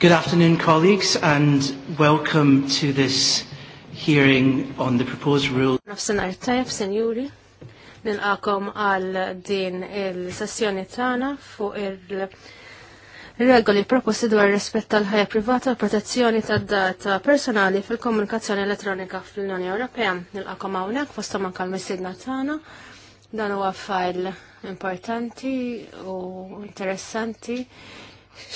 Good afternoon, colleagues, and welcome to this hearing on the proposed rule. Nafsenar tajf, senjuri, nilqakom għal din il-sessjoni tagħna fuq il-regoli proposti dwar rispett tal-ħajja privata protezzjoni tad-data personali fil-komunikazzjoni elettronika fl-Unjoni Ewropea. Nilqakom hawnhekk fosthom anke l-missidna tagħna. Dan huwa file importanti u interessanti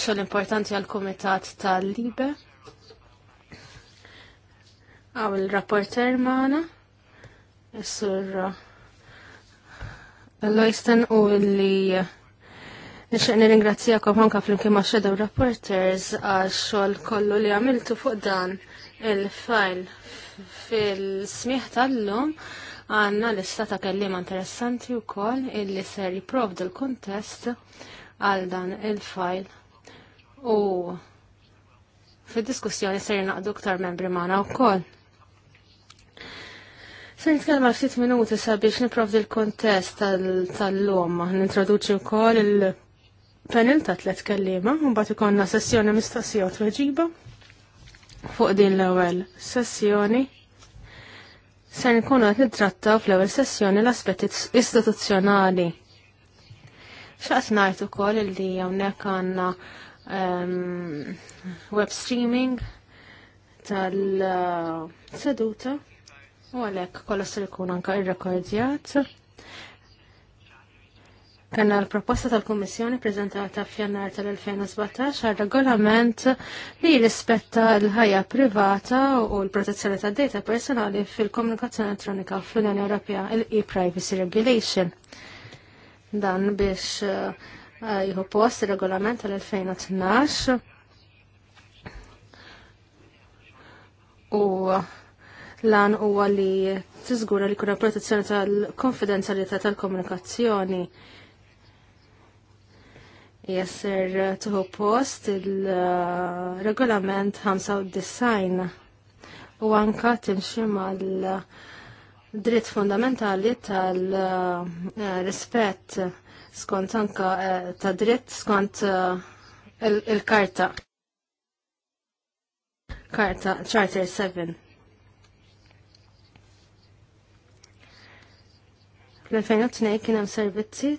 xogħol importanti għal kumitat tal-Libe. Għaw il-rapporter maħna, jessur uh, Loisten u li nixtieq nirringrazzjakom anke flimkien ma' Shadow Reporters għax xogħol kollu li għamiltu fuq dan il-file fil smiħ tal-lum għanna l ta' kellima interessanti u koll illi ser jiprovdu l-kontest għal dan il-fajl U fil-diskussjoni ser naqdu ktar membri maħna u koll. Sen nitkellem għal ftit minuti sabiex niprovdi l-kontest tal-lum, nintroduċi wkoll il-panel ta' tliet kellima, mbagħad ikollna sessjoni mistassija u tweġiba fuq din l-ewwel sessjoni. Se nkunu qed nittrattaw fl-ewwel sessjoni l-aspetti istituzzjonali. X'qed ngħid ukoll li hawnhekk għandna um, web streaming tal-seduta u għalek kolla ser ikun anka irrekordjat. Kanna l-proposta tal komissjoni prezentata f'jannar tal-2017 għal regolament li rispetta l-ħajja privata u l-protezzjoni tad data personali fil-komunikazzjoni elettronika fl-Unjoni Ewropea, l-e-Privacy Regulation. Dan biex uh, jħu post il-regolament tal-2012 u lan u li tiżgura li kuna protezzjoni tal-konfidenzjalità tal-komunikazzjoni jesser tuħu post il-regolament 95 u anka timxi mal-dritt fundamentali tal-rispett skont anka eh, ta' dritt skont eh, il-karta. Karta Charter 7. Fl-2002 kien hemm servizzi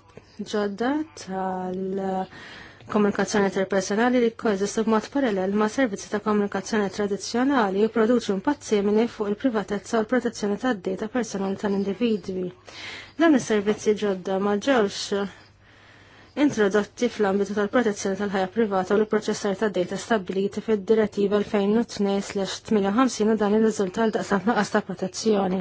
ġodda tal-komunikazzjoni interpersonali li koeżistu b'mod parallel ma' servizzi ta' komunikazzjoni tradizzjonali u produċu impatt simili fuq il-privatezza u l-protezzjoni tad-data personali tal-individwi. Dan is-servizzi ġodda ma ġewx introdotti fl-ambitu tal-protezzjoni tal-ħajja privata u l-proċessar ta' data stabiliti fid-direttiva 2002-58 u dan il-riżultat daqsam naqas ta' protezzjoni.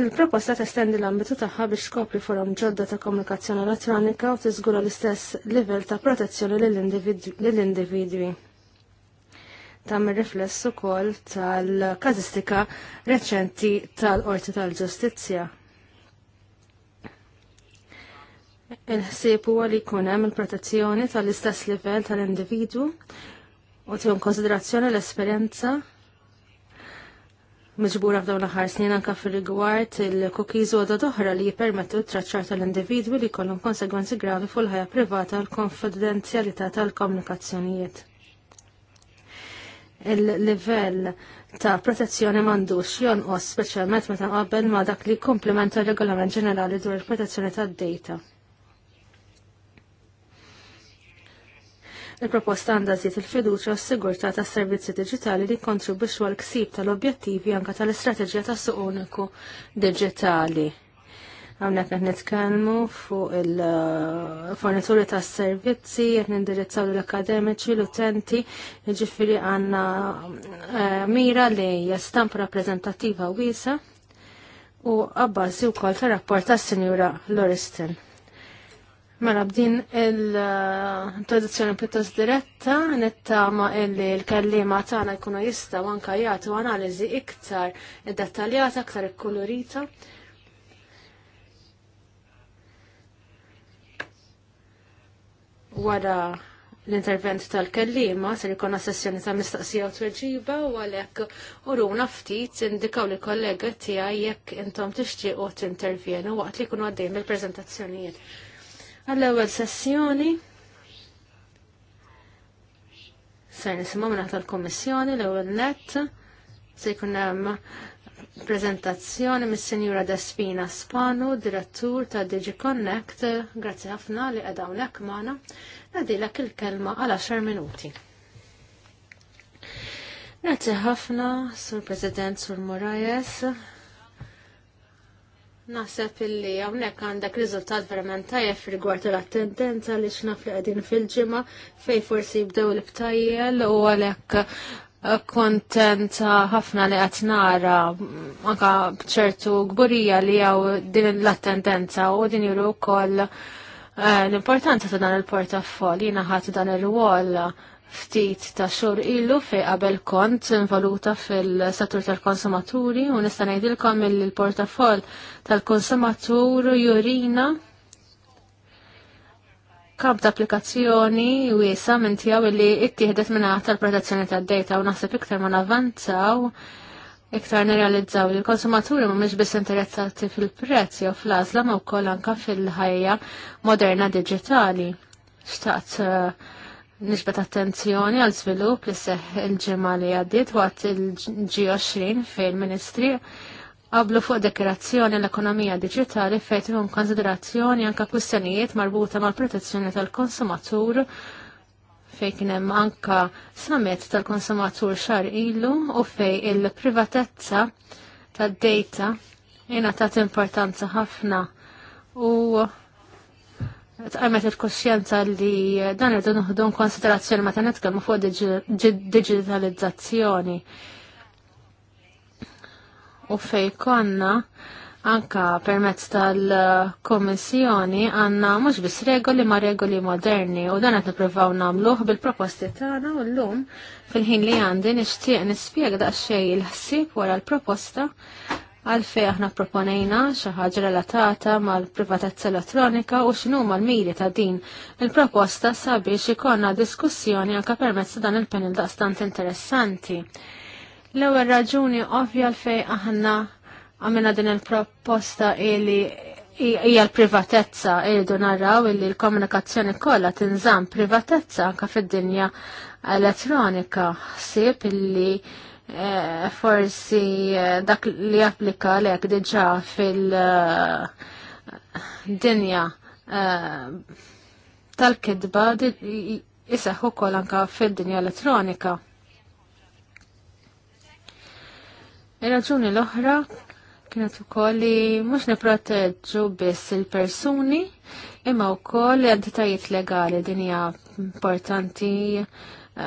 Il-proposta testendi l-ambitu tagħha biex tkopri forum ġodda ta' komunikazzjoni elettronika u tiżgura l-istess livell ta' protezzjoni lill-individwi. Tam il rifless ukoll tal-kazistika reċenti tal-Qorti tal-Ġustizzja. tal orti tal ġustizja tal qorti tal ġustizzja Il-ħsieb huwa li jkun hemm il-protezzjoni tal-istess livell tal-individwu u tieħu konsiderazzjoni l-esperjenza miġbura f'dawn l-aħħar snin anke fir-rigward il-cookies u għodod oħra li jippermettu t-traċċar tal-individwi li jkollhom konsegwenzi gravi fuq il-ħajja privata l-konfidenzjalità tal-komunikazzjonijiet. Il-livell ta' protezzjoni mandux jonqos speċjalment meta qabel ma' dak li komplementa r-regolament ġenerali dwar il-protezzjoni tad-data. Il-proposta għandha żied il-fiduċja u s-sigurtà tas-servizzi diġitali li kontribwixxu għal ksib tal-objettivi anke tal-istrateġija tas-suq uniku diġitali. Hawnhekk qed nitkellmu fuq il-fornituri tas-servizzi qed nindirizzaw l-akademiċi l-utenti, jiġifieri għandna eh, mira li hija stamp rappreżentattiva wiesa' u għabbażi wkoll ta' rapport tas-Sinjura Loristin. Mela b'din il tradizjoni pjuttost diretta, nittama illi l-kallima tagħna jkunu jistgħu anke jagħtu analiżi iktar dettaljata, iktar ikkulurita. Wara l-intervent tal-kellima se ikun sessjoni ta' mistaqsija u tweġiba u għalhekk uruna ftit indikaw li kollega tiegħi jekk intom tixtiequ tintervjenu waqt li jkunu għaddejn mill-preżentazzjonijiet għall-ewwel sessjoni ser nisimgħu minn tal-Kummissjoni l-ewwel nett se jkun hemm prezentazzjoni mis-Sinjura Despina Spanu, direttur ta' Digi Connect, grazzi ħafna li qed hawnhekk magħna, ngħidilek il-kelma għal 10 minuti. Grazzi ħafna, Sur President Sur Morajes, Naħseb illi hawnhekk għandek riżultat verament tajjeb rigward l-attendenza li xnaf li qegħdin fil-ġimgħa fejn forsi jibdew l-ibtajjel u għalhekk eh, kontenta ħafna li qed nara anke b'ċertu gburija li hawn din l-attendenza u din juru wkoll eh, l-importanza ta' dan il-portafoll jiena ħadd dan ir-rwol ftit ta' xor illu fej qabel kont involuta fil-settur tal-konsumaturi u nista' ngħidilkom il-portafoll tal-konsumatur jurina kamp ta' applikazzjoni wiesa minn tiegħu li ittieħdet minn tal-protezzjoni tad-data u naħseb iktar ma navvanzaw iktar nirrealizzaw li l-konsumaturi mhumiex biss interessati fil-prezz jew fl-għażla ma wkoll anke fil-ħajja moderna diġitali. Xtaqt uh, nisbet attenzjoni għal svilup li seħ il-ġemma li għaddit waqt il-G20 il ministri qablu fuq dekorazzjoni l-ekonomija digitali fejn tieħu konsiderazzjoni anke kustenijiet marbuta mal-protezzjoni tal-konsumatur fejn kien hemm anke tal-konsumatur xar ilu u fejn il-privatezza tad-data tat importanza ħafna u għamet il-kosċenza li dan irdu nħdu konsiderazzjoni meta netkellmu fuq digitalizzazzjoni. U fej konna anka permezz tal-Komissjoni għanna mhux biss regoli ma regoli moderni u dan qed nippruvaw nagħmluh bil-proposti tagħna u llum fil-ħin li għandi nixtieq nispjega daqsxejn il-ħsieb wara l-proposta għalfej aħna proponejna xi ħaġa relatata mal-privatezza elettronika u x'inhu mal-miri ta' din il-proposta sabiex ikonna diskussjoni anke permezz dan il-panel daqstant interessanti. L-ewwel raġuni ovvja għalfej aħna għamilna din il-proposta li hija l-privatezza irridu narraw illi l-komunikazzjoni kollha tinżamm privatezza anke fid-dinja elettronika ħsieb illi Eh, forsi eh, dak li applika lek diġa fil-dinja eh, tal-kidba jisaħ ukoll anka fil-dinja elettronika. Ir-raġuni l-oħra kienet ukoll li mhux niprotegġu biss il-persuni imma wkoll koli entitajiet legali dinja importanti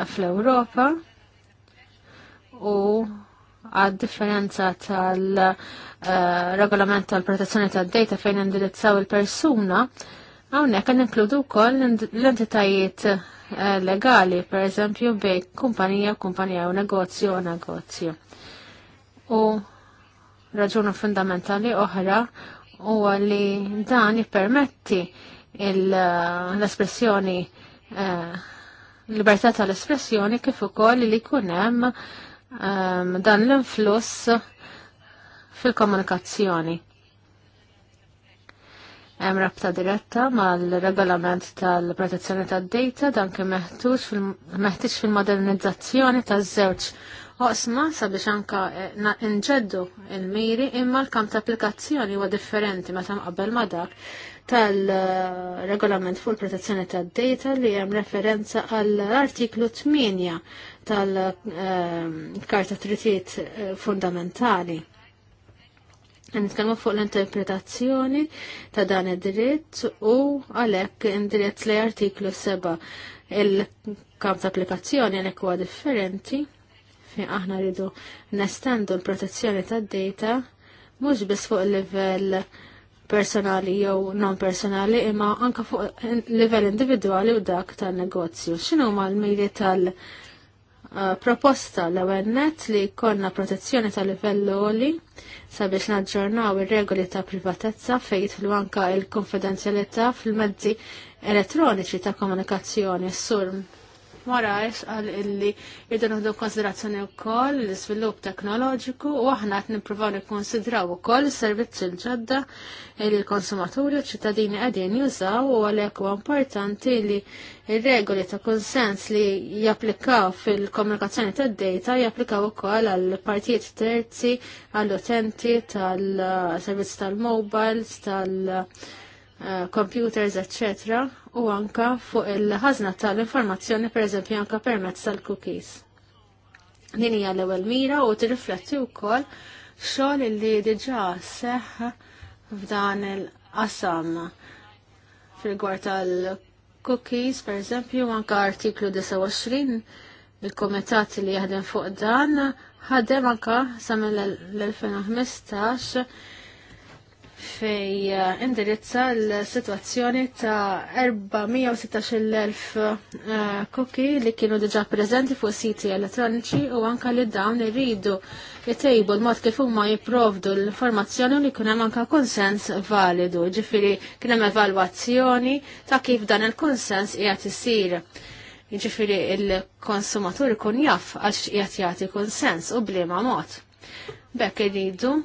fl-Ewropa u għad differenza tal-regolament eh, tal-protezzjoni tad-data fejn indirizzaw il-persuna, għawnek għan inkludu kol l-entitajiet eh, legali, per eżempju, bej kumpanija, kumpanija u negozju u negozju. U raġuna fundamentali oħra u li dan jippermetti eh, l-espressjoni, libertà tal-espressjoni kif ukoll li kunem hemm Ehm, dan l-influss fil-komunikazzjoni. Hemm rabta diretta mal-regolament tal-protezzjoni tad-data dan kien meħtieġ fil-modernizzazzjoni taż-żewġ oqsma sabiex anka eh, inġeddu il-miri imma l-kamp ta' applikazzjoni huwa differenti meta qabel ma' dak tal-regolament fuq il-protezzjoni tad-data li hemm referenza għall-artiklu 8 tal-karta ehm, tritiet eh, fundamentali. Nitkellmu fuq l-interpretazzjoni ta' dan id-dritt u għalhekk indirizz li artiklu 7 il-kamp ta' applikazzjoni għalhekk huwa differenti fi aħna rridu nestendu l-protezzjoni tad-data mhux biss fuq il-livell personali jew non personali imma anka fuq livell individwali u dak tan-negozju. X'inhuma l-mejli tal-, -negozju proposta l net li konna protezzjoni tal livello oli sabiex naġġornaw ir-regoli ta' privatezza fejt l anka il-konfidenzjalità fil-mezzi elettroniċi ta' komunikazzjoni s surm Moraes għal illi jiddu nħdu konsiderazzjoni wkoll l-iżvilupp teknoloġiku u aħna qed nippruvaw nikkonsidraw ukoll is-servizzi l-ġodda li l-konsumaturi u ċittadini qegħdin jużaw u għalhekk huwa importanti li ir-regoli ta' konsens li japplikaw fil-komunikazzjoni tad-data japplikaw ukoll għal partijiet terzi għall-utenti tal-servizz servizzi tal-, -mobiles, tal Eh, computers, etc. u anka fuq il-ħazna tal-informazzjoni per eżempju anka permezz tal-cookies. Din hija l-ewwel mira u tirrifletti wkoll xogħol li diġà seħ f'dan il-qasam fil-gwar tal-cookies, per eżempju, anka artiklu 29 il-komitat li jaħdem fuq dan ħadem anka sa l 2015 fej eh, indirizza l-situazzjoni ta' 416.000 eh, kuki li kienu diġa prezenti fuq siti elettroniċi u anka li dawn irridu jtejbu l-mod kif huma jipprovdu l-informazzjoni li kien hemm anka konsens validu, ġifieri kien hemm evalwazzjoni ta' kif dan il-konsens qiegħed isir. Ġifieri il-konsumatur ikun jaf għax qiegħed jagħti konsens u bliema mod. Bekk irridu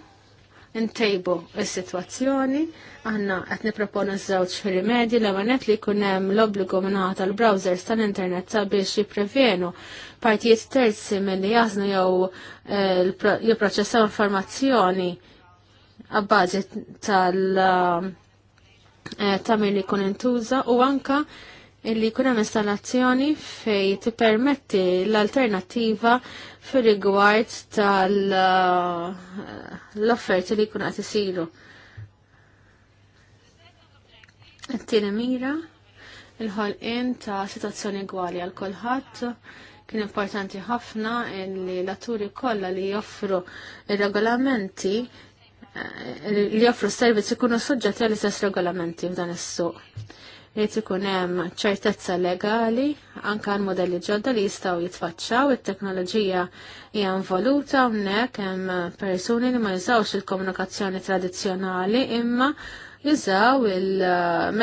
ntejbu il sitwazzjoni għanna qed żawċ żewġ rimedji li għanet li jkun hemm l-obbligu minnaħat tal-browsers tal-internet sabiex jipprevenu partijiet terzi milli jażnu jew eh, jipproċessaw informazzjoni għabbaġi tal- eh, ta' li kun intuża u anka illi jkun hemm installazzjoni fej tippermetti l-alternattiva fir rigward tal-offerti uh, li jkun qed isiru. Tieni mira il-ħolqien ta' situazzjoni gwali għal kulħadd kien importanti ħafna illi l-atturi kollha li joffru ir-regolamenti eh, li joffru s-servizzi ikunu soġġetti għall istess regolamenti f'dan is-suq li ikun hemm ċertezza legali anke għal modelli ġodda li jistgħu jitfaċċaw it-teknoloġija hija involuta hawnhekk hemm persuni li ma jużawx il-komunikazzjoni tradizzjonali imma jużaw il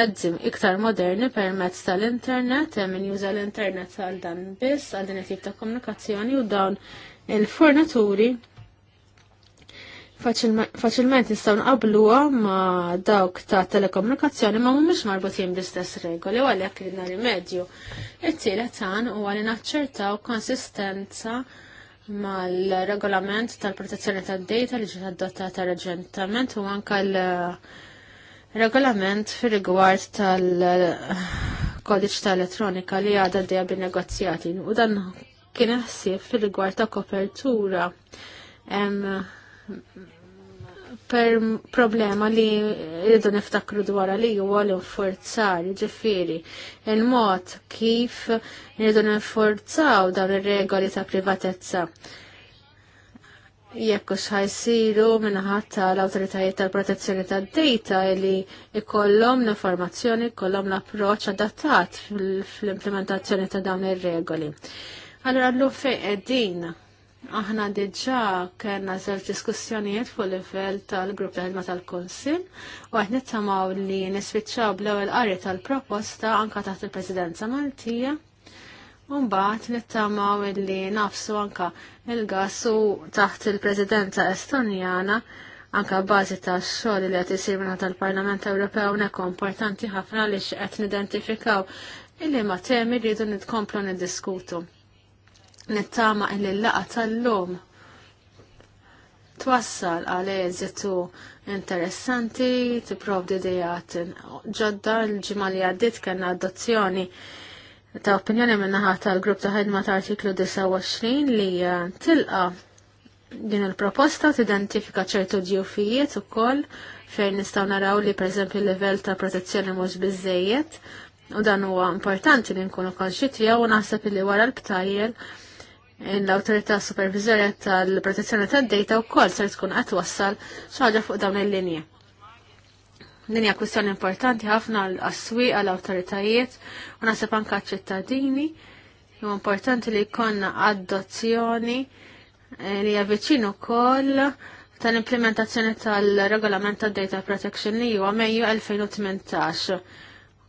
mezzi iktar moderni permezz tal-internet, hemm min juża l-internet għal dan biss, għal din it-tip ta' komunikazzjoni u dawn il-fornituri faċilment nistaw nqablu ma dawk ta' telekomunikazzjoni ma mhumiex marbutin bl-istess regoli u għalhekk ridna rimedju. It-tielet tan u li naċċertaw konsistenza mal-regolament tal-protezzjoni tad-data li ġiet adottata reġentament u anke l-regolament fir-rigward tal-kodiċ ta' elettronika li għadha dejja bin-negozjati u dan kien ħsieb fir-rigward ta' kopertura per problema li rridu niftakru dwar li huwa għal forzar ġifiri, il-mod kif rridu ninfurzaw dawn ir-regoli ta' privatezza. Jekk hux ħajsiru minħatt l awtoritajiet tal-protezzjoni tad-data li ikollom l-informazzjoni, ikollom l-approċċ adattat fl-implementazzjoni ta' dawn ir-regoli. Allora l-lum qegħdin Aħna diġà kellna żewġ diskussjonijiet fuq livell tal-grupp ta' ħidma tal-Kunsil u qed nittamaw li nisfittxaw bl-ewwel qari tal-proposta anka taħt il-Presidenza Maltija. u mbagħad nittamaw li nafsu anka il-gasu taħt il-Presidenza Estonjana anka bażi ta' xogħol li qed isir minn tal-Parlament Ewropew hekk importanti ħafna li qed nidentifikaw illi ma temi rridu nitkomplu niddiskutu nittama il-laqa tal-lum twassal għal eżitu interessanti, tipprovdi dijat ġodda l-ġimma li għaddit kena adozzjoni ta' opinjoni minnaħa tal-grupp ta' ħedma ta' artiklu 29 li eh, tilqa din il-proposta t-identifika ċertu ġjufijiet u koll fejn nistaw naraw li per l level ta' protezzjoni mhux bizzejiet u dan huwa importanti li nkunu konxitri u naħseb li wara l-btajjel l-autorità supervizorja tal-protezzjoni tad-data wkoll ser tkun qed wassal xaġa ħaġa fuq dawn il-linji. Din hija kwistjoni importanti ħafna għas-swieq għall-awtoritajiet u naħseb anke ċittadini Huwa importanti li jkollna adozzjoni eh, li hija viċin ukoll tal-implementazzjoni tal-regolament tad-data protection li huwa Mejju 2018.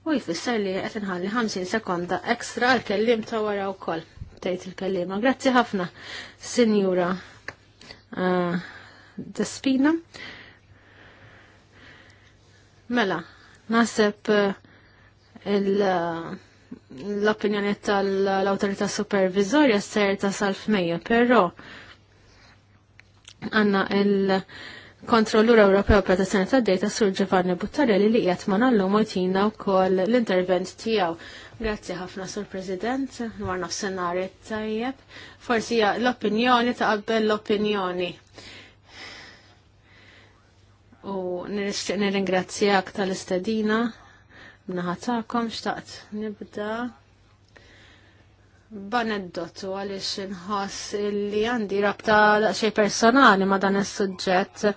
U jfisser li qed inħalli 50 sekonda ekstra għal kellim ta' wara wkoll tgħid il-kellima. Grazzi ħafna, Sinjura uh, Despina. Mela, naħseb uh, uh, l-opinjoni tal autorita supervizorja ser ta' salfmeja, però għanna il- Kontrollur Ewropew Protezzjoni tad Data Sur Giovanni Buttarelli li qiegħed ma nagħlhom u wkoll l-intervent tiegħu. Grazzi ħafna sur President, dwar nafsenari tajjeb. Forsi l-opinjoni ta' qabbel l-opinjoni. U nirixtieq nirringrazzjak tal-istedina mnaħatakom xtaqt nibda Baneddotu għaliex inħoss li għandi rabta xej personali ma' dan is-suġġett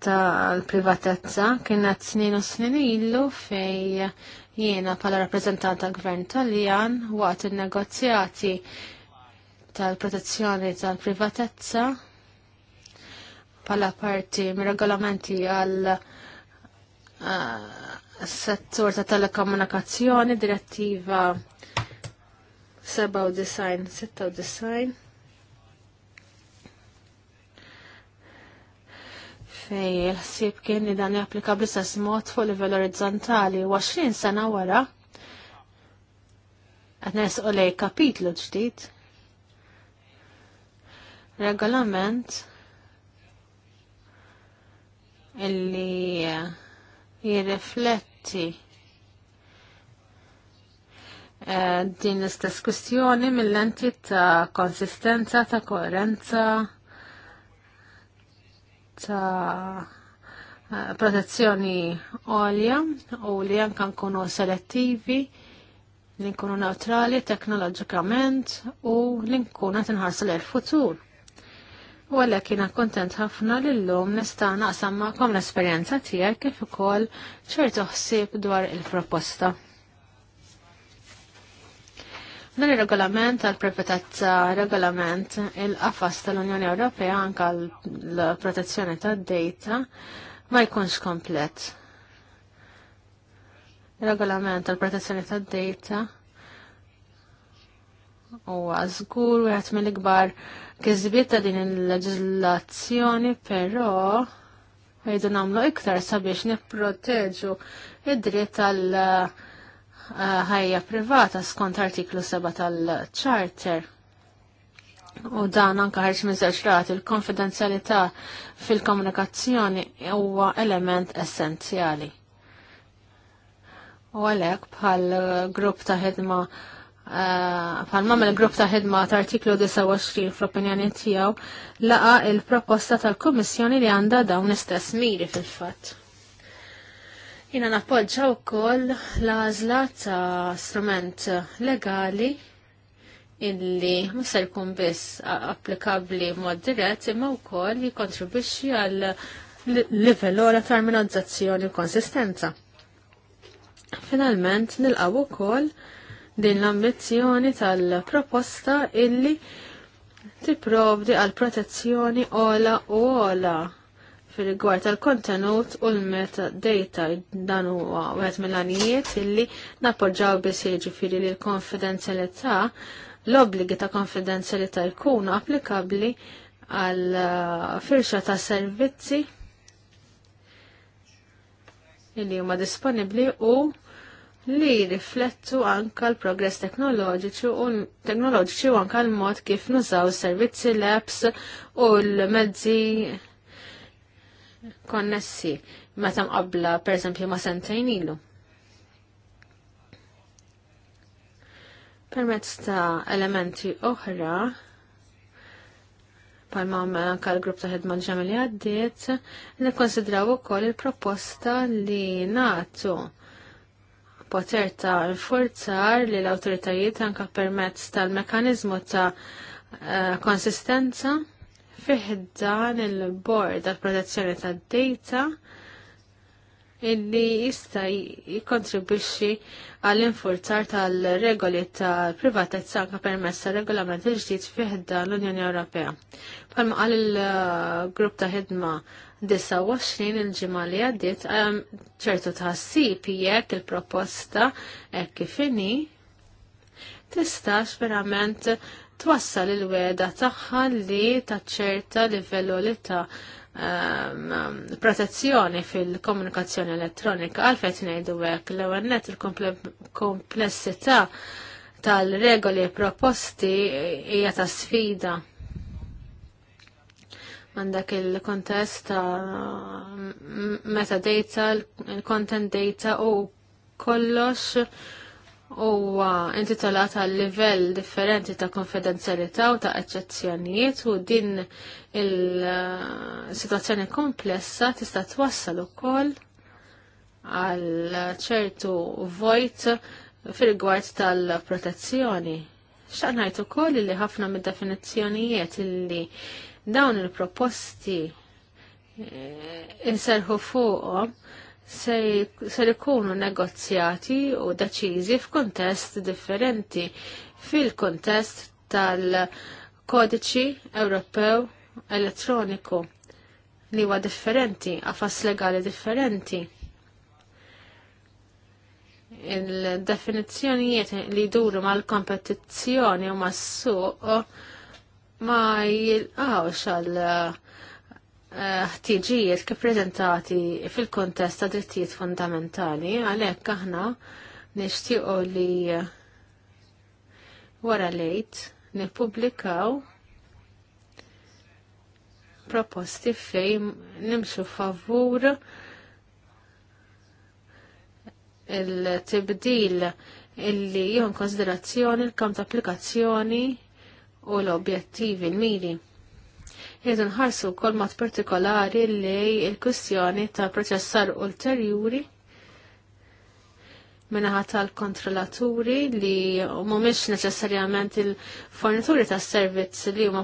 tal-privatezza kienet snin u snin illu fej jiena pala għvern tal-Gvern Taljan waqt il-negozjati tal-protezzjoni tal-privatezza pala parti mir-regolamenti għal eh, settur ta' telekomunikazzjoni direttiva 97-96 fej l ħsieb kien li dan japplika bl-istess mod fuq livell orizzontali u 20 sena wara qed nesqu lej kapitlu ġdid. Regolament illi eh, jirrifletti eh, din l-istess kwistjoni mill-lenti ta' konsistenza, ta' koerenza, ta' protezzjoni għolja u li anka nkunu selettivi li nkunu neutrali teknoloġikament u li nkunu tinħarsu l-futur. U għalla kiena kontent ħafna l-lum nista' naqsam ma'kom l esperienza tiegħek kif ukoll ċertu ħsib dwar il-proposta. Dan il-regolament għal proprjetà regolament il-qafas tal-Unjoni Ewropea anka l-protezzjoni tad-data ma jkunx komplet. Il-regolament tal protezzjoni tad-data għazgur u wieħed mill-ikbar kisbiet ta' din il-leġiżlazzjoni, però għajdu nagħmlu iktar sabiex nipproteġu id-dritt tal- uh, ħajja privata skont artiklu 7 tal-Charter. U dan anka ħarġ minn żewġ il-konfidenzjalità fil-komunikazzjoni huwa element essenzjali. U għalhekk bħal grupp ta' ħidma eh, bħal mam il-grupp ta' ħidma ta' artiklu 29 fl-opinjoni tiegħu laqa il-proposta tal-Kummissjoni li għandha dawn istess miri fil-fatt. Jina nappoġġa wkoll l-għażla ta' strument legali illi ma jkun biss applikabbli mod dirett imma wkoll jikkontribwixxi għal livell ora ta' armonizzazzjoni u konsistenza. Finalment nilqaw ukoll din l-ambizzjoni tal-proposta illi tipprovdi għal protezzjoni ola u ola fil-rigward tal-kontenut u l-meta data dan huwa għet mill-għanijiet illi nappoġġaw biss jiġifieri li l-konfidenzjalità l-obbligi ta' konfidenzjalità jkunu applikabbli għal uh, firxa ta' servizzi illi huma disponibbli u li riflettu anka l-progress teknoloġiċi u teknoloġiċi u anka l-mod kif nużaw servizzi l-apps u l-mezzi konnessi meta per esempio ma' sentejn ilu. Permezz ta' elementi oħra palma anka l-grupp ta' ħedma ġemel li għaddiet, nikkonsidraw ukoll il-proposta li natu poter ta' infurzar li l-autoritajiet anka permezz tal-mekanizmu ta' eh, konsistenza fiħdan il-bord għal protezzjoni tad data illi jista' jikkontribwixxi għall infurzar tal-regoli tal-privatezza anke permezz tar-regolament il-ġdid fiħda l-Unjoni Ewropea. Palma għal il-grupp ta' ħidma 29 il-ġimgħa li għaddiet ċertu tħassib jekk il-proposta hekk kif tistax verament twassal il-weda tagħha li taċċerta livellu li ta' ehm, ehm, protezzjoni fil-komunikazzjoni elettronika għalfejn ngħidu hekk l-ewwel il-komplessità tal-regoli proposti hija ta' sfida għandak il-kontest ta' metadata, il-content data u kollox huwa intitolat għal livell differenti ta' konfidenzjalità u ta' eċċezzjonijiet u din il-situazzjoni komplessa tista' twassal ukoll għal ċertu vojt fil-gwart tal-protezzjoni. u ukoll li ħafna mid-definizzjonijiet illi dawn il-proposti eh, inserħu fuqhom Se ikunu negozjati u deċiżi f'kuntest differenti fil-kuntest tal-kodiċi Ewropew elettroniku li huwa differenti, għafas legali differenti. Il-definizjonijiet li duru mal-kompetizzjoni u mas-suq ma jilqawx għal uh, ħtiġijiet kif prezentati fil-kontest ta' drittijiet fundamentali, għalhekk aħna nixtiequ li wara lejt nippubblikaw proposti fejn nimxu favur il-tibdil illi jihun konsiderazzjoni l-kamp ta' applikazzjoni u l-objettivi l mili jiedu nħarsu wkoll mod partikolari li il kwistjoni ta' proċessar ulterjuri minnaħat tal-kontrollaturi li mhumiex neċessarjament il-fornituri ta' servizz li huma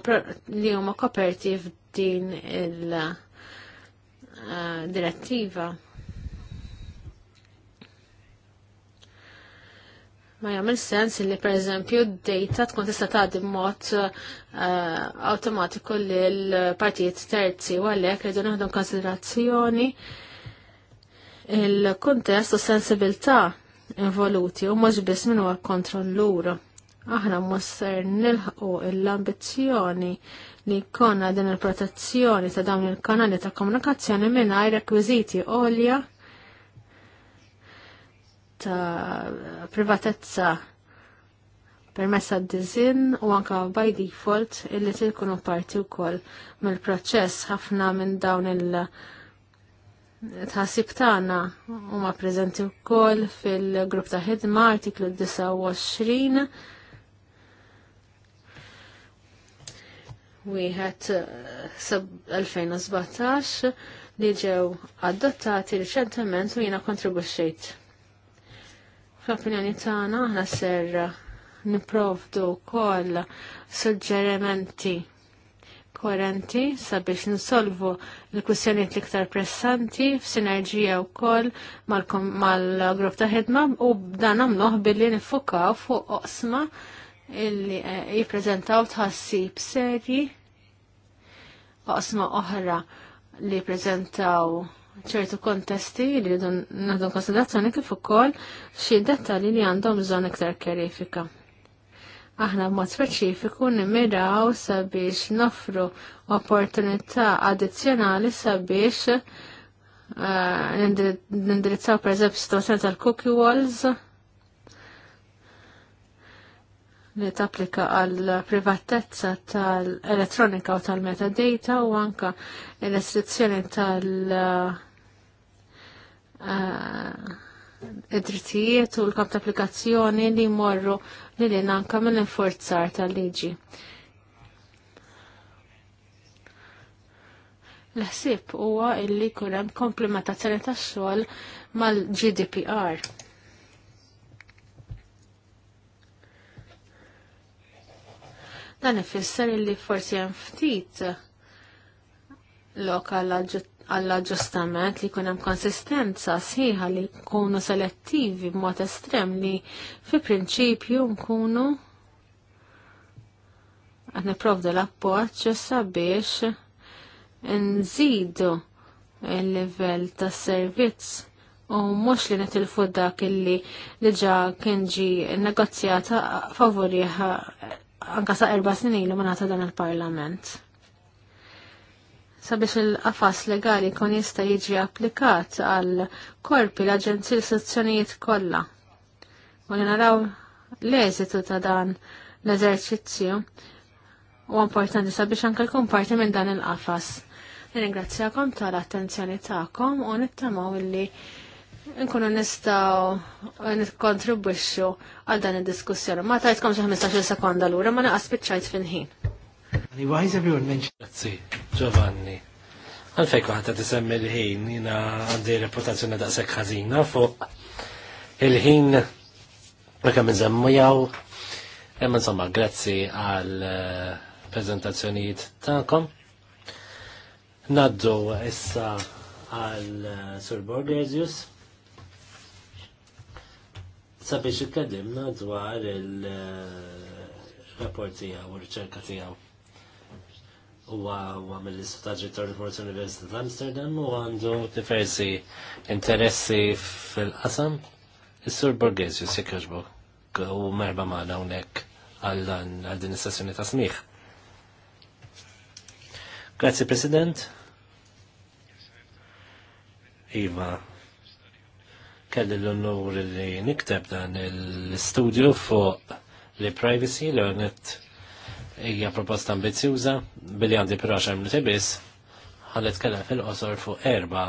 li huma koperti f'din il-direttiva. Eh, ma jagħmel sens li pereżempju d-data tkun tista' tgħaddi b'mod eh, awtomatiku lil partijiet terzi u għalhekk rridu naħdu konsiderazzjoni il-kuntest u sensibilità involuti u mhux biss minn huwa kontrollur. Aħna mosser nilħqu l-ambizzjoni li jkollna din il-protezzjoni ta' dawn il-kanali ta' komunikazzjoni mingħajr rekwiżiti għolja ta' privatezza permessa d-dizin u anka by default illi tilkunu parti wkoll mill-proċess ħafna minn dawn il- tħassib tagħna huma preżenti wkoll fil-grupp ta' ħidma artiklu 29 wieħed 2017 eh, li ġew adottati riċentement u jiena kontribwixxejt Fl-opinjoni tagħna aħna ser niprovdu wkoll suġġerimenti koerenti sabiex nsolvu l-kwistjonijiet l-iktar pressanti f'sinerġija wkoll mal-grupp ta' ħidma u dan nagħmluh billi nifukaw fuq oqsma illi eh, jippreżentaw tħassib serji oqsma oħra li jippreżentaw ċertu kontesti li għandhom konsiderazzjoni kif ukoll xi dettalji li għandhom bżonn iktar kjarifika. Aħna b'mod speċifiku nimmiraw sabiex nofru opportunità addizzjonali sabiex eh, nindirizzaw per eżempju situazzjoni tal-cookie walls li tapplika għal privatezza tal-elettronika u tal-metadata u anka l-estrizzjoni tal- eh, id-drittijiet u l-kap ta' applikazzjoni li morru li li nanka minn forzar tal-liġi. L-ħsib huwa illi kunem komplementazzjoni tax-xogħol mal-GDPR. Dan ifisser li forsi hemm ftit lok għall-aġġustament li jkun hemm konsistenza sħiħa li jkunu selettivi b'mod estrem li fi prinċipju nkunu qed niprovdu l-appoġġ sabiex nżidu il-livell tas servizz u mhux li nitilfu dak illi diġà kien ġi negozjata favorieha anka sa' erba snin li ma dan il-Parlament. Sabiex il-qafas legali kon jista' jiġi applikat għal korpi l l sezzjonijiet kollha. U li naraw l-eżitu ta' dan l-eżerċizzju u importanti sabiex anke jkun parti minn dan il-qafas. Ringrazzjakom tal-attenzjoni tagħkom u nittamaw illi nkunu nistaw nkontribwixxu għal dan id-diskussjoni. Ma tajtkom xi 15 sekonda lura ma naqas biċċajt fil-ħin. Grazzi, Giovanni. Għalfej kħanta tisemmi l-ħin, jina għandi reputazzjoni da' sekk ħażina fuq il-ħin ma kemm nżemmu jaw. Imma insomma, grazzi għal eh, prezentazzjonijiet tagħkom. Naddu issa għal eh, Sir Borgesius sabiex ikkellimna dwar il-rapport tiegħu u r-riċerka tiegħu. Huwa huwa mill-Istitut Tornfors University ta' Amsterdam u għandu diversi interessi fil-qasam. Is-Sur Borghese jisik jaġbok u merba maħna hawnhekk għal din is-sessjoni ta' smiħ. Grazie President. Iva, kelli l-onur li nikteb dan il-studio fuq li privacy li għonet hija proposta ambizjuża billi għandi piraxa minuti biss ħalli tkellem fil-qosor fuq erba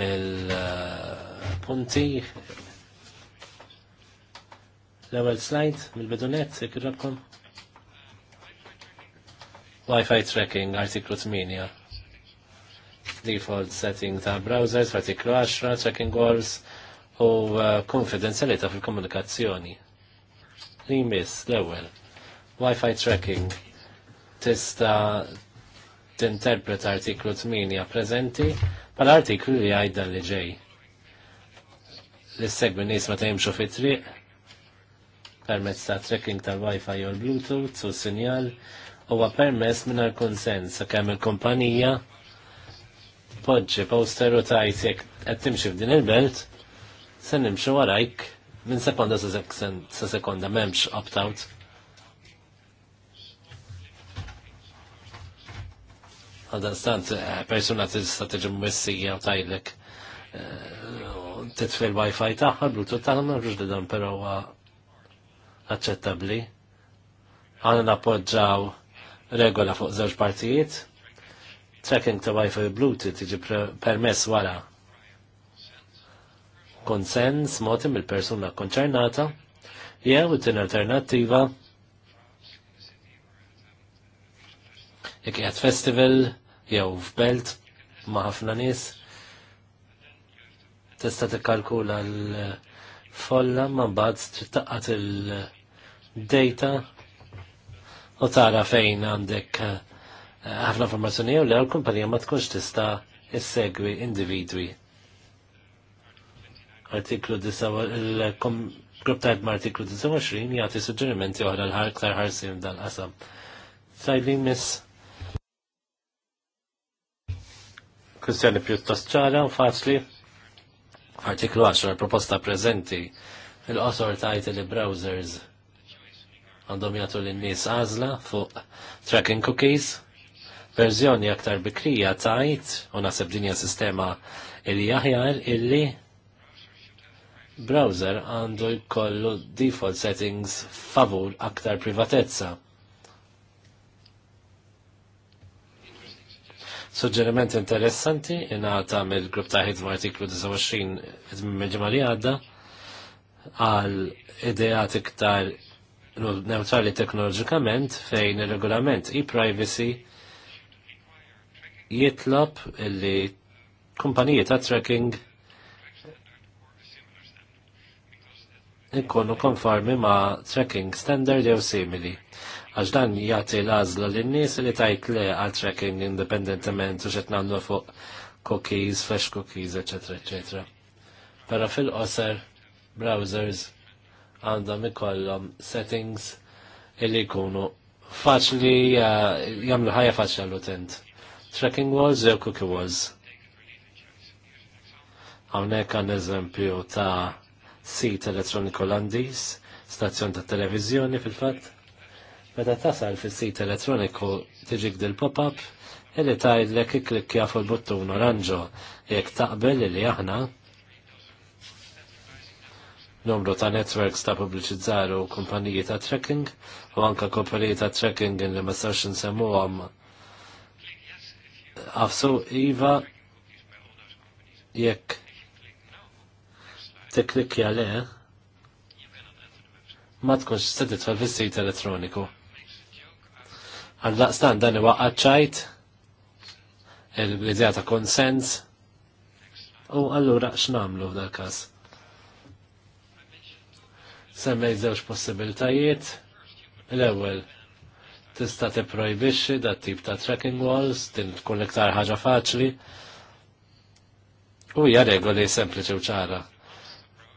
mill-punti l-ewwel slide mill-bidunet jekk Wi-Fi tracking artiklu 8 default setting ta' browsers, artiklu 10, checking goals u uh, konfidenzjalità fil-komunikazzjoni. Li miss, l-ewel, Wi-Fi tracking tista tinterpreta artiklu 8 prezenti pal artiklu li għajda li ġej. L-segwi nisma ta jimxu fit-triq permezz ta' tracking tal-Wi-Fi u l-Bluetooth u s sinjal huwa permess l konsens kemm il-kumpanija poġġi posteru tajt jek qed timxi f'din il-belt, se nimxu warajk minn sekonda sa sekonda m'hemmx opt-out. Għadan stant, eh, persuna tista tiġi messija u tajlek eh, titfil wifi taħħa, bluetooth taħħa, ma rġu dan pero għacċettabli. Għana napoġġaw regola fuq zewġ partijiet, tracking ta' Wi-Fi Bluetooth tiġi permess wara konsens motim il-persuna konċernata jew it-tin alternattiva jekk festival jew f'belt ma' ħafna nies testa' tikkalkula l-folla ma' mbagħad taqqat il-data u tara fejn għandek uh, ħafna informazzjoni jew li għal-kumpanija ma tkunx tista' issegwi individwi. Artiklu il-grupp tajt ma' artiklu 29 jagħti suġġerimenti oħra l-ħar ħarsim dal-qasam. Sajli miss Kustjoni pjuttost ċara u faċli. Artiklu 10, proposta prezenti, il-qosor tajt li browsers għandhom jagħtu lin nies għażla fuq tracking cookies verżjoni aktar bikrija tajt u nasib dinja sistema illi jahjar illi browser għandu jkollu default settings favur aktar privatezza. Suġġeriment interessanti ta' mill-grupp ta' ħidma artiklu 29 id ġimgħa li għadda għal ideat iktar neutrali teknoloġikament fejn ir-regolament e-privacy jitlob li kumpaniji ta' tracking ikunu konformi ma' tracking standard jew simili. Għax dan jagħti l-għażla lin-nies li tajt le għal tracking independentement u xed nagħmlu fuq cookies, flash cookies, eċetera, eċetera. Però fil-qosor browsers għandhom ikollhom settings illi jkunu faċli eh, jagħmlu ħajja faċli għall-utent tracking walls jew cookie walls. Hawnhekk għan eżempju ta' sit elettroniku landis, stazzjon ta' televiżjoni fil-fatt. Meta tasal fis-sit elettroniku tiġi gdil pop-up illi e tgħidlek ikklikkja fuq il-buttun oranġo jekk taqbel li aħna numru ta' networks ta' pubbliċizzaru kumpaniji ta' trekking u anka kumpaniji ta' trekking li ma sarx nsemmuhom għafsu iva jekk tiklikja le ma tkunx sedit fil elektroniku. elettroniku. stan dan iwaqqaċċajt il-idea ta' konsens u għallura x'namlu f'dal każ. Semmej żewġ possibiltajiet. L-ewwel tista' tipprojbixxi dat tip ta' tracking walls, din tkun iktar ħaġa faċli. U hija regoli sempliċi u ċara.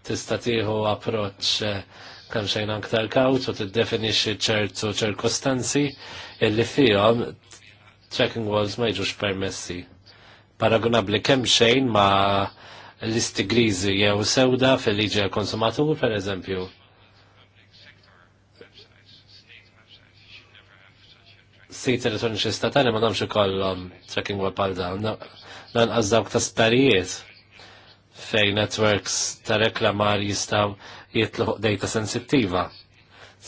Tista' tieħu approċċ eh, kemm xejn aktar kawt u tiddefinixxi ċertu ċirkostanzi illi fihom tracking walls ma jiġux permessi. Paragonabli kemm xejn ma listi griżi jew sewda fil-liġi għal konsumatur, per eżempju sit elettroniċi statali ma namx ikollhom tracking web għal dawn. Lanqas dawk ta' starijiet fej networks ta' reklamar jistaw jitluq data sensittiva.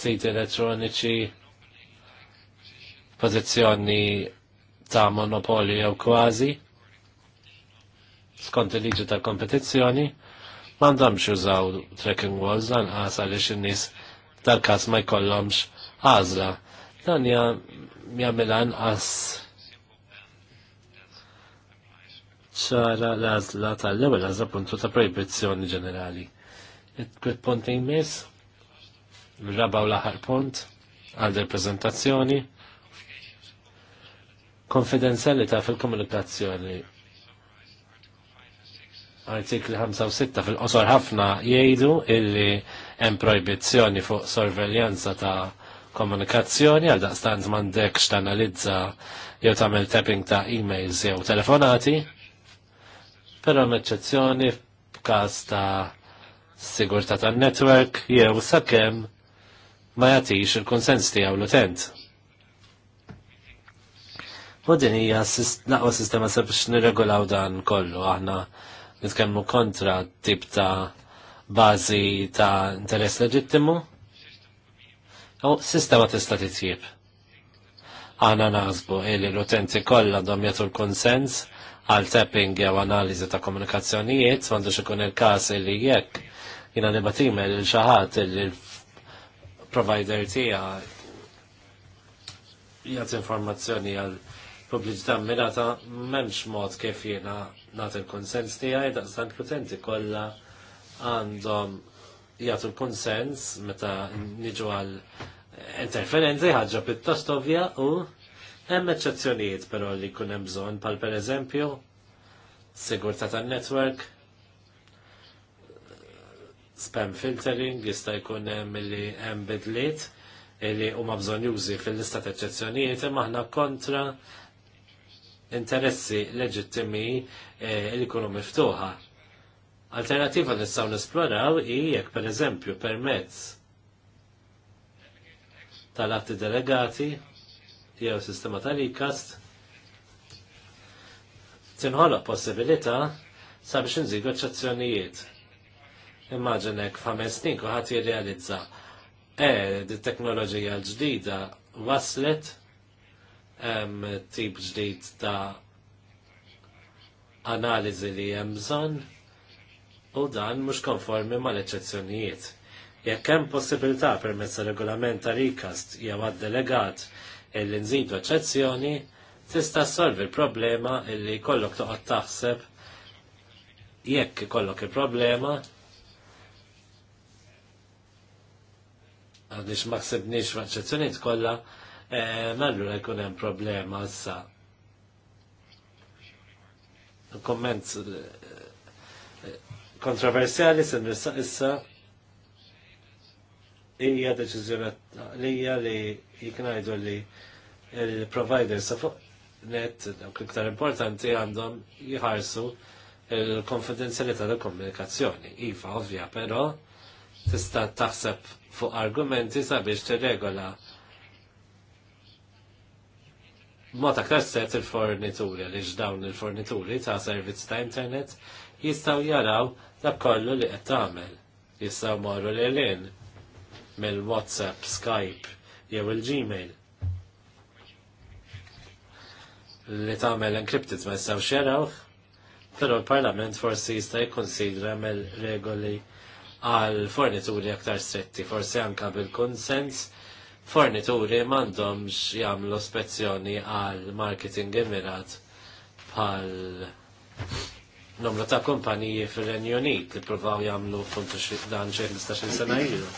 Sit elettroniċi pożizzjoni ta' monopoli jew kważi skont il-liġi ta' kompetizzjoni m'għandhomx jużaw trekking walls anqas għaliex in-nies tal-każ ma jkollhomx għażla. Dan jagħmel anqas ċara l tal-ewwel għażla puntu ta' proibizzjoni ġenerali. Il-kwit punt jmiss, il l aħħar punt għal prezentazzjoni ta' fil-komunikazzjoni artikli 5 fil-qosor ħafna jgħidu illi hemm proibizzjoni fuq sorveljanza ta' komunikazzjoni għal daqstant mandek x'tanalizza jew tagħmel tapping ta' emails jew telefonati, però m'eċċezzjoni f'każ ta' sigurtà tan-netwerk jew sakemm ma jagħtix il kunsens tiegħu l-utent. U din hija naqwa sistema se biex nirregolaw dan kollu aħna nitkellmu kontra tip ta' bażi ta' interess leġittimu sistema tista' titjib. Għana naħsbu illi l-utenti kollha għandhom jagħtu l-konsens għal tapping jew analiżi ta' komunikazzjonijiet m'għandux ikun il-każ illi jekk jiena nibgħat email il xi ħadd illi l-provider tija jgħat informazzjoni għal pubbliċità mmirata m'hemmx mod kif jiena nagħti l-konsens tiegħi jgħat l-utenti kollha għandhom jgħatu l-konsens meta niġu għal interferenzi ħagġa pittost ovvja u hemm eċċezzjonijiet però li jkun hemm bżonn pal pereżempju sigurtà tan-network spam filtering jista' jkun hemm li hemm bidliet li huma bżonn jużi fil-lista ta' eċċezzjonijiet imma aħna kontra interessi leġittimi eh, li jkunu miftuħa Alternativa nistgħu nesploraw per jekk pereżempju permezz tal-atti delegati jew sistema tal-ikast tinħoloq possibilità sabiex nżigu eċċezzjonijiet. Immaġinek f'ħames snin kulħadd jirrealizza e di teknoloġija l-ġdida waslet hemm tip ġdid ta' analiżi li hemm bżonn u dan mhux konformi mal-eċċezzjonijiet. Jekk hemm possibilità permezz regolament ta' rikast jew għad-delegat illi nżidu eċċezzjoni, tista' solvi l-problema illi kollok toqgħod taħseb jekk kollok il-problema għadix ma ħsebniex f'eċċezzjonijiet kollha, eh, mallura jkun hemm problema issa. Komment kontroversjali se nissa issa hija deċiżjoni lija li jiknajdu li il-providers sa fuq net dawk iktar importanti għandhom jħarsu il-konfidenzjalità tal komunikazzjoni. Iva, ovvja, però tista' taħseb fuq argumenti sabiex tirregola Ma ta' set il-fornituri li x'dawn il-fornituri ta' servizz ta' internet jistgħu jaraw Dak kollu li qed tagħmel jistgħu lil lilin mill-WhatsApp, Skype jew il-Gmail. Li tagħmel encrypted ma jistgħu xerawh, però l-Parlament forsi jista' jikkonsidra mill-regoli għal fornituri aktar stretti, forsi anka bil-konsens fornituri mandomx jagħmlu spezzjoni għal marketing immirat bħal numru ta' kumpaniji fil renjonit li provaw jagħmlu puntu dan xejn 15 sena ilu.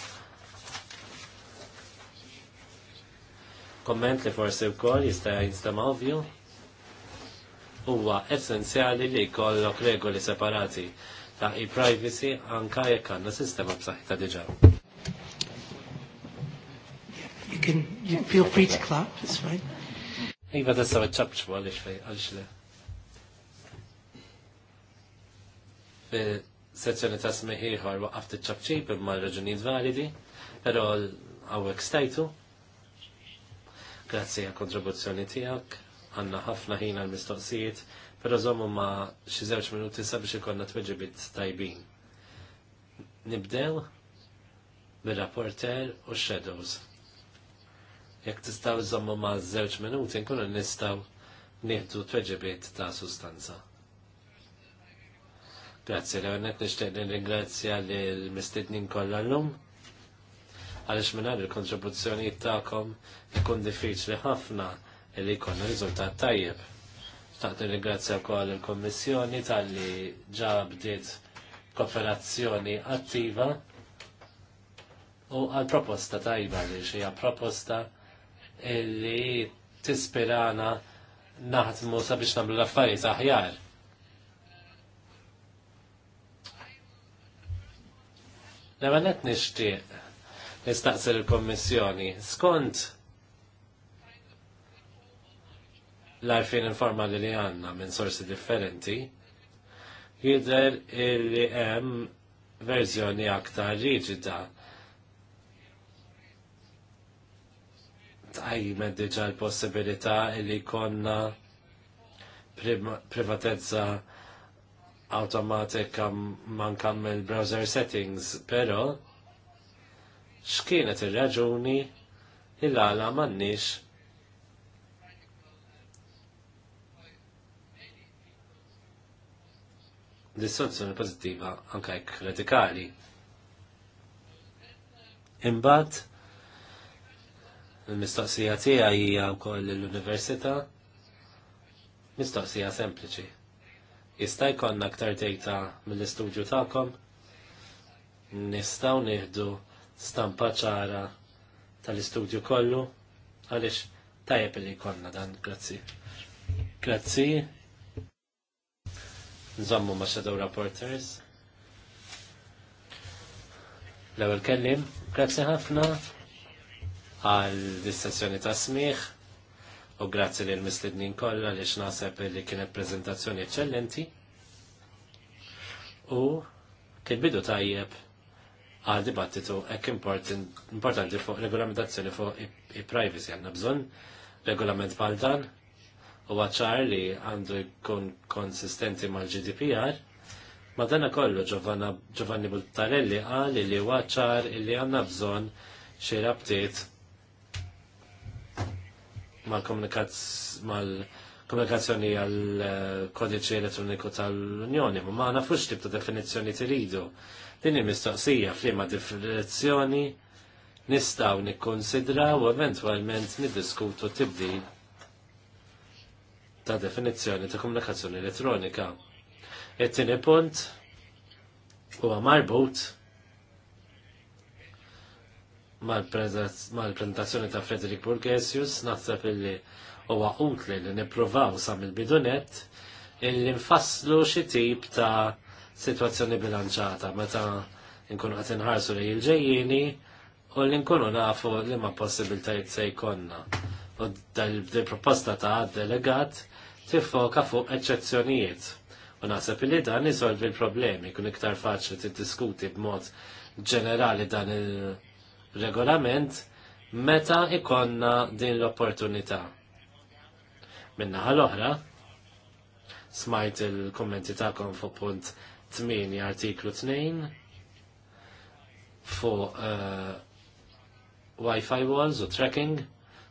Komment li forsi kol jistaj jinstema' ovvju. Uwa essenzjali li kollok regoli separati ta' i privacy anka jekk għandna sistema ta' diġà. You can you feel free to clap, it's fine. Iva tista' ċabċu għaliex fej għaliex le. fil-sezzjoni ta' smiħiħor waqqaft iċ-ċabċib imma raġunijiet validi, pero għawek stajtu. Grazzi għal kontribuzzjoni tijak, għanna ħafna ħin għal mistoqsijiet, pero zommu ma xi żewġ minuti sabiex ikonna tweġibit tajbin. Nibdew bir-rapporter u shadows. Jekk tistaw zommu ma żewġ minuti, nkunu nistaw nieħdu tweġibiet ta' sustanza. Grazzi, l-għonet nishtiq ringrazzja l-mistednin kollha l-lum għalix minnar l kontribuzzjoni ta'kom ikun diffiċli ħafna li jkun riżultat tajjeb. Taqt ringrazzja wkoll il-Kommissjoni tal-li ġa kooperazzjoni attiva u għal proposta tajba li xija proposta li tispirana naħdmu sabiex nagħmlu l-affarijiet aħjar. L-għanet nishti nistaqsir il-Kommissjoni. Skont l-arfin informali li għanna minn sorsi differenti, jider li hemm verżjoni aktar riġida tajmed diġa l-possibilità li konna privatezza automatika man kammel browser settings, pero xkienet il raġuni il-għala mannix dissoluzzjoni pozittiva anka jekk radikali. Imbagħad il-mistoqsija tiegħi hija wkoll l-università mistoqsija sempliċi. Jista' jkollna aktar data mill-istudju tagħkom. Nistgħu nieħdu stampa ċara tal-istudju kollu għaliex tajjeb li jkollna dan, grazzi. Grazzi. Nżommu ma' Shadow Reporters l ewwel kellim, grazzi ħafna għal dis-sessjoni ta' smiħ u grazzi li l-mistednin kollha li x'naħseb li kienet prezentazzjoni eċċellenti u kien bidu tajjeb għal dibattitu hekk importanti fuq regolamentazzjoni fuq i-privacy għandna bżonn regolament bħal dan u għacċar li għandu jkun konsistenti mal-GDPR, ma dana kollu Giovanni Buttarelli għal li għacċar li għanna bżon xie rabtiet mal-komunikazzjoni għal-kodiċi elettroniku tal-Unjoni, ma ma nafux tibta ta' definizzjoni ridu Din il-mistoqsija flima definizjoni nistaw nikkonsidra u eventualment niddiskutu tibdi ta' definizzjoni ta' komunikazzjoni elettronika. Et-tieni punt huwa marbut mal-prezentazzjoni ta' Frederick nazza naħseb illi huwa utli li nippruvaw sam mill-bidunet illi nfasslu xi tip ta' sitwazzjoni bilanċata meta nkunu qed inħarsu li l-ġejjini u li nkunu nafu li ma' possibiltajiet se jkollna. U dal-proposta ta' delegat tifoka fuq eċċezzjonijiet. U naħseb li dan isolvi l-problemi, kun iktar faċli tiddiskuti b'mod ġenerali dan il- regolament meta ikonna din l-opportunità. Minna ħal-oħra, smajt il-kommenti ta'kom fu punt 8 artiklu 2 fuq uh, Wi-Fi walls u tracking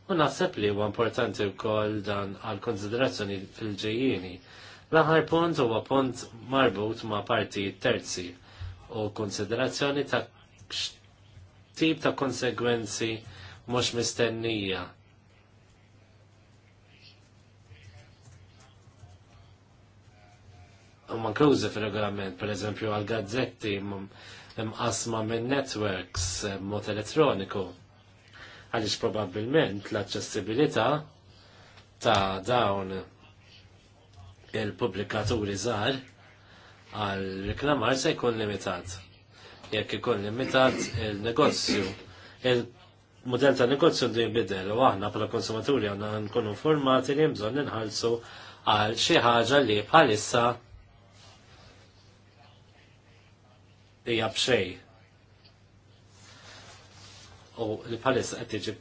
u naħseb li huwa importanti wkoll dan għal konsiderazzjoni fil-ġejjieni. L-aħħar punt huwa punt marbut ma' parti terzi u konsiderazzjoni ta' tip ta' konsegwenzi mhux mistennija. U manklużi fil-regolament, per eżempju, għal-gazzetti imqasma minn networks mod elettroniku. Għaliex probabbilment l-aċċessibilità ta' dawn il-publikaturi żgħar għal reklamar se jkun limitat jekk ikun limitat il-negozju. Il-modell ta' negozju di bidel u aħna bħala konsumaturi għanna nkunu formati li mżon nħalsu għal xi ħaġa li bħalissa hija b'xej. U li bħalissa qed tiġi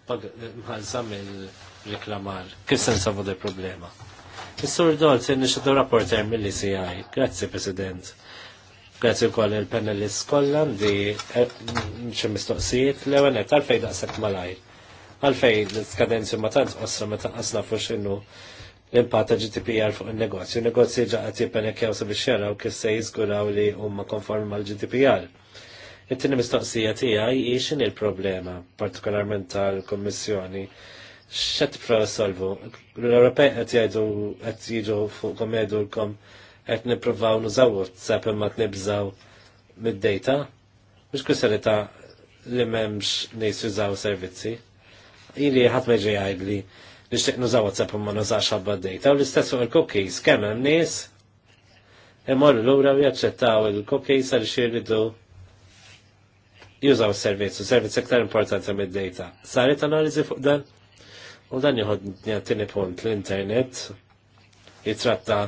mħalsa mill-reklamar. Kif se nsavu problema? Is-sur Dolz jenni xedu rapporter mill-ICI. Grazzi, President u wkoll il-panelist kollha di eh, xi mistoqsijiet l-ewwel qed għalfejn daqshekk malajr. Għalfejn l-iskadenzju ma tantx qosra ma tanqas nafu x'inhu l-impatt ta' GDPR fuq il-negozju. Il-negozji ġaqat jippenekjaw sabiex jaraw kif se jiżguraw li huma konformi mal-GDPR. It-tieni mistoqsija tiegħi hi x'inhi l-problema, partikolarment tal X'et X'qed solvu? L-Ewropej qed jgħidu qed jiġu fuq komedu qed nippruvaw nużaw WhatsApp imma t-nibżaw mid-data. Mhux kwistjonita li memx nis jużaw servizzi. Ili ħadd ma jiġi jgħidli nixtieq nużaw WhatsApp imma nużax ħabba d-data u l-istess fuq il-cookies kemm hemm nies l lura u jaċċettaw il-cookies għaliex jiridu jużaw servizz u servizz iktar importanti mid-data. Sarit analizi fuq dan? U dan jħod tini punt l-internet jitratta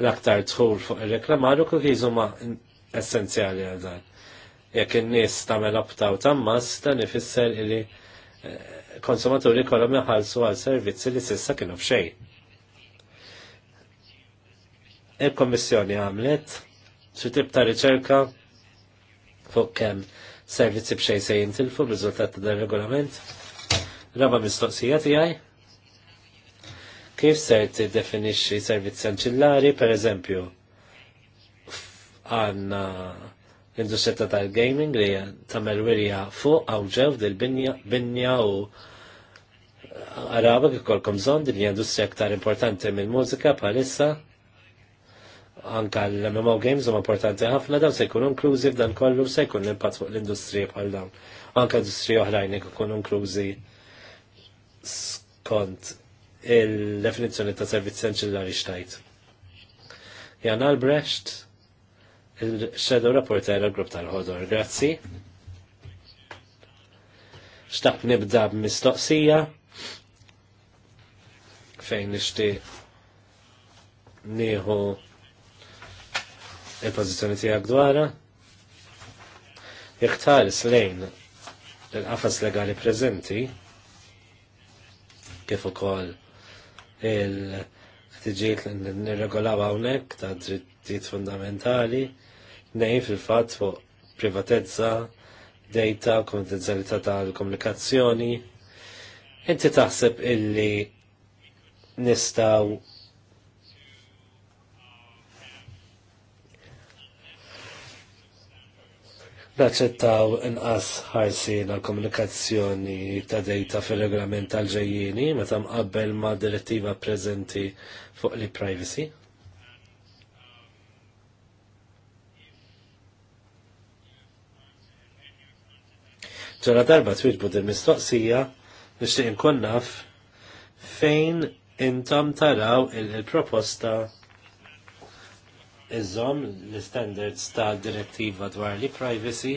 l-aktar tħur fuq il-reklamar u cookies huma essenzjali għal dan. Jekk in-nies tagħmel opt-out dan ifisser li eh, konsumaturi kollhom jaħallsu għal servizzi li s'issa kienu fxej. il komissjoni għamlet xi tip ta' riċerka fuq kemm servizzi b'xej se jintilfu bizzultat ta' regolament. Raba mistoqsija tiegħi Kif ser tiddefinixxi servizz anċillari, per eżempju, għanna l-industrija tal-gaming li tagħmel wirja fuq għaw ġew dil-binja u Araba kolkom zon din industrija aktar importanti mill-mużika bħalissa anka l-MMO games huma importanti ħafna dawn se jkunu inklużi f'dan kollu se jkun l-impatt fuq l-industrija bħal dawn. Anka industrija oħrajn jkunu inklużi skont il-definizzjoni ta' servizz ċellulari xtajt. Jan Albrecht, il-Shadow Rapporter għal-Grupp tal-ħodor, grazzi. Xtaq nibda b'mistoqsija fejn nixtieq nieħu il-pożizzjoni tiegħek dwarha. Jekk tħares lejn l-qafas legali preżenti kif ukoll il-ħtiġiet li nirregolaw hawnhekk ta' drittijiet fundamentali, nejn fil-fatt fuq privatezza, data, konfidenzialità tal-komunikazzjoni. Inti taħseb illi nistaw naċċettaw inqas ħarsin għal komunikazzjoni ta' dejta fil-regolament tal-ġejjini meta mqabbel ma' direttiva preżenti fuq li privacy. Ġara darba twitbu din mistoqsija nixtieq inkun naf fejn intom taraw il-proposta il proposta iżom l-standards ta' direttiva dwar li privacy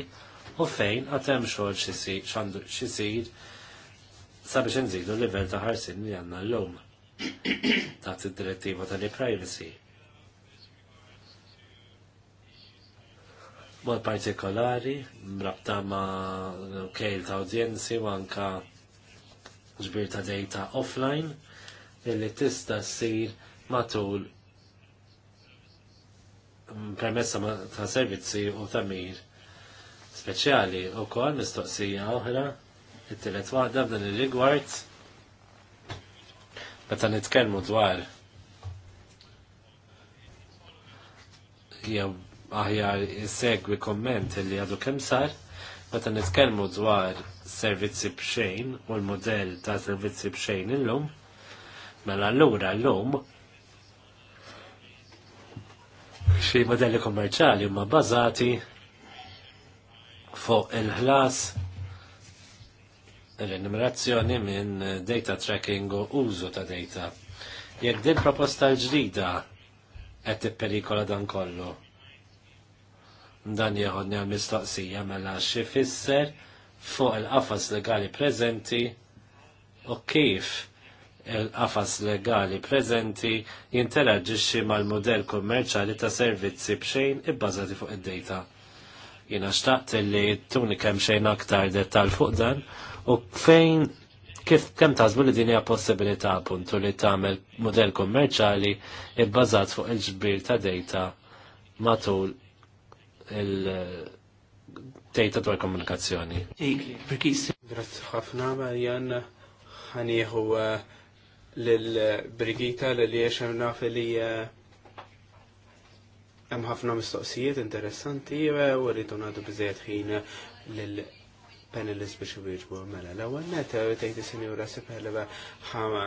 u fejn għatem xogħol xisir sabiex nżidu l-livell ta' ħarsin li għanna l-lum ta' direttiva ta' li privacy. Mod partikolari, mrabta ma' kejl ta' audienzi u anka ġbir ta' data offline, illi tista' ssir matul permessa ta' servizzi u tamir speċjali u kol mistoqsija oħra it-telet waħda f'dan ir-rigward meta nitkellmu dwar jew aħjar segwi komment li għadu kemm sar meta nitkellmu dwar servizzi b'xejn u l-modell ta' servizzi b'xejn illum mela allura llum Xi modelli kommerċali huma bbażati fuq il-ħlas l-enumerazzjoni minn data tracking u użu ta' data. Jekk din proposta l-ġdida qed tipperikola dan kollu. Dan jieħodni għal mistoqsija mela xi fisser fuq il-qafas legali preżenti u kif il-qafas legali preżenti jinteraġixxi mal-modell kummerċali ta' servizzi b'xejn ibbażati fuq id-data. Jiena xtaqt li tuni kemm xejn aktar dettal fuq dan u fejn kif kemm tażbu li din hija possibilità appuntu li tagħmel modell kummerċali ibbażat fuq il-ġbir ta' data matul il- tejta dwar komunikazzjoni. Grazie ħafna, Jan, ħanieħu uh, l-Brigita li jiexem naf li eh, hemm ħafna mistoqsijiet interessanti eh, u rridu nadu biżejjed ħin lil panelist biex wieġbu mela. L-ewwel net eh, tgħid is-sinjura Sipeleva ħama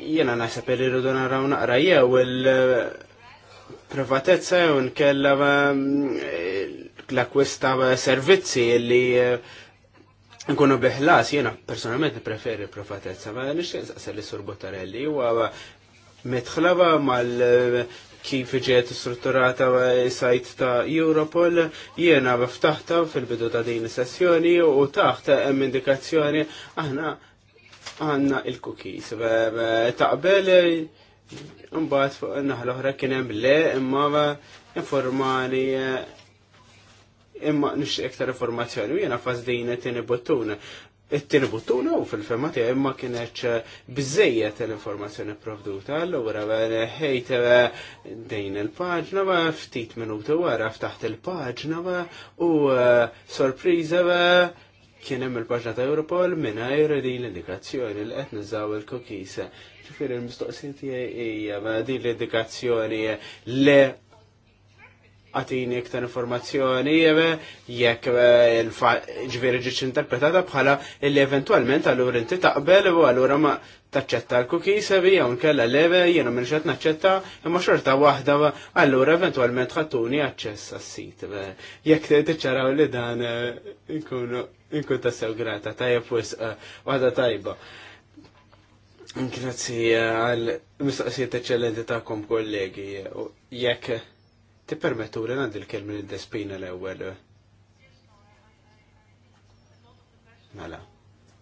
jena naħseb li rridu naraw naqra jew il-privatezza jew nkella l-akwista servizzi li Nkunu beħlas, jena personalment preferi privatezza, ma nixtieq saqsel li Sur u huwa metħlaba mal kif ġiet strutturata sajt ta' Europol, jena ftaħta fil-bidu ta' din sessjoni u taħt hemm indikazzjoni aħna għanna il-cookies. Taqbel mbagħad naħla oħra kien hemm le imma informani imma nixtieq iktar informazzjoni u jiena fażdin it-tieni buttun. It-tieni buttun u fil-fema tiegħi imma kienet eh, biżejjed l-informazzjoni provduta, allura eh, ħejt eh, dejn il-paġna ma ftit minuti wara ftaħt il-paġna u sorpriża kien hemm il-paġna ta' Europol mingħajr din l-indikazzjoni li qed niżaw il-cookies. Ġifieri l-mistoqsijiet hija din l-indikazzjoni le għatini iktar informazzjoni jekk eh, ġveri ġiċ interpretata bħala illi eventualment għallur inti taqbel u għallura ma taċċetta l-kuki bi għun kella leve jena minn naċċetta imma xorta wahda għallura eventualment ħattuni għacċess għas-sit jekk tiċċaraw li dan inkun eh, tassew grata tajja fus għada eh, tajba. Grazie għal mistoqsijiet eccellenti ta'kom kollegi. Jekk ti permettu li għandi l-kelmi d despina l-ewel. Mela,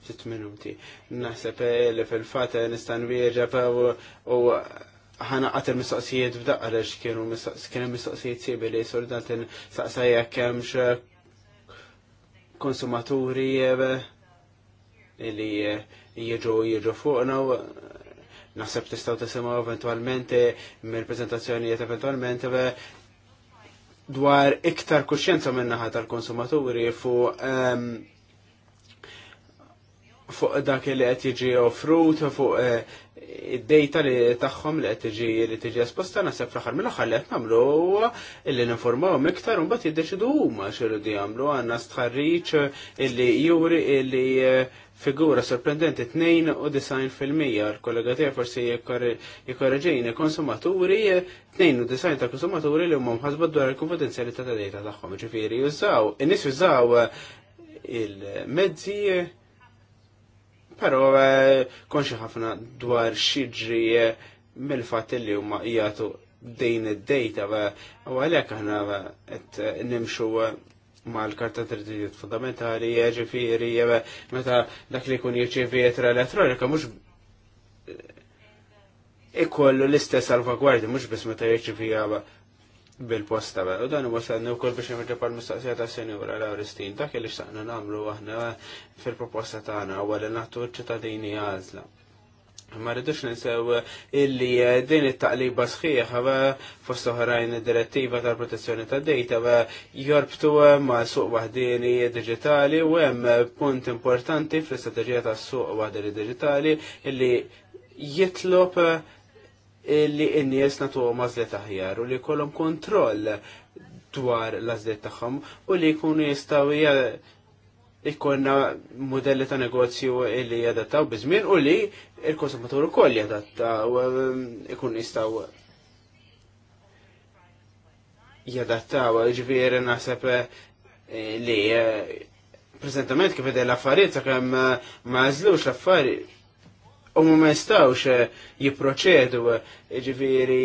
ġit minuti. Naħseb li fil-fat nistan wieġeb u ħana għatir mistoqsijiet f'daqqa li kienu mistoqsijiet sibi li soldat saqsajja kemx konsumaturi eh, li jieġu jieġu fuqna naħseb tistaw tisimaw eventualment eh, mill prezentazzjonijiet eventualmente eh, dwar iktar kuxjenza minnaħa tal-konsumaturi fuq fuq dak li qed jiġi offrut fuq eh, id-data li tagħhom li qed tiġi li tiġi esposta naħseb fl-aħħar mill-aħħar li qed nagħmlu huwa illi ninformawhom iktar u mbagħad jiddeċidu huma x'iridu jagħmlu għandna stħarriġ illi juri illi eh, figura sorprendenti 92% l-kollega tiegħi forsi jikkoreġejni konsumaturi 92 eh, ta' konsumaturi li huma mħasba dwar il-konfidenzjalità ta' data tagħhom. Ġifieri jużaw, in-nies jużaw il-mezzi Pero eh, konxie ħafna dwar xidri eh, mill-fat li huma jgħatu dejn id-dejta eh, u għalhekk aħna qed nimxu mal-karta tridijiet fundamentali ġifiri, meta dak li jkun jirċievi etra elettronika mhux ikollu l-istess salvagwardi mhux biss meta jirċievi bil-posta u dan wasalni u kol biex nirġa pal mistaqsija ta' senjura Lauristin, dak li xtaqna namlu aħna fil-proposta tagħna u għal nagħtu ċittadini għażla. Ma rridux ninsew illi eh, din it-taqliba sħiħ eh, fost oħrajn direttiva tal-protezzjoni ta' data eh, jorbtu ma' suq waħdini digitali u hemm punt importanti fl-istrateġija tas suq waħdini digitali illi jitlob li n-nies natu għażlet aħjar u li jkollhom kontroll dwar l azlet tagħhom u li jkunu jistgħu ikkonna modelli ta' negozju li jadattaw bizmin u li il-konsumatur ukoll jadattaw um, ikun jistgħu jadattaw ġviri naħseb eh, li eh, prezentament kif l-affarijiet sakemm eh, ma għażlux l-affarijiet u ma mistawx eh, jiproċedu eh, ġifiri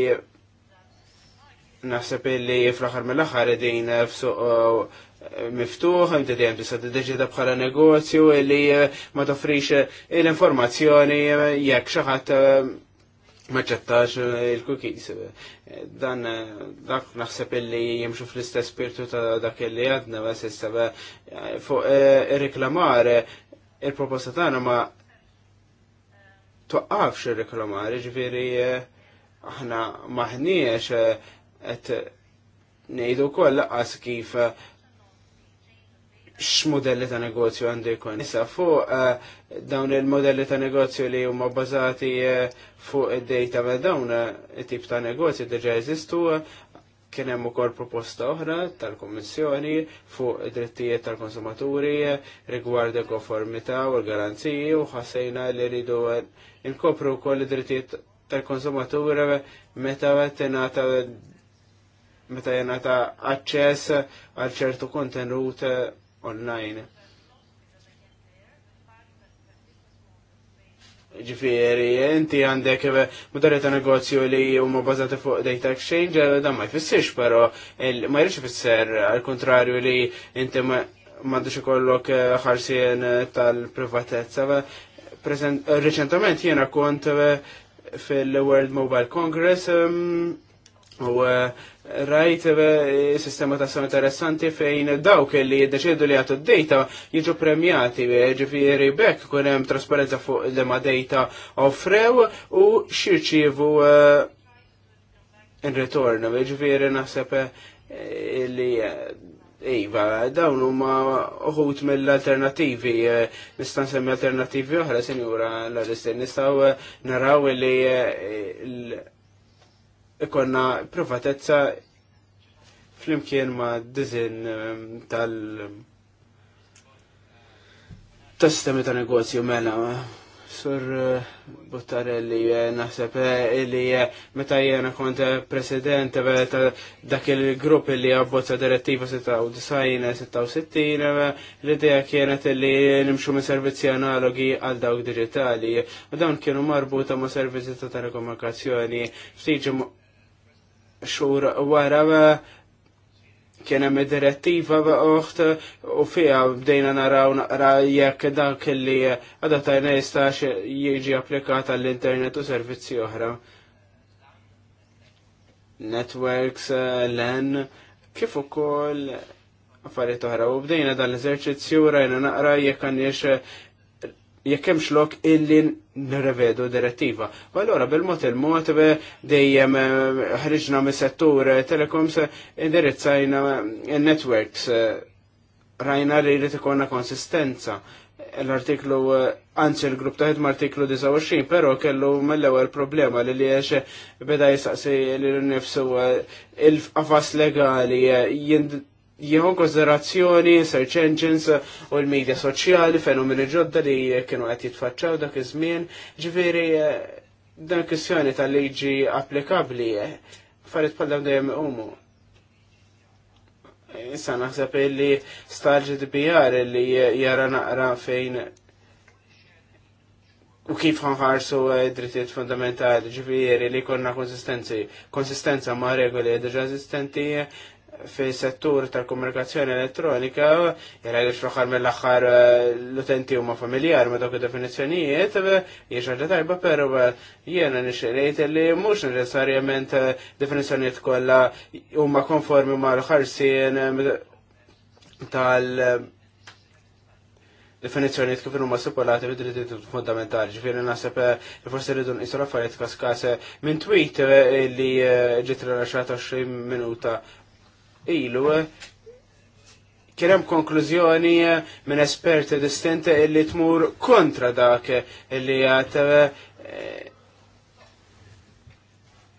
naħseb li fl-axar mill-axar din eh, f'suq miftuħ, inti dejjem tista' tiddeċida bħala negozju li ma tofrix l-informazzjoni jekk xi ħadd ma ċettax il-cookies. Dan dak naħseb li jimxu fl-istess spirtu ta' dak illi għadna, bas issa fuq ir reklamare il-proposta tagħna ma toqqaf il-reklamar, ġviri eh, aħna maħniex et eh, nejdu koll laqas kif eh, x-modelli ta' negozju għandu jkun. Issa fuq dawn il-modelli ta' negozju li huma bbażati fuq id dejta ma' dawn it-tip ta' negozju diġa jeżistu kien hemm ukoll proposta oħra tal-Kummissjoni fuq id-drittijiet tal-konsumaturi rigward il-konformità u l-garanziji u ħassejna li rridu inkopru wkoll id-drittijiet tal konsumatur meta tingħata meta jenata aċċess għal ċertu kontenut online. Ġifieri, inti għandek modelli ta' negozju li huma bażati fuq data exchange, dan ma jfissirx però ma jridx ifisser għal kontrarju li inti ma m'għandux ikollok ħarsien tal-privatezza, Eh, reċentament jiena kont eh, fil-World Mobile Congress ehm, u eh, rajt sistema ta' interessanti fejn dawk li jiddeċidu li għatu d-data jiġu premjati ġifiri bekk kunem trasparenza fuq l ma data offrew u xirċivu in retorn. Ġifiri naħseb li Iva, dawn huma uħut mill-alternativi, eh, nista' semmi alternativi oħra, sinjura l-arrestin, nistgħu eh, naraw li eh, ikonna privatezza flimkien ma' dizin tal- tas-sistemi ta' negozju mela Sur eh, Buttarelli, eh, naħseb eh, li meta jena kont president ta' dak il-grupp li abbozza direttiva 96-66, l-idea kienet li nimxu minn servizzi analogi għal dawk digitali. U dawn kienu marbuta ma' servizzi ta' telekomunikazzjoni. Ftiġi xur wara kien hemm direttiva oħt u fiha bdejna naraw naqra jekk dak li għadha tajna jistax jiġi applikata l-internet u servizzi oħra. Networks, LAN, kif ukoll affarijiet oħra u bdejna dan l-eżerċizzju rajna naqra jekk għandix jekk hemmx lok illi nirrevedu direttiva. U allora bil mot il mot dejjem eh, ħriġna mis settur eh, telekoms eh, indirizzajna networks rajna li jrid ikonna konsistenza. L-artiklu, anzi l-grupp ta' ħidma artiklu 29, però kellu mill-ewwel problema li li beda jistaqsi li nifsu il-qafas legali jieħu konsiderazzjoni search engines u l-medja soċjali fenomeni ġodda li kienu qed jitfaċċaw dak iż-żmien, ġifieri eh, dan kwistjoni tal-liġi applikabbli eh, farid pal dawn dejjem umu. Issa naħseb li stal GDPR li jara naqra fejn u kif ħanħarsu eh, drittijiet fundamentali ġifieri li konna konsistenzi, konsistenza ma' regoli diġa ġazistenti fi settur tal-komunikazzjoni elettronika, jera li fl mill-axar eh, l-utenti huma familjar ma dawk id-definizzjonijiet, eh, jiexħaġa tajba, pero eh, jena nixxerejt li mux neċessarjament definizzjonijiet kollha huma konformi ma l-ħarsien tal- definizzjoniet kif huma sipolati bid dritti fundamentali. Ġifieri naħseb li forsi rridu nqisu l-affarijiet kaskas minn tweet li ġiet rilaxxata 20 minuta ilu eh, kien hemm konklużjoni eh, minn esperti distinti illi tmur kontra dak eh, illi għat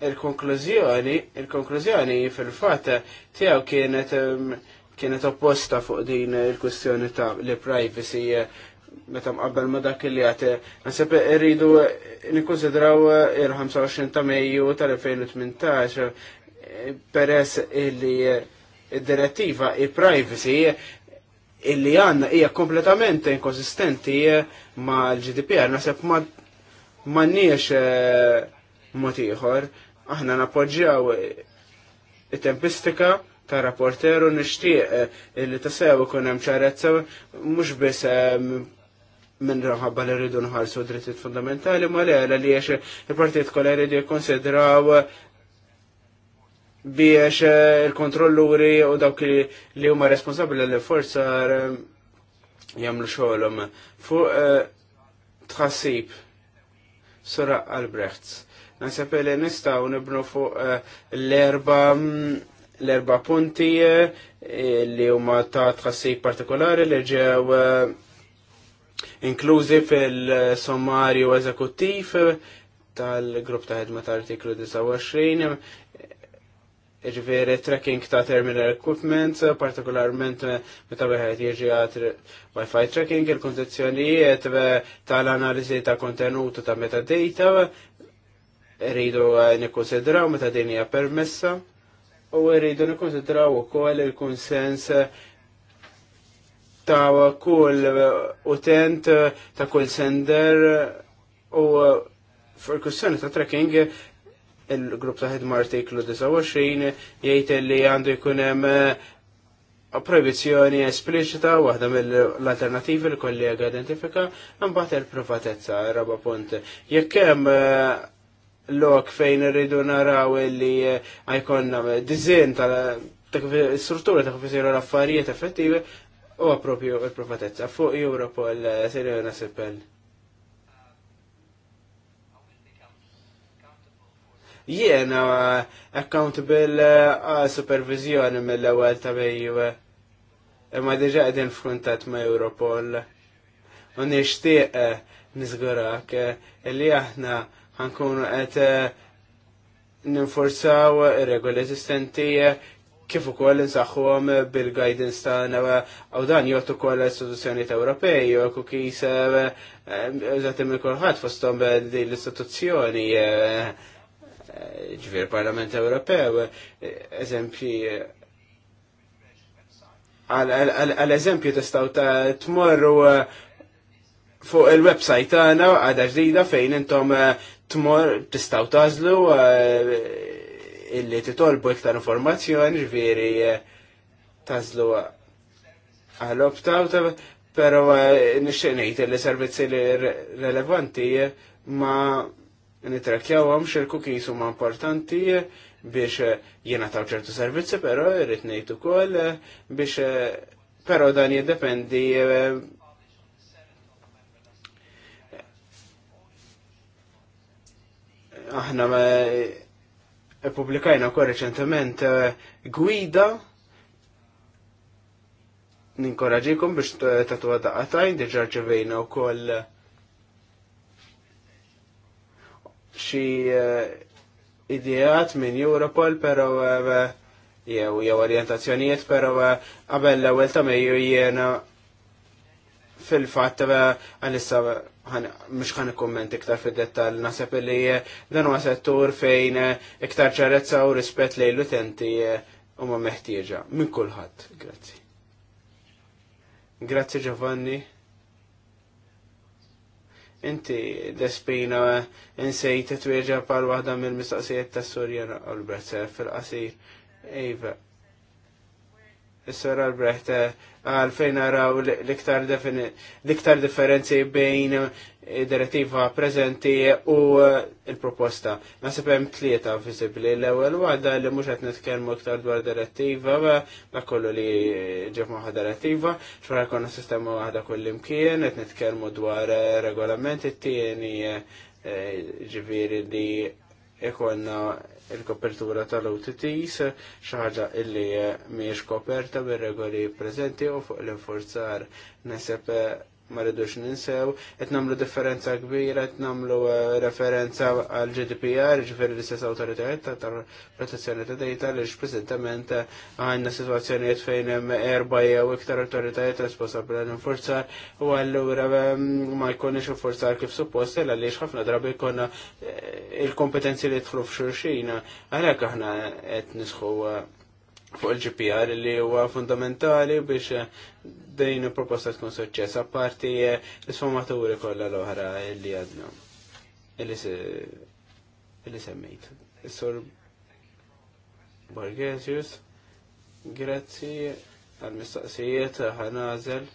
il-konklużjoni, il-konklużjoni fil-fatt tiegħu kienet kienet opposta fuq din il-kwestjoni ta' li privacy meta mqabbel ma dak li għate. Nasib irridu nikkonsidraw il-25 ta' Mejju tal-2018 peress illi id-direttiva i privacy illi għanna hija kompletament inkonsistenti ma l-GDPR, nasib ma manniex eh, motiħor, aħna napoġġjaw it-tempistika ta' rapporteru nishtiq eh, illi tasew ikun hemm ċarezza mhux biss eh, minn raħabba li rridu nħarsu drittijiet fundamentali ma għala li għax il-partijiet kolla jridu jikkonsidraw biex eh, il-kontrolluri u dawk li huma responsabbli l forza eh, jagħmlu xogħolhom. Fuq eh, tħassib Sura Albrecht. Nasab li nistgħu nibnu fuq l-erba mm, l-erba punti li huma ta' tħassib partikolari li ġew inklużi fil-sommarju eżekuttiv tal-grupp ta' ħedma ta' artiklu 29 ġveri tracking ta' terminal equipment, partikolarment eh, meta wieħed jieġi għat Wi-Fi tracking, il-kondizjonijiet eh, tal-analizi ta' kontenutu ta' metadata, rridu eh, nikkonsidraw meta din hija permessa, u rridu nikkonsidraw ukoll il-konsens ta' kull utent ta' kull sender u fil-kussjoni ta' tracking il-grupp ta' ħidma artiklu 29 jgħid li għandu jkun hemm eh, proibizjoni esplicita waħda mill-alternativi li kollega identifika mbagħad il-privatezza raba punt. Jekk hemm eh, lok fejn irridu naraw li eh, għajkonna dizin tal-struttura ta' kif isiru l-affarijiet effettivi u għapropju il-privatezza fuq Europol Serjona Sippel. jiena eh, accountable eh, supervizjoni mill-ewwel ta' bejju. Eh, imma diġa qegħdin f'kuntatt ma' Europol. U nixtieq niżgurak li aħna ħankunu qed ninforzaw regoli eżistenti kif ukoll insaħħuhom bil-guidance tagħna u dan jgħod wkoll l-istituzzjonijiet Ewropej u jekk kisa eżatt imi kulħadd fosthom din l-istituzzjoni ġvir Parlament Ewropew, eżempji għal-eżempju testaw ta' tmorru uh, fuq il-websajt tagħna għadha ġdida fejn intom uh, tmor tistgħu tażlu uh, illi titolbu iktar informazzjoni ġifieri tażlu għal optaw out pero nixxenejt li servizzi relevanti ma nitrakjaw għam xerku kisu ma' importanti biex eh, jena taw ċertu servizzi, pero irrit nejtu kol eh, biex eh, pero dan jiddependi aħna ma publikajna kol reċentement gwida ninkoraġikum biex tatu għadaqatajn diġarġivejna u koll xi eh, idejat minn Europol, pero eh, eh, jew jew orientazzjonijiet, pero qabel l-ewwel ta' Mejju jiena fil-fatt għanissa mhux ħan ikkumment iktar fid-dettall naħseb li dan huwa settur fejn iktar ċarezza u rispett lejn l-utenti huma meħtieġa minn kulħadd. Grazzi. Grazzi Giovanni. Inti despina insejt t-tweġa pal wahda mill mistoqsijiet ta' Surja Albrecht eh, fil-qasir. Iva. Sur Albrecht eh, Għalfejn naraw l-iktar differenzi bejn eh, direttiva prezenti u eh, il-proposta. Nasib hemm tlieta viżibbli l-ewwel waħda li mhux qed nitkellmu iktar dwar direttiva ma kollu li eh, ġef maħa direttiva, xwara jkollna sistema waħda kullimkien, qed nitkellmu dwar regolamenti t-tieni ġifieri li ikonna il-kopertura tal-OTTs, xaħġa illi miex koperta bir regoli prezenti u fuq l-inforzar nesep ma rridux ninsew, qed nagħmlu differenza kbira, qed nagħmlu eh, referenza għal GDPR, ġifieri l-istess awtoritajiet ta' protezzjoni ta' data li x'preżentament eh, għandna sitwazzjonijiet fejn hemm erba' jew iktar awtoritajiet responsabbli għal infurzar u allura ehm, ma jkunx infurzar kif suppost illa li ħafna drabi jkollna eh, il-kompetenzi li jidħlu f'xulxina, għalhekk aħna qed nisħu fuq il-GPR li huwa fundamentali biex dejn proposta tkun suċċess apparti eh, l-sfumaturi kollha l-oħra li għadna Illi semmejt. Is-sur Borgesius, grazzi għal-mistaqsijiet ħanażel.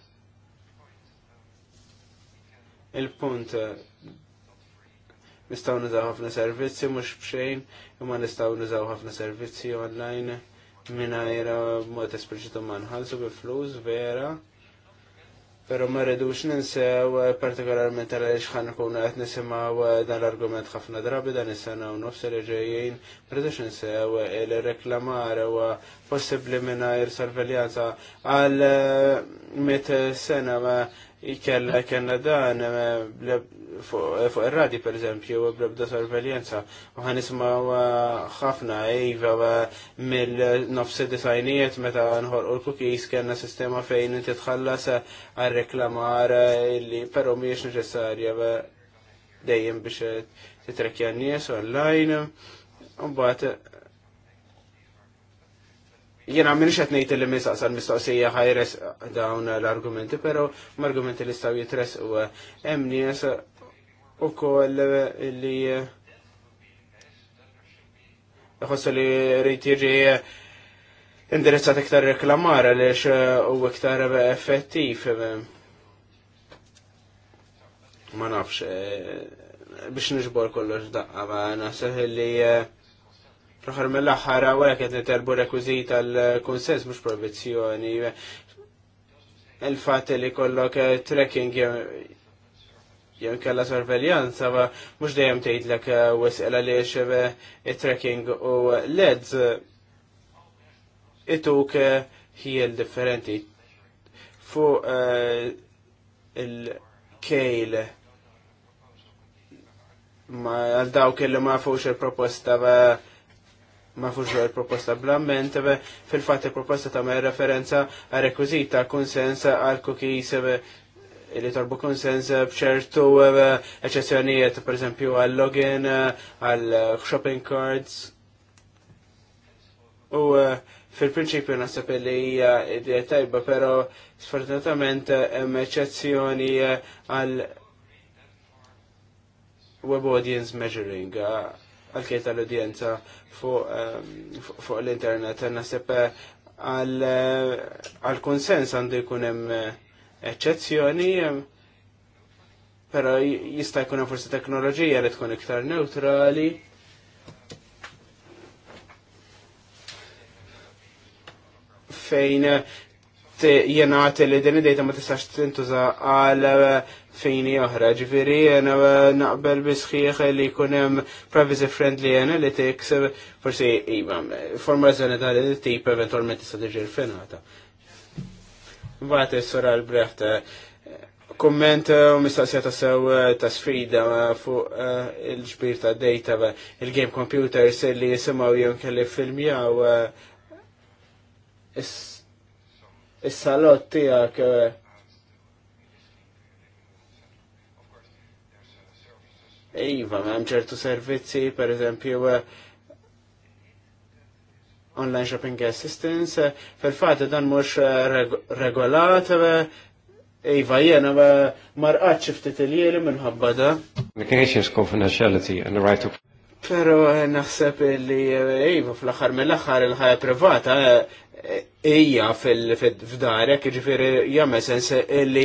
Il-punt nistgħu nizaw ħafna servizzi mhux b'xejn, imma nistgħu nizaw ħafna servizzi online minajra eh, mod espliċitu manħal bi flus vera. Pero ma rridux ninsew eh, partikolarment għal għaliex ħan ikunu qed nisimgħu eh, dan l-argument ħafna drabi dan is-sena u nofs li ġejjin, ma rridux ninsew il-reklamar huwa possibbli mingħajr sorveljanza għal mit sena kella kena dan eh, fuq eh, il radi per eżempju bl-ebda sorveljenza u ħanismaw eh, ħafna ejva mill-nofsi disajnijiet meta nħor u l kukis kena sistema fejn inti tħallas għal-reklamar li però mhijiex neċessarja dejjem biex titrekja n-nies online u mbagħad jena minix qed ngħid li mistaqsal mistoqsija ħajres dawn l-argumenti, pero l-argumenti li staw jitres u emnies nies koll li jħossu li rrid jiġi indirizzat iktar li għaliex u iktar effettiv. Ma nafx, eh, biex nġbor kollox daqqa, ma nasaħ li eh, Proħar mill-axħar, għara kħed niterbu rekwizit għal-konsens, mux proibizjoni. Il-fat li kollok eh, trekking jew kalla sorveljanza, ma mux dejjem tgħidlek eh, wisqela li xeve trekking u LEDs ituk eh, hiel differenti. Fu il-kejl ma għal dawk il-ma fux il-proposta ma fuqx il-proposta ba' ma fux il-proposta blamment amment fil-fat il-proposta ta' ma' referenza għal ta' konsens għal cookies li torbu konsens bċertu eċezzjonijiet, per eżempju għal login, għal shopping cards. U eh, fil-prinċipju nasab li hija idea tajba, pero sfortunatament hemm eċezzjoni eh, għal web audience measuring eh, għal kieta l-udjenza Ehm, fuq l-internet. Nasib eh, għal-konsens eh, għandu jkun hemm eh, eċċezzjoni, ehm, pero jista' jkun hemm forsi teknoloġija li tkun iktar neutrali. fejn qed jingħati li dini dejta ma tistax tintuża għal eh, fejni oħra. ġifiri jena eh, naqbel bisħiħ li kunem privacy friendly jena li analytics eh, forsi forma iva, formazzjoni tal li tip eventualment tista' tiġi rfinata. Mbagħad sora l-breħt komment u mistaqsija ta' sew ta' sfida fuq il-ġbir ta' dejta il-game computers li jisimaw jom kelli film filmjaw is-salott tiegħek eh, Iva, ma hemm ċertu servizzi, per eżempju, eh, online shopping assistance, eh, fil-fatt dan mhux regolat, Iva, jena marqat ftit il-jieli minħabba da. Ma kienx School of Nationality and the Right to Pero eh, naħseb li eh, iva fl-axar mill-axar il-ħajja privata eh, ija fil fdarek ġifiri jame sens li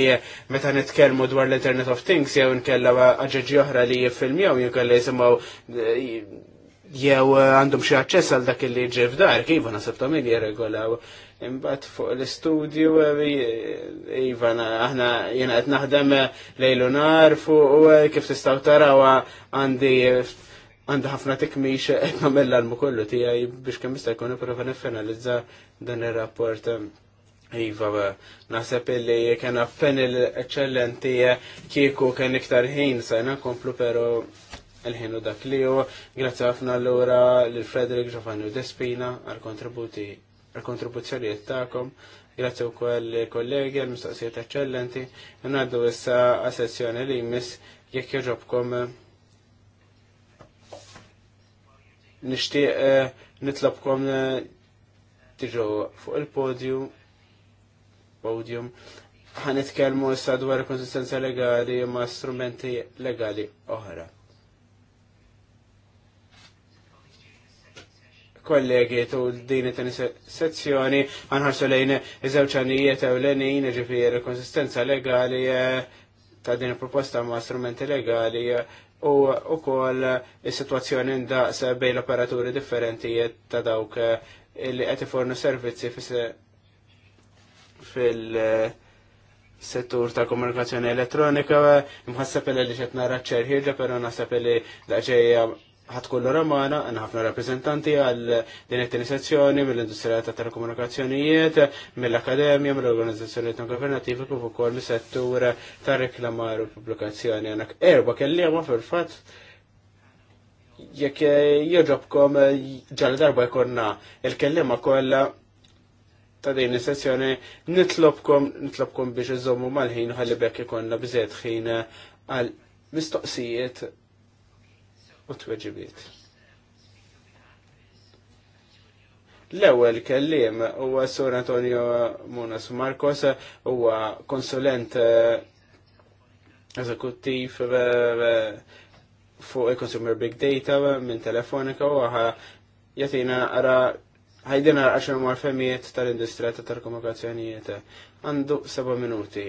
meta nitkellmu dwar l-Internet of Things jew nkella aġġi oħra li jiffilmjaw jew kelli jisimaw jew għandhom xi aċċess għal dak li ġi f'darek, iva naħseb ta' min jirregolaw. Imbagħad fuq l-istudju iva aħna jiena qed naħdem lejlu nar fuq kif tistgħu taraw għandi għanda ħafna tikmix qed nagħmel l-almu kollu tiegħi biex kemm jista' jkun ipprova niffinalizza dan ir-rapport. Iva, naħseb illi kien kena il eċċellenti kieku kien iktar ħin sajna komplu pero il-ħin u dak li u grazzi ħafna l-ura l-Frederik Giovanni u Despina għal-kontributi għal-kontribuzzjonijiet ta'kom. Grazzi u koll kollegi għal mistoqsijiet eccellenti. Għandu issa għas-sessjoni li jmiss jekk joġobkom nixtieq eh, nitlobkom eh, tiġu fuq il-podium podium ħanitkellmu issa dwar konsistenza legali ma' strumenti legali oħra. kollegi tu din it-tani sezzjoni għanħarsu lejn iżewċanijiet u lenin ġifir konsistenza legali eh, ta' din proposta ma' strumenti legali u ukoll is-sitwazzjoni ndaqs bejn l-operaturi differenti ta' dawk eh, li qed ifornu servizzi fil-settur ta' komunikazzjoni elettronika, mħassab li ċetna nara ċerħirġa, però naħseb li daġejja ħatkollu ramana, għanna ħafna rappresentanti għal din it sezzjoni mill-industrija ta' telekomunikazzjonijiet, mill-akademja, mill-organizzazzjoni ta' governativi kif ukoll mis-settur ta' reklamar u pubblikazzjoni. Għanak erba kelliema fil-fatt jekk joġobkom ġal darba jkollna il-kelliema kollha ta' din is-sezzjoni nitlobkom nitlobkom biex iżommu mal-ħin ħalli bekk ikollna biżejjed ħin għal mistoqsijiet u t weġibiet l ewel kellim u għasur Antonio Munas Marcos u konsulent eh, eżekuttiv eh, eh, fuq il-Consumer Big Data minn Telefonika u għaha jatina għara ħajdina għal femijiet tal-industrija ta' telekomunikazzjonijiet. Għandu 7 minuti.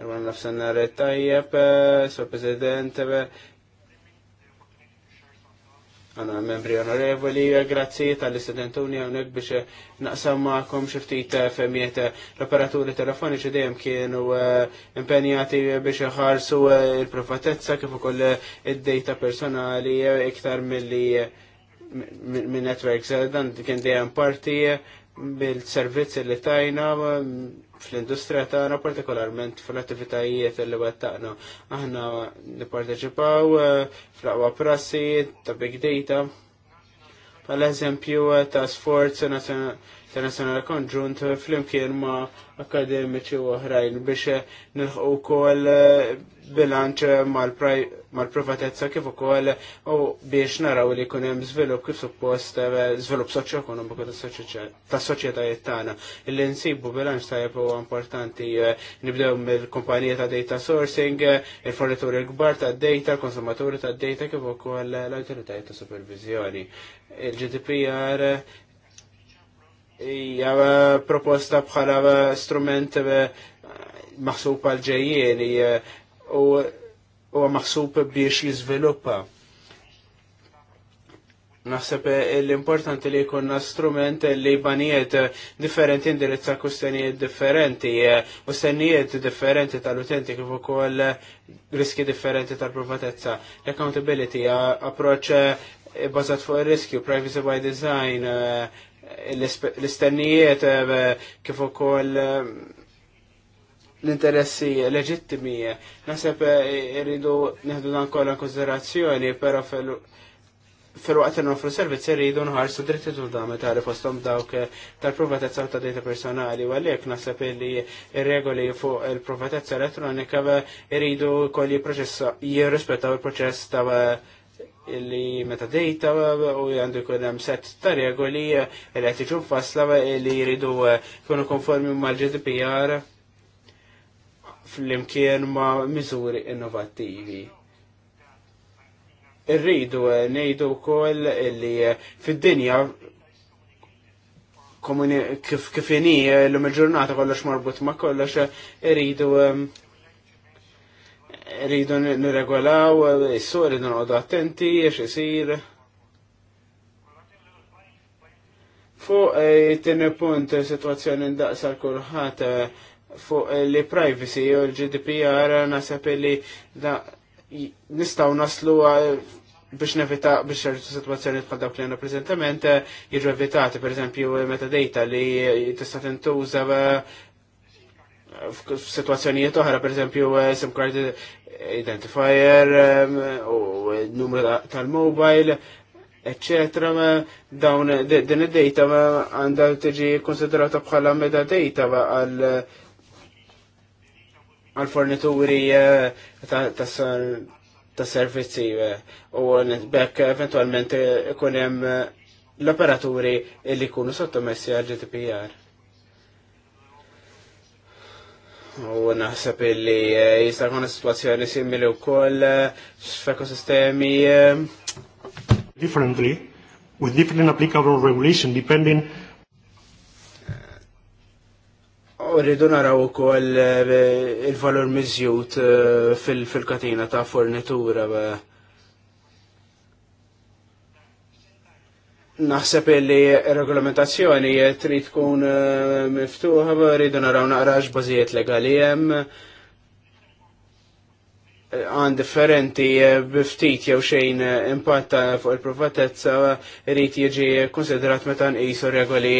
Irwan nafsan narret tajjeb, so' prezident, għana membri onorevoli, grazzi tal-istudentuni għonek biex naqsam ma'kom xiftit eh, femmiet eh, l-operaturi telefoniċi dejjem kienu eh, impenjati biex ħarsu il profatezza kif ukoll id-data personali iktar mill-li minn networks, dan kien dejjem parti bil-servizzi li tajna fl-industrija tagħna partikolarment fl-attivitajiet li wettaqna. Aħna nipparteċipaw eh, fl-aqwa prassi ta' big data. Pal eżempju eh, ta' nazzjonali la konġunt flimkien ma' akademiċi u oħrajn biex nilħu wkoll eh, bilanċ mal-privatezza kif ukoll u biex naraw li jkun hemm żvilupp kif suppost eh, żvilupp ekonomiku tas soċjetajiet tagħna. Illi nsibu bilanċ tajjeb huwa importanti eh, nibdew mill-kumpanija ta' data sourcing, il-fornituri l-kbar ta' data, konsumaturi ta' data kif ukoll l-awtoritajiet ta' supervizjoni. Il-GDPR hija eh, proposta bħala eh, strument eh, maħsub għal ġejjieni u huwa maħsub biex jiżviluppa. Naħseb l-importanti li jkunna strument li banijiet differenti indirizza kustenijiet differenti u stennijiet differenti tal-utenti kif ukoll riski differenti tal-privatezza. L-accountability approċ bazat fuq ir-riskju, privacy by design, uh, l-istennijiet eh, kif ukoll eh, l-interessi leġittimi. Naseb eh, irridu neħdu dan kollha konsiderazzjoni, però fil-waqt n nofru servizz irridu nħarsu dritti tul da meta li fostom dawk tal-provatezza ta' data personali u għalhekk naseb li ir-regoli fuq il-provatezza elettronika irridu kolli jirrispettaw il-proċess ta' illi meta dejta u għandu jkun hemm set ta' regoli eh, li qed jiġu fasla eh, li jridu eh, jkunu konformi mal-GDPR fl-imkien ma' miżuri innovattivi. Irridu ngħidu wkoll li fid-dinja kif kif l-ġurnata kollox marbut ma' kollox irridu rridu nirregolaw, jissu suq rridu nqodu attenti, jiex jisir. Fuq eh, it punt situazzjoni ndaqsa l-kulħadd eh, fuq eh, li privacy u l-GDPR nasab li nistaw naslu biex nevita biex ċertu situazzjoni bħal dawk li prezentament jiġu evitati, per esempio metadata li tista' tintuża f'sitwazzjonijiet oħra, per eżempju, SIM card identifier um, u numru tal-mobile, eccetera, dawn din id-data għandha tiġi konsiderata bħala data għal għal fornituri uh, ta' servizzi uh, u bekk eventualment ikun hemm uh, l-operaturi li jkunu sottomessi għal GDPR. U naħseb illi eh, jista' jkun situazzjoni simili wkoll eh, f'ekosistemi eh, differently with different applicable regulation depending U rridu naraw ukoll il-valur miżjut fil-katina ta' fornitura. naħseb li regolamentazzjoni trid tkun eh, miftuħa, rridu naraw naqra bażijiet legali hemm eh, għan differenti eh, biftit jew xejn impatta fuq il-privatezza rrit jiġi konsiderat meta nqisu regoli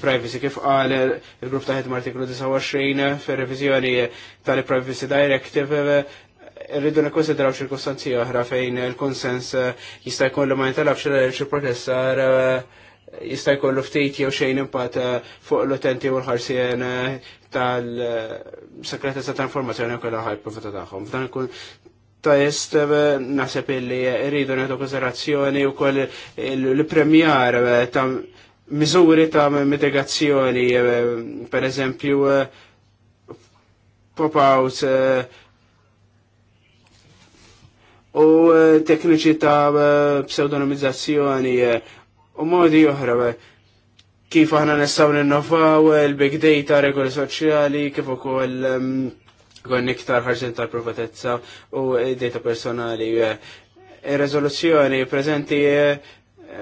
privacy kif qal il-grupp ta' ħedma artiklu 29 fir-reviżjoni tal-Privacy Directive rridu nikkonsidraw ċirkostanzi oħra fejn il-konsens eh, jista' jkollu ma jintalabx xi protestar eh, jista' jkollu ftit jew xejn impatt eh, fuq l-utenti u l-ħarsien tal-sekretezza ta' informazzjoni u kollha ħajp profita tagħhom. F'dan ikun ta' jest naħseb illi rridu nieħdu konsiderazzjoni wkoll l-premjar ta' miżuri ta' mitigazzjoni, per eżempju, pop-out u eh, tekniċi ta' eh, pseudonimizzazzjoni eh, u modi oħra kif aħna nistgħu ninnovaw il-big data, regoli soċjali, kif ukoll konni ehm, iktar ħarġin tal-privatezza u data personali. ir reżoluzzjoni preżenti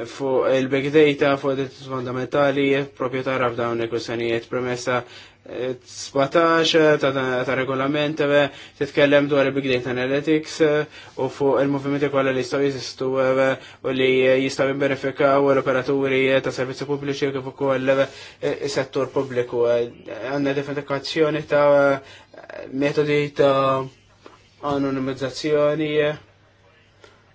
fuq il-big data, fuq id fundamentali, propieta raf dawn il-kussanijiet premessa 17 eh, ta' regolament eh, titkellem dwar il-big data analytics eh, u fuq il-movimenti kollha li jistgħu jeżistu u li jistgħu jimberifikaw l-operaturi ta' servizzi pubbliċi kif ukoll is-settur pubbliku. Għandna definikazzjoni ta' metodi ta' anonimizzazzjoni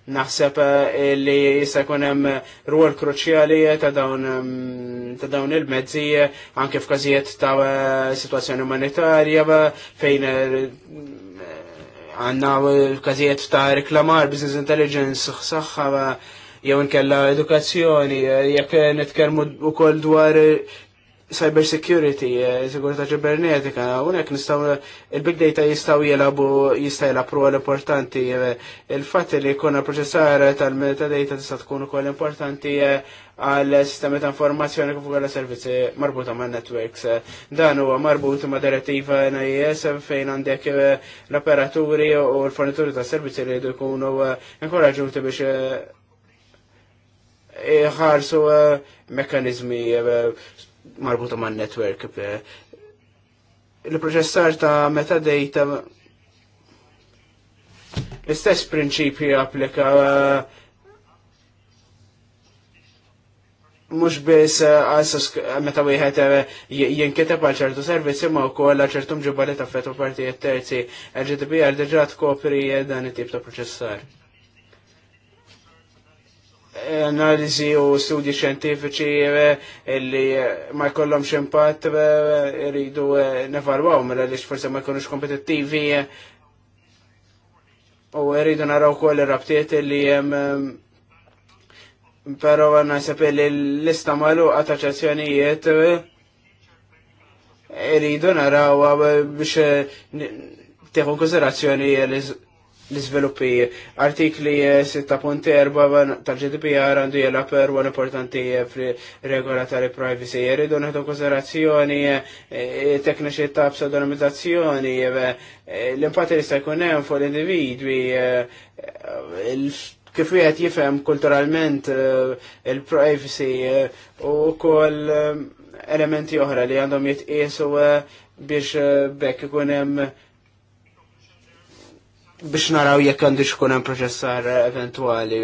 naħseb eh, li jista' jkun hemm rwol kruċjali ta' dawn mm, ta' dawn il-mezzi anke f'każijiet ta' eh, situazzjoni umanitarja fejn eh, għandna każijiet ta' reklamar, business intelligence, saħħa jew nkella edukazzjoni, jekk nitkellmu wkoll dwar cyber security, eh, sigurta ġibernetika. unek nistaw, il-big data jistaw jelabu, jistaw jelabu l importanti, eh, il-fat li kuna proċessar tal-metadata tista tkun ukoll importanti eh, għal sistemi ta' informazzjoni kif ukoll servizzi marbuta ma' networks. Dan huwa marbut ma' direttiva NIS fejn għandek l-operaturi u l-fornituri ta' servizzi li jdu jkunu inkoraġuti biex ħarsu mekkanizmi marbuta man network il-proċessar ta' metadata l-istess prinċipju applika eh, mux bis eh, meta wieħed eh, jinkiteb għal ċertu servizzi ma wkoll għal ċertu mġibali ta' fetu partijiet terzi, LGDB għal diġà tkopri dan it-tip ta' proċessar analizi u studji xjentifiċi eh, li eh, ma jkollhom impatt eh, iridu nevalwaw mela li forse ma jkunux kompetittivi u rridu naraw kol ir-rabtiet li però naħseb li l-lista malu għataċazzjonijiet ċazzjonijiet rridu naraw biex tieħu konsiderazzjoni l-izviluppi. Artikli 6.4 tal-GDPR għandu jela per għan importanti fri regolatari privacy. Jeridu naħdu konserazzjoni eh, tekniċi ta' pseudonimizzazzjoni, eh, l-impatti li sta' jkunem fuq l-individwi, eh, kif wieħed jifhem kulturalment il-privacy u wkoll elementi oħra li għandhom jitqiesu biex bekk ikun hemm biex naraw jekk għandu xkun hemm proċessar eventwali.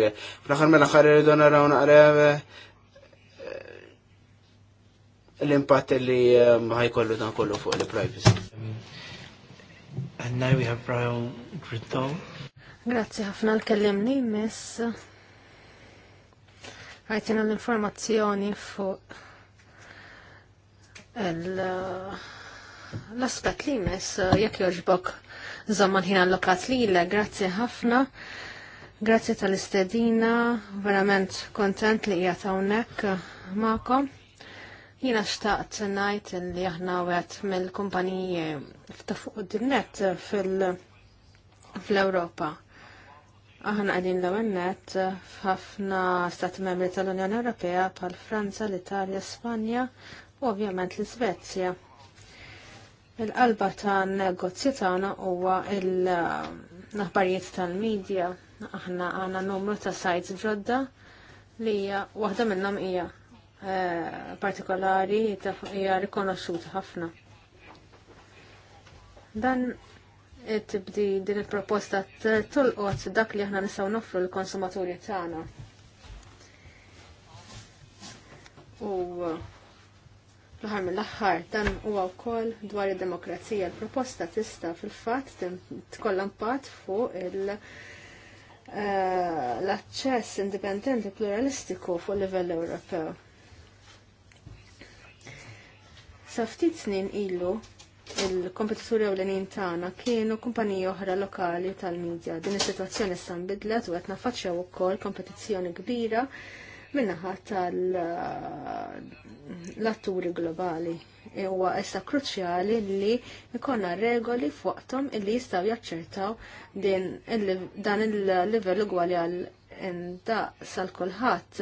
Fl-aħħar mela aħħar irridu naraw naqra eh, l-impatt li eh, ħajkollu dan kollu fuq il-privacy. And now we have Brian Griddow. Grazzi ħafna l-kellimni, miss. Għajtina l-informazzjoni fuq eh, l-aspet li mis jekk joġbok Zomman l lokat li l grazzi ħafna. Grazzi tal-istedina, verament kontent li jgħat hawnhekk magħkom. Jina xtaqt najt li aħna għet mill-kumpaniji f'tafuq din-net fil-Europa. Aħna għedin l-għennet f'ħafna stat membri tal-Unjoni Ewropea bħal Franza, l-Italja, Spanja u ovvjament l-Svezja. Il-qalba ta' negozju tagħna huwa il-naħbarijiet tal-medja. Aħna għandna numru ta' sajts ġodda li hija waħda minnhom hija eh, partikolari hija rikonoxxuta ħafna. Dan tibdi din il-proposta tulqot dak li aħna nisaw nofru l-konsumaturi tagħna. U L-ħar mill-axħar dan huwa wkoll dwar id-demokrazija. L-proposta tista' fil-fatt tkollha impatt fuq il- eh, l-aċċess indipendenti pluralistiku fuq livell Ewropew. Sa ftit snin ilu, il-kompetituri ewlenin tagħna kienu kumpaniji oħra lokali tal-medja. Din is-sitwazzjoni issa nbidlet u qed nafaċċew ukoll kompetizzjoni kbira minnaħa tal-atturi globali. E huwa issa kruċjali li jkollna regoli fuqtom illi jistgħu jaċċertaw dan il-livell ugwali għal da sal kulħadd.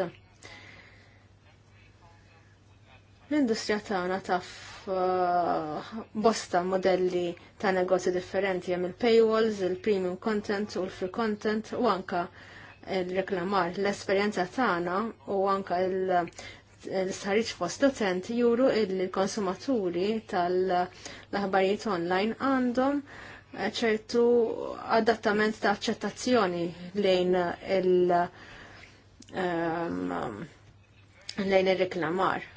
L-industrija tagħna taf uh, bosta modelli ta' negozju differenti hemm il-paywalls, il-premium content u l-free content u anka il-reklamar. L-esperienza tagħna u anka l-sħariċ fost docenti juru il-konsumaturi tal-aħbarijiet online għandhom eh, ċertu adattament ta' accettazzjoni lejn il- ehm, lejn il-reklamar.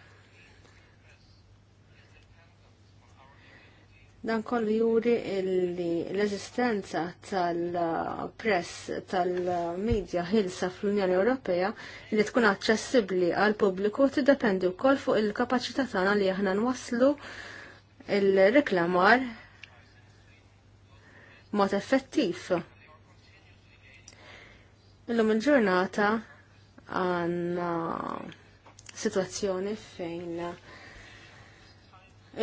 Dan kollu juri l-eżistenza tal-press tal-medja ħilsa fl-Unjoni Ewropea li tkun aċċessibbli għal pubbliku tiddependi wkoll fuq il-kapaċità tagħna li aħna nwasslu il-reklamar mod effettiv. Illum il-ġurnata għanna situazzjoni fejn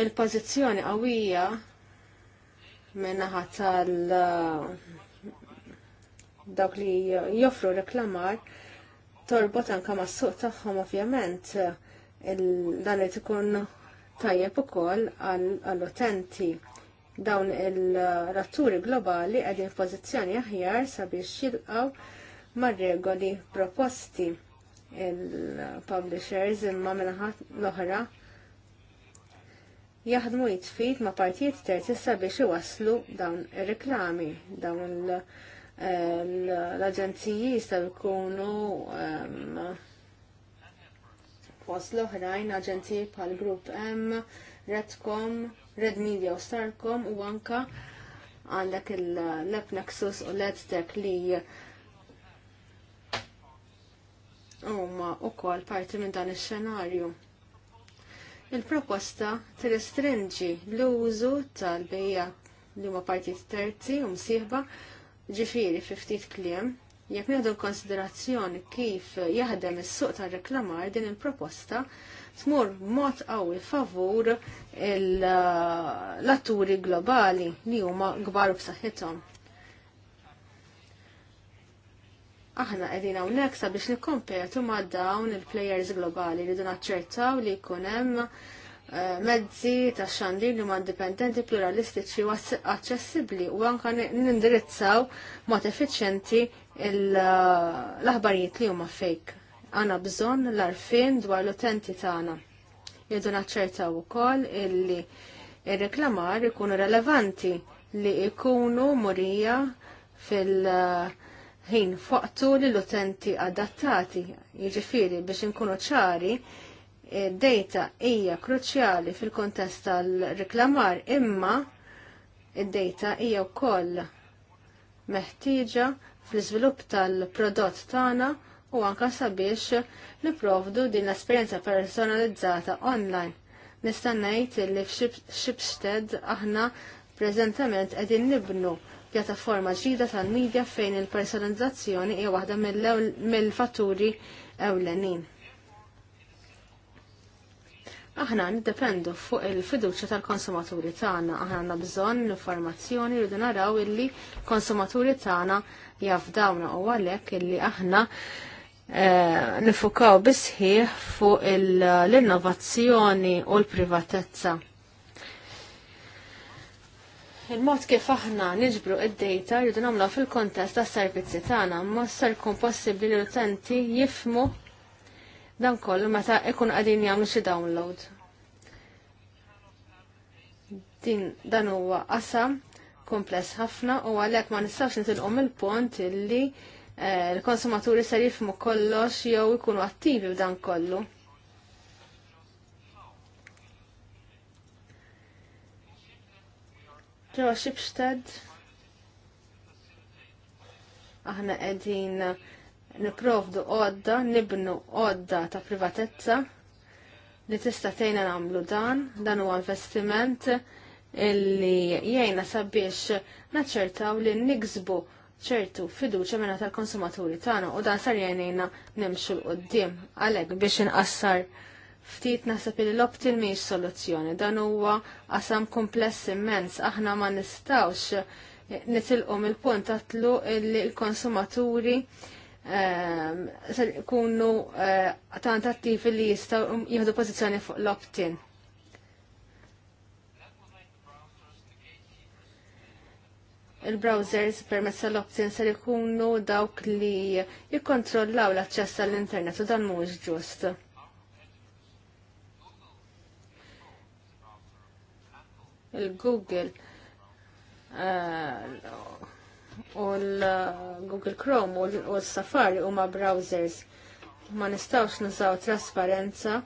il-pozizjoni qawwija minnaħa tal uh, dawk li joffru reklamar torbot anka ma' suq tagħhom ovvjament dan li tkun tajjeb ukoll għall-utenti dawn il-ratturi globali għedin f'pożizzjoni aħjar sabiex jilqaw mar-regoli proposti il-publishers imma minnaħat l-oħra jaħdmu jitfit ma' partijiet terzi sabiex iwasslu dawn ir-reklami, dawn l-aġenziji jistaw jkunu fost l-oħrajn aġenziji pal Group M, Redcom, Red Media u Starcom u anka għandek il-Lep Nexus u LedTech li huma kol parti minn dan ix-xenarju il-proposta t-restrenġi l-użu tal-bejja li huma partit terzi u msieħba ġifiri fi ftit kliem. Jekk nieħdu konsiderazzjoni kif jaħdem is-suq tal reklamar din il-proposta tmur għaw qawwi favur l-atturi globali li huma kbar b b'saħħithom. aħna qegħdin hawnhekk sabiex nikkompetu ma' dawn il-plejers globali li dun naċċertaw li jkun hemm eh, mezzi ta' xandir li ma' dipendenti pluralistiċi u accessibli u anka nindirizzaw mod effiċenti eh, l-aħbarijiet li huma fake. Għana bżon l-arfin dwar l-utenti tagħna. Jedu naċċertaw ukoll illi ir-reklamar ikunu relevanti li ikunu murija fil- uh, ħin fuqtu lill-utenti adattati, jiġifieri biex inkunu ċari, id-data eh, hija kruċjali fil-kontest tal-reklamar imma id-data hija wkoll meħtieġa fl-iżvilupp tal-prodott tagħna u anka sabiex niprovdu din l-esperjenza personalizzata online. Nista' ngħid li f'Shipstead aħna preżentament qegħdin nibnu pjattaforma ġdida tal-medja fejn il-personalizzazzjoni hija waħda mill-fatturi ewlenin. Aħna niddependu fuq il-fiduċja tal-konsumaturi tagħna, aħna għandna bżonn l informazzjoni rridu naraw illi konsumaturi tagħna jafdawna u għalhekk illi aħna eh, nifukaw bisħiħ fuq l-innovazzjoni u l-privatezza il-mod kif aħna niġbru id-data rridu nagħmluha fil-kontest tas servizzi tagħna ma ser jkun possibbli li l-utenti jifmu dan kollu meta ikun qegħdin jagħmlu xi download. Din dan huwa qasam kompless ħafna u għalhekk ma nistax nitilqu mill-punt illi eh, l-konsumaturi ser jifmu kollox jew ikunu attivi b'dan kollu. Ġo, Xibsted. Aħna qegħdin niprovdu għodda, nibnu għodda ta' privatezza li tista' tejna nagħmlu dan, dan huwa investiment illi jgħinna sabiex naċċertaw li niksbu ċertu fiduċa minna tal-konsumaturi tagħna u dan sar jgħinina nimxu l-qoddim għalhekk biex inqassar ftit naħseb li l-optin miex soluzzjoni. Dan huwa qasam kompless immens, aħna ma nistawx eh, nitilqu mill-punt għatlu li l-konsumaturi ehm, kunu eh, tant attivi li jistaw jihdu pozizjoni fuq l-optin. il-browsers permezz tal-optin ser ikunu dawk li jikkontrollaw l-aċċess għall-internet u dan mhuwiex ġust il-Google uh, u l-Google Chrome u l-Safari huma browsers ma nistawx nużaw trasparenza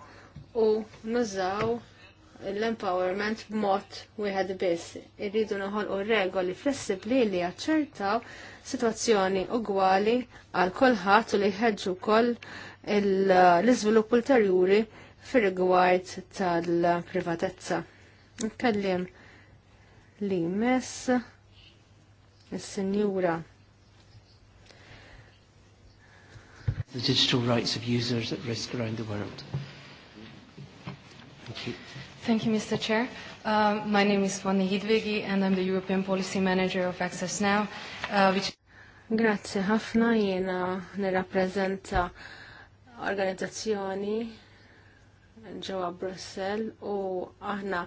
u nużaw l-empowerment b'mod wieħed biss. Irridu noħolqu regoli flessibbli li jaċċertaw sitwazzjoni ugwali għal kulħadd u li jħeġġu wkoll l-iżvilupp ulterjuri fir-rigward tal-privatezza. Nkellim li mess il-senjura. The digital rights of users at risk around the world. Thank you. Thank you, Mr. Chair. Um, my name is Fanny Hidvigi and I'm the European Policy Manager of Access Now, uh, which... Grazie, ħafna jena nirrapprezenta organizzazzjoni ġewwa Brussell u aħna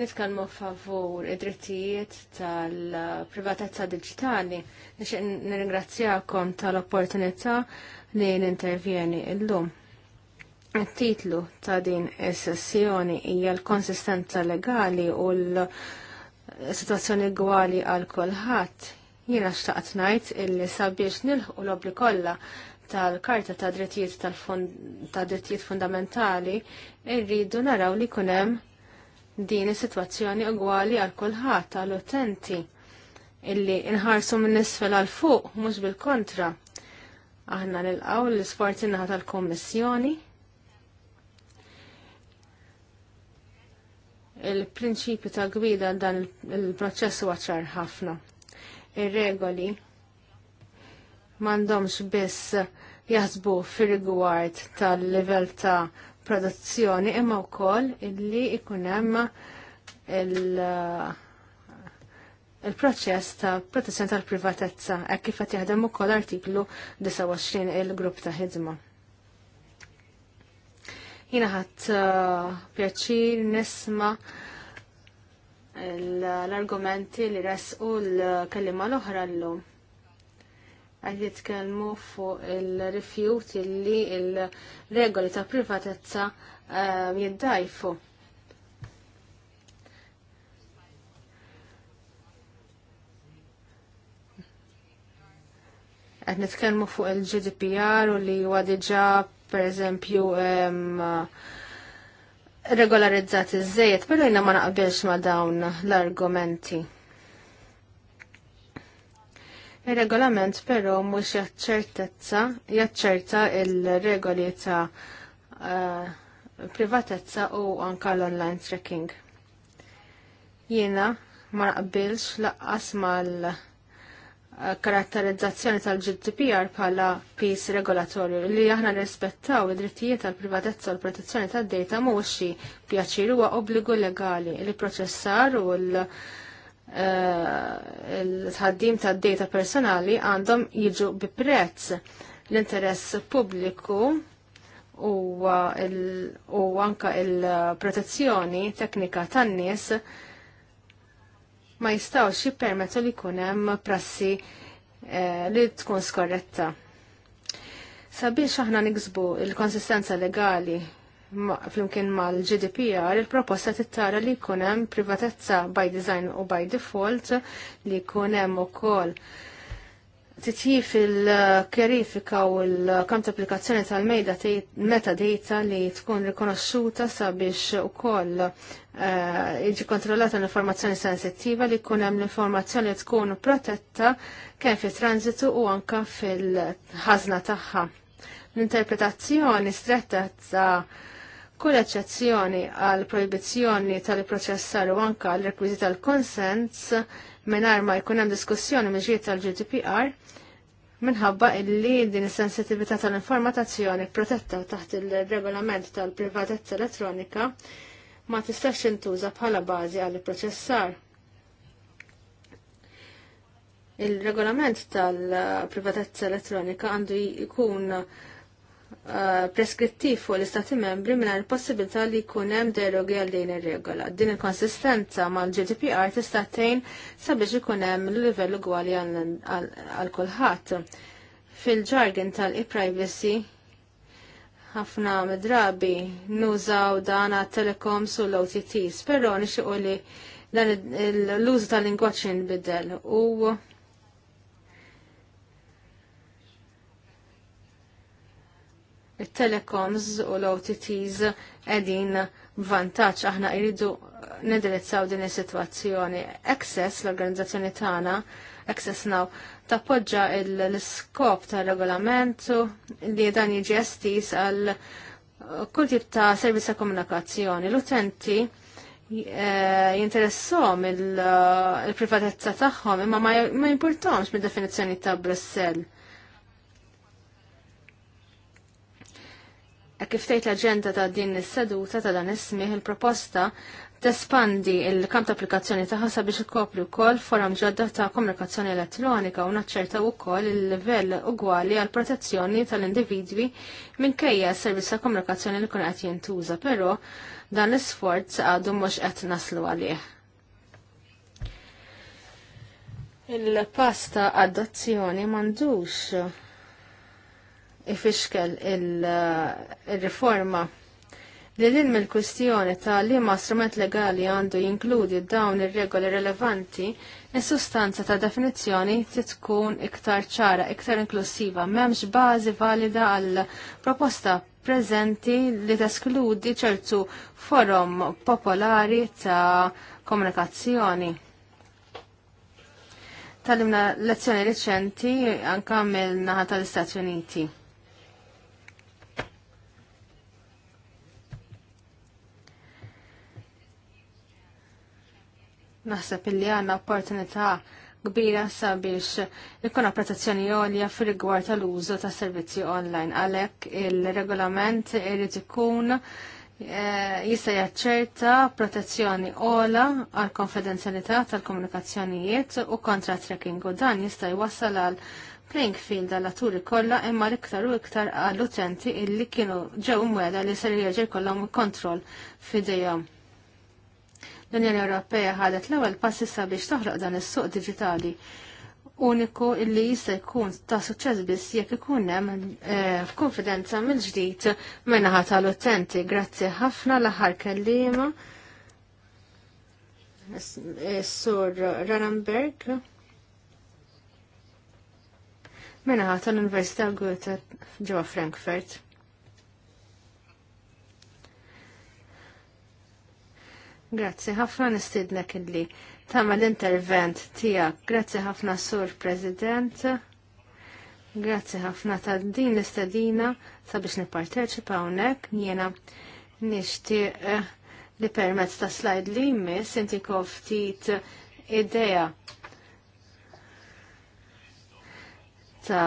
nitkellmu favur id-drittijiet tal-privatezza digitali. Nixtieq nirringrazzjakom tal-opportunità li nintervjeni llum. Il-titlu ta' din is-sessjoni hija l-konsistenza legali u l-sitwazzjoni gwali għal kulħadd. Jiena xtaqt ngħid illi sabiex nilħu l-obli kollha tal-Karta ta' Drittijiet ta' Drittijiet Fundamentali irridu naraw li kunem din is-sitwazzjoni ugwali għal kulħadd tal-utenti illi inħarsu minn isfel għal fuq mhux bil-kontra. Aħna nilqgħu l-isforzi naħa tal-Kommissjoni il-prinċipju ta' gwida dan il-proċess huwa ċar ħafna. Ir-regoli il mandomx biss jaħsbu fil-rigward tal-level ta' produzzjoni imma wkoll illi ikun hemm il-proċess ta' protezzjoni tal-privatezza hekk kif qed jaħdem ukoll artiklu 29 il-grupp ta' ħidma. Jiena ħadd uh, pjaċir nisma' l-argumenti li resqu l kellima l-oħra llum għad jitkellmu fuq il-rifjut li il-regoli ta' privatezza eh, jiddajfu. Għad nitkellmu fuq il-GDPR u li huwa diġà pereżempju regolarizzati żejjed, però jiena ma naqbilx ma' dawn l-argumenti. Il-regolament però mhux jaċċertezza, jaċċerta il-regoli ta' eh, privatezza u anka l-online tracking. Jiena ma naqbilx laqqas mal eh, karatterizzazzjoni tal-GDPR bħala pis regolatorju li aħna nirrispettaw id-drittijiet tal-privatezza u l-protezzjoni tad-data mhuwiex xi pjaċir huwa obbligu legali li proċessar u l- Eh, l-tħaddim ta' data personali għandhom jiġu bi prezz l-interess pubbliku u anka il-protezzjoni teknika tan-nies ma jistawx jippermettu li jkun hemm prassi eh, li tkun skorretta. Sabiex aħna niksbu il-konsistenza legali flimkien mal-GDPR, il-proposta tittara li kunem privatezza by design u by default li kunem u kol titjif il-kerifika u l kamt applikazzjoni tal-mejda metadata li tkun rikonosciuta sabiex u kol eh, iġi kontrollata l-informazzjoni sensittiva li kunem hemm l-informazzjoni tkun protetta kemm fi transitu u anka fil-ħażna tagħha. L-interpretazzjoni stretta ta' Kull eċċezzjoni għal proibizzjoni tal-proċessar u anka għal rekwiżit tal-konsens mingħajr ma jkun hemm diskussjoni miġiet tal-GDPR minħabba illi din is-sensitività tal-informatazzjoni protetta taħt il-regolament tal-privatezza elettronika ma tistax intuża bħala bażi għall proċessar Il-regolament tal-privatezza elettronika għandu jkun Eh, preskrittiv fuq l-Istati membri mingħajr possibilità li jkun hemm derogi għal din ir-regola. Din il-konsistenza mal-GDPR tista' tgħin sabiex ikun hemm livell ugwali għal kulħadd. Fil-ġargin tal-e-privacy ħafna drabi nużaw dan għat telecoms u l-OTTs, però nixtiequ li dan l-użu tal lingwaċin jinbidel u il-telecoms u l-OTTs edin vantaċ aħna jridu nedirizzaw din is-sitwazzjoni. Access l-organizzazzjoni tagħna, Access Now, tappoġġa l-iskop ta' regolamentu li dan jiġi estis għal kull tip ta' servizz ta' komunikazzjoni. L-utenti eh, jinteressom eh, il-privatezza tagħhom imma ma jimportomx mid-definizzjoni ta' Brussell E kif tgħid l-aġenda ta' din is-seduta ta' dan ismih il-proposta tespandi il-kamp ta' applikazzjoni tagħha sabiex ikopri wkoll forum ġodda ta' komunikazzjoni elettronika u naċċertaw ukoll il-livell ugwali għal protezzjoni tal-individwi minkejja s-servizz ta' komunikazzjoni li kun qed jintuża, però dan l-isforz għadu mhux qed naslu għalih. Il-pasta adozzjoni mandux ifixkel eh, il-riforma. Li l-ilm il-kustjoni ta' li ma' strument legali għandu jinkludi dawn ir-regoli relevanti, il-sustanza ta' definizjoni tkun iktar ċara, iktar inklusiva, memx bazi valida għal proposta prezenti li teskludi ċertu forum popolari ta' komunikazzjoni. Talimna lezzjoni reċenti anka mill-naħa tal-Istati Uniti. Naħseb illi għandna opportunità kbira sabiex ikkun apprezzazzjoni għolja fil rigward tal-użu ta' servizzi online. Għalhekk il-regolament irid ikun eh, jista' jaċċerta protezzjoni ola għal konfidenzjalità tal-komunikazzjonijiet u kontra tracking u dan jista' jwassal għal playing field għal aturi kollha imma l-iktar u iktar għall utenti illi kienu ġew mweda li ser jerġa' jkollhom kontroll f'idejhom. L-Unjoni Ewropea ħadet l-ewwel passi sabiex toħloq dan is-suq diġitali uniku illi jista' jkun ta' suċċess biss jekk ikun hemm eh, konfidenza mill-ġdid minnaħa tal-utenti. Grazzi ħafna l-aħħar kellima. Sur Ranenberg. Minnaħa tal-Università Goethe ġewwa Frankfurt. Grazzi ħafna nistidnek illi tama l-intervent tijak. Grazzi ħafna sur President. Grazie ħafna ta' din l-istadina sabiex nipparteċipa hawnhekk jiena nixtieq eh, li permezz ta' slide li jmiss inti ftit ta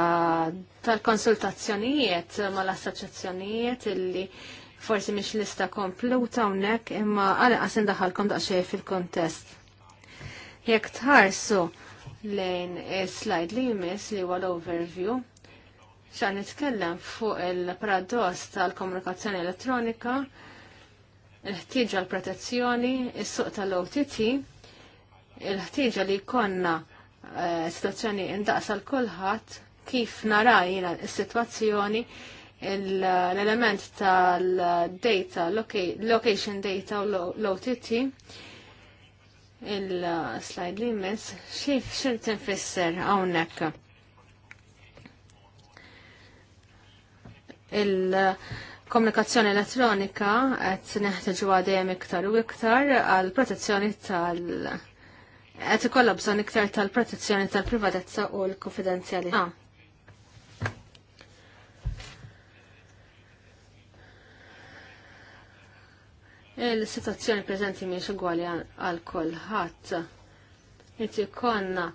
tal-konsultazzjonijiet mal-assoċjazzjonijiet illi forsi miex lista kompluta hawnhekk imma għalqas indaħalkom daqsxejn fil-kontest. Jekk tħarsu lejn slide li jmiss li huwa l-overview, xan nitkellem fuq il-paradoss tal-komunikazzjoni elettronika, il-ħtieġa l-protezzjoni, is-suq tal-OTT, il-ħtieġa li jkollna eh, situazzjoni indaqsa l kulħadd kif nara jiena s-sitwazzjoni l-element tal-data, location data u l-OTT, il-slide li jmiss, xif xirt nfisser għawnek. Il-komunikazzjoni elettronika għed neħtġu għadajem iktar u iktar għal protezzjoni tal- għed ikolla bżon iktar tal-protezzjoni tal-privatezza u l-konfidenzjalità il-situazzjoni preżenti miex ugwali għal kulħadd. Inti konna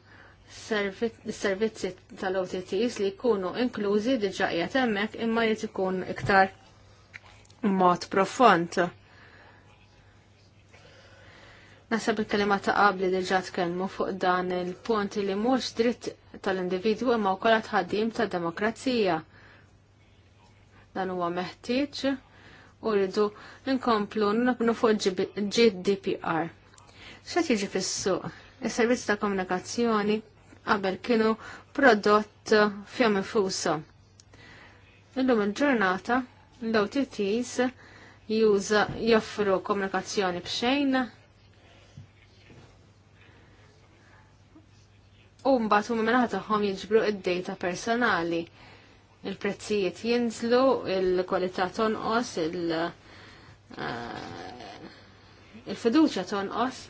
servizzi tal-OTTs li jkunu inklużi diġà qiegħed hemmhekk imma jrid ikun iktar mod profond. Nasab il-kelima ta' qabli diġa tkellmu fuq dan il-punt li mhux dritt tal-individwu imma wkoll tħaddim tad demokrazija. Dan huwa meħtieġ u rridu nkomplu nabnu fuq GDPR. Xa tiġi fis-suq? Is-servizz ta' komunikazzjoni qabel kienu prodott fjom infuso. Illum il-ġurnata l-OTTs juża joffru komunikazzjoni b'xejn u mbagħad huma mingħata jiġbru id-data personali il-prezzijiet jinżlu, il-kwalità tonqos, eh, il-fiduċja il tonqos,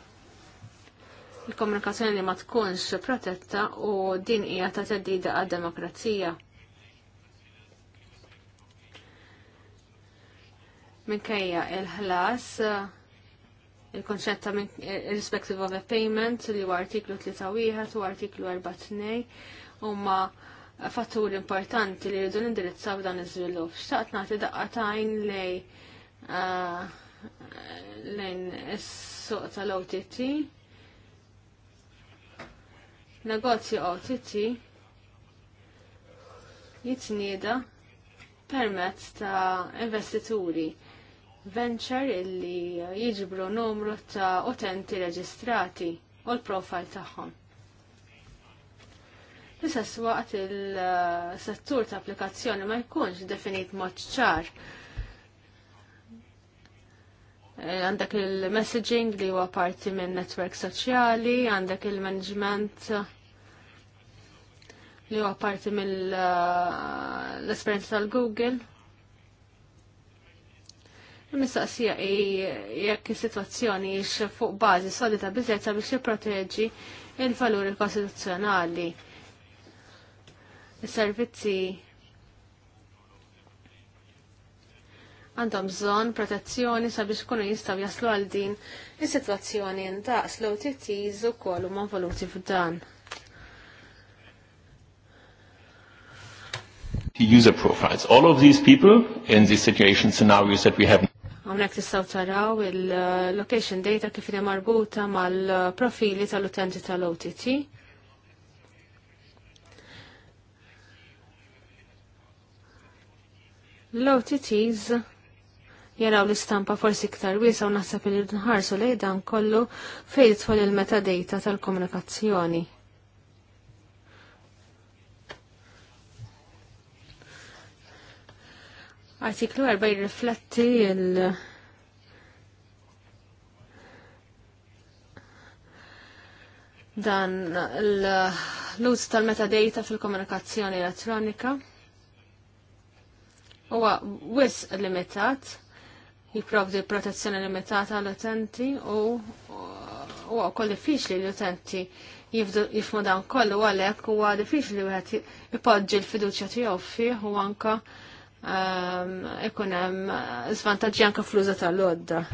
il-komunikazzjoni li ma tkunx protetta u din hija ta' teddida għad-demokrazija. Minkejja il-ħlas, il-konċett ta' irrespective of a payment li huwa artiklu 3 u artiklu 4 huma fattur importanti li rridu l-indirizzaw dan iż-żvilupp. Xtaqt nagħti daqqatajn lej ah, lejn is-suq tal-OTT. Negozju OTT jitnieda permezz ta' investituri venture illi jiġbru numru ta' utenti reġistrati u l-profile tagħhom. L-istess waqt il-settur ta' applikazzjoni ma jkunx definit mod ċar. E, għandek il-messaging li huwa parti minn netwerk soċjali, għandek il-management li huwa parti mill-esperjenza e, tal-Google. Il-mistaqsija hi jekk is-sitwazzjoni fuq bażi solita biżgħet biex jipproteġi il-valuri kostituzzjonali. Is-servizzi għandhom bżonn protezzjoni sabiex ikunu jistgħu jaslu għal din is-sitwazzjoni ndaqs l OTTs ukoll huma involuti f'dan. user profiles. All of these people in these situation scenarios that we have Għonek tistaw taraw il-location data kif marbuta mal-profili tal-utenti tal-OTT. L-OTTs jaraw l-istampa forsi iktar wiesa u naħseb li nħarsu lej dan kollu fejn tħol il-metadata tal-komunikazzjoni. Artiklu 4 jirrifletti il- dan l-uż tal-metadata fil-komunikazzjoni elettronika huwa wis limitat, jiprovdi protezzjoni limitata l-utenti u huwa wkoll diffiċli l-utenti jifmu dan kollu għalhekk huwa diffiċli wieħed ipoġġi l-fiduċja tiegħu fih u anke ehm, ikun hemm żvantaġġi anke fl-użu tal-lodda.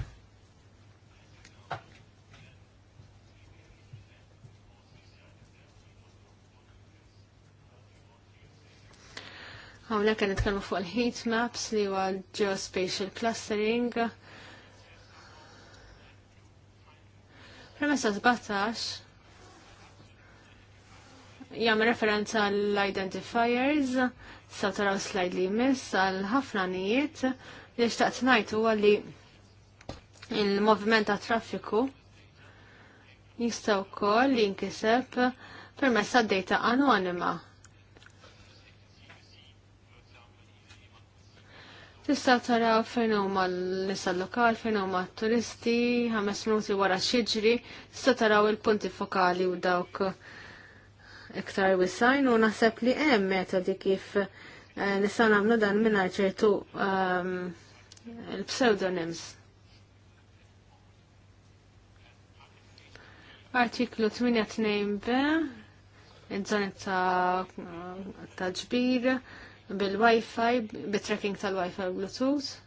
Għawna kan nitkellmu fuq il-heat maps li huwa geospatial clustering. Premessa 17 jam referenza l-identifiers, sa taraw slide li jmiss għal ħafna nijiet li xtaqt najtu għalli il-moviment ta' traffiku jistaw kol jinkiseb permessa d-data anonima Tista' taraw fejn huma l isal lokal, fejn huma turisti, ħames minuti wara xiġri, tista' taraw il-punti fokali u dawk iktar wisajn u naħseb li hemm metodi kif eh, nistgħu nagħmlu dan mingħajr ċertu ehm, l-pseudonyms. Artiklu 82b, id-żoni ta' ġbir, bil-Wi-Fi, bit-tracking tal-Wi-Fi Bluetooth.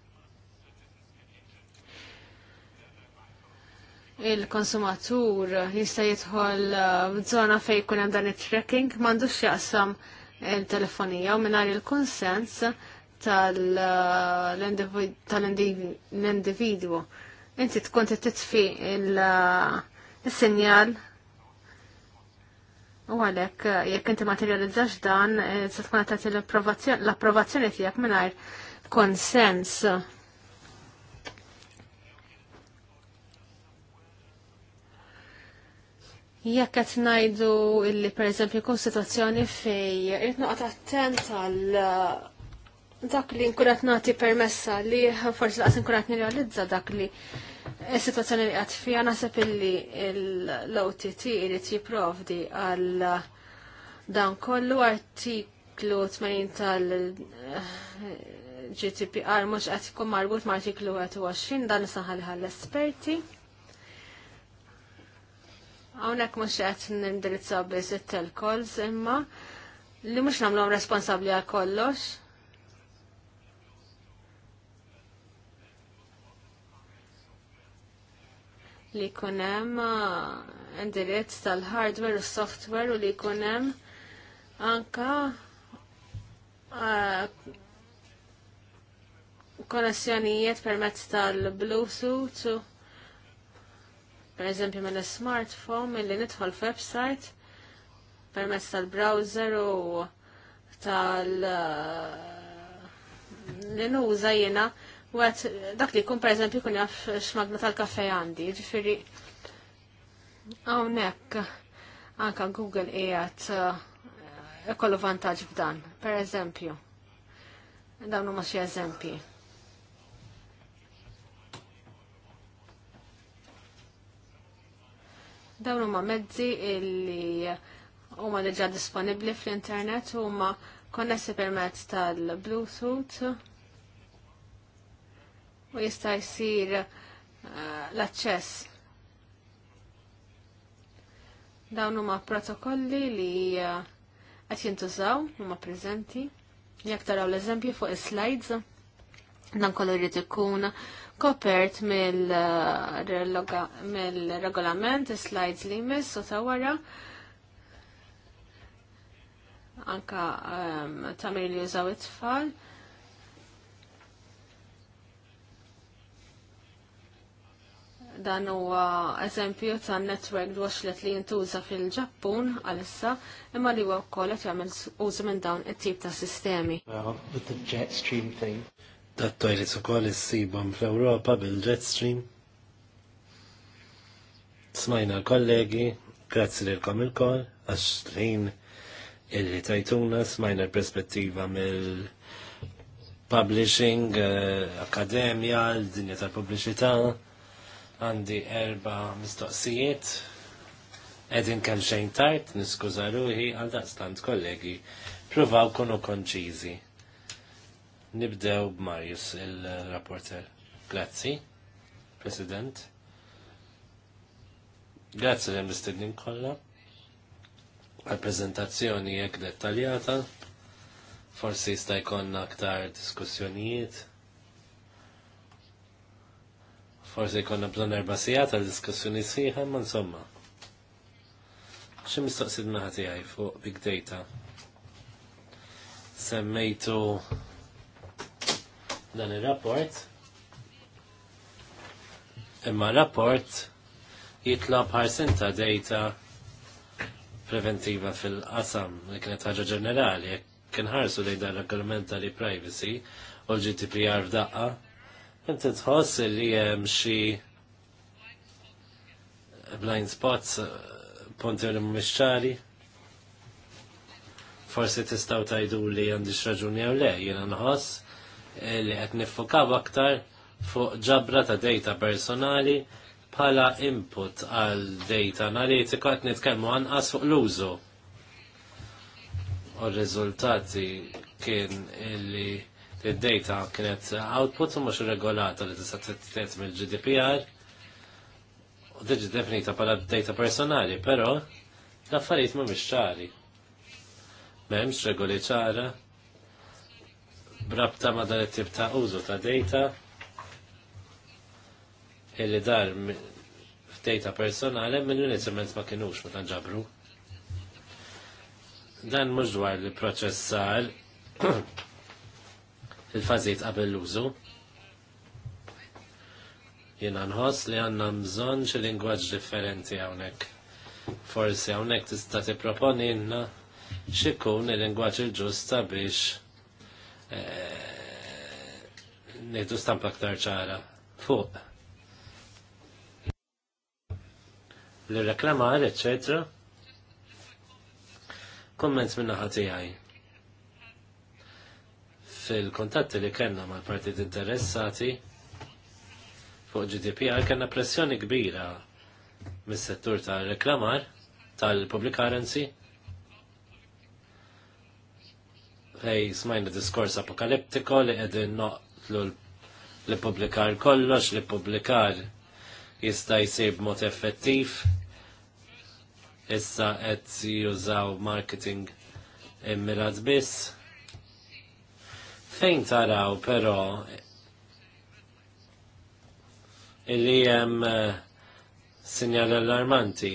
Il-konsumatur jista' jidħol f'żona uh, fejn jkun hemm dan it-tracking m'għandux jaqsam il-telefonija u mingħajr il-konsens uh, tal-individwu. Inti tkun titfi uh, il-sinjal U għalek, eh, jekk inti materializzax dan, eh, se tkun tagħti l-approvazzjoni tiegħek mingħajr konsens. Jekk qed ngħidu illi pereżempju jkun situazzjoni fej irid noqgħod attent għal eh, dak li nkun qed nagħti permessa li forsi laqas nkun qed nirrealizza dak li Is-situazzjoni li għat fija naħseb illi l-OTT li jipprovdi għal dan kollu artiklu 80 tal-GDPR mhux qed ikun marbut ma' artiklu 21 dan saħal l esperti Hawnhekk mhux qed nindirizzaw biss tal telkols imma li mhux nagħmluhom responsabbli għal kollox. li kunem uh, indirizz tal-hardware u software u li kunem anka uh, konnessjonijiet permezz tal-Bluetooth u per eżempju minn smartphone milli nidħol f'website permezz tal-browser u tal- uh, nuża jena U għet dak li kun per eżempju kun jaff xmagna tal kaffe għandi, ġifiri. Għawnek, anka Google ijat eh, ikollu vantaġġ b'dan, per eżempju. Dawn huma xi eżempji. Dawn huma mezzi illi huma diġà disponibbli fl-internet huma konnessi permezz tal-Bluetooth u jista' jsir eh, l-aċċess. Dawn huma protokolli li eh, qed jintużaw huma preżenti. Jekk taraw l-eżempju fuq is-slides, dan kollu jrid ikun kopert mill-regolament, is-slides li jmiss u ta' wara anka ehm, tamir li jużaw it-tfal Dan huwa eżempju ta' network dwaxlet li jintuża fil-Ġappun għalissa imma li huwa wkoll qed jagħmel użu minn dawn it-tip ta' sistemi. with the jet stream thing. Dat tojrit ukoll issibhom fl-Ewropa bil-jet stream. Smajna l-kollegi, grazzi lilkom ilkoll għax lejn illi tajtuna smajna l-perspettiva mill- publishing, uh, eh, akademja, l-dinja tal-publicità, Għandi erba mistoqsijiet. Edin kemm xejn tard, niskuża ruħi għal daqstant kollegi. Provaw kunu konċiżi. Nibdew b'Marius il-rapporter. Grazzi, President. Grazzi li mistednin kollha għal prezentazzjoni jek dettaljata. Forsi jista' jkollna aktar diskussjonijiet Forse jkollna bżon erba' sijat għal diskussjoni sħiħa, ma insomma. ċim mistoqsid maħati tiegħi fuq big data. Semmejtu dan ir-rapport. Imma rapport jitlob ħarsinta ta' data preventiva fil-qasam li kienet ħaġa ġenerali, kien ħarsu lejn dan regolament li privacy u l-GDPR f'daqqa Inti tħoss li hemm xi blind spots eh, punti li mhumiex ċari? Forsi tistgħu tajdu li għandi xraġuni jew le, jiena nħoss eh, li qed niffokaw aktar fuq ġabra ta' data personali bħala input għal data analitika qed nitkellmu anqas fuq l-użu. U r-riżultati kien illi id-data kienet output u mux regolata li tista' tittet mill-GDPR u tiġi definita pala data personali, però l-affarijiet mhumiex ċari. M'hemmx regoli ċara brabta ma dan tip ta' użu ta' data illi dar f'data personali minn unitament ma kienux ma tanġabru. Dan mhux dwar li proċessar fil-fażijiet qabel l-użu. Jiena nħoss li għandna bżonn xi lingwaġġ differenti hawnhekk. Forsi hawnhekk tista' tipproponilna x'ikun il-lingwaġġ il-ġusta biex eh, ngħidu stampa aktar ċara fuq. L-reklamar, eccetera. Komment minna ħati għaj fil-kontatti li kellna mal-partit interessati fuq GDPR kena pressjoni kbira mis-settur tal-reklamar tal-public currency Ej, smajna diskors apokaliptiko li edin noqtlu li publikar kollox, li publikar jista jisir b'mod effettiv. Issa qed jużaw marketing immirat biss. Fejn taraw però illi hemm eh, sinjal allarmanti?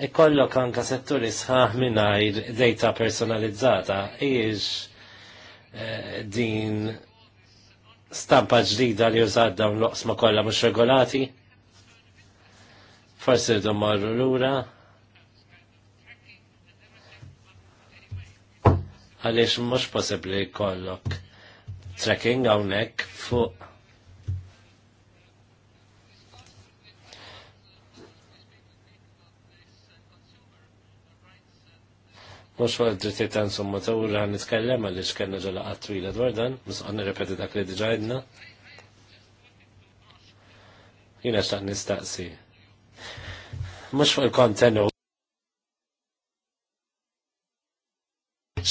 ikollok anka setturi sħaħ mingħajr data personalizzata iġ eh, din stampa ġdida li użad dawn l ma kollha mhux regolati. Forsi rridu marru lura. Għaliex mhux possibbli jkollok tracking hawnhekk fuq Mux fuq id-drittijiet ta' konsumatur għan nitkellem għalli x'kellna ġala twila dwar dan, mhux qed nirrepeti dak li diġà għedna. Jiena xtaq nistaqsi. Mux fuq il kontenu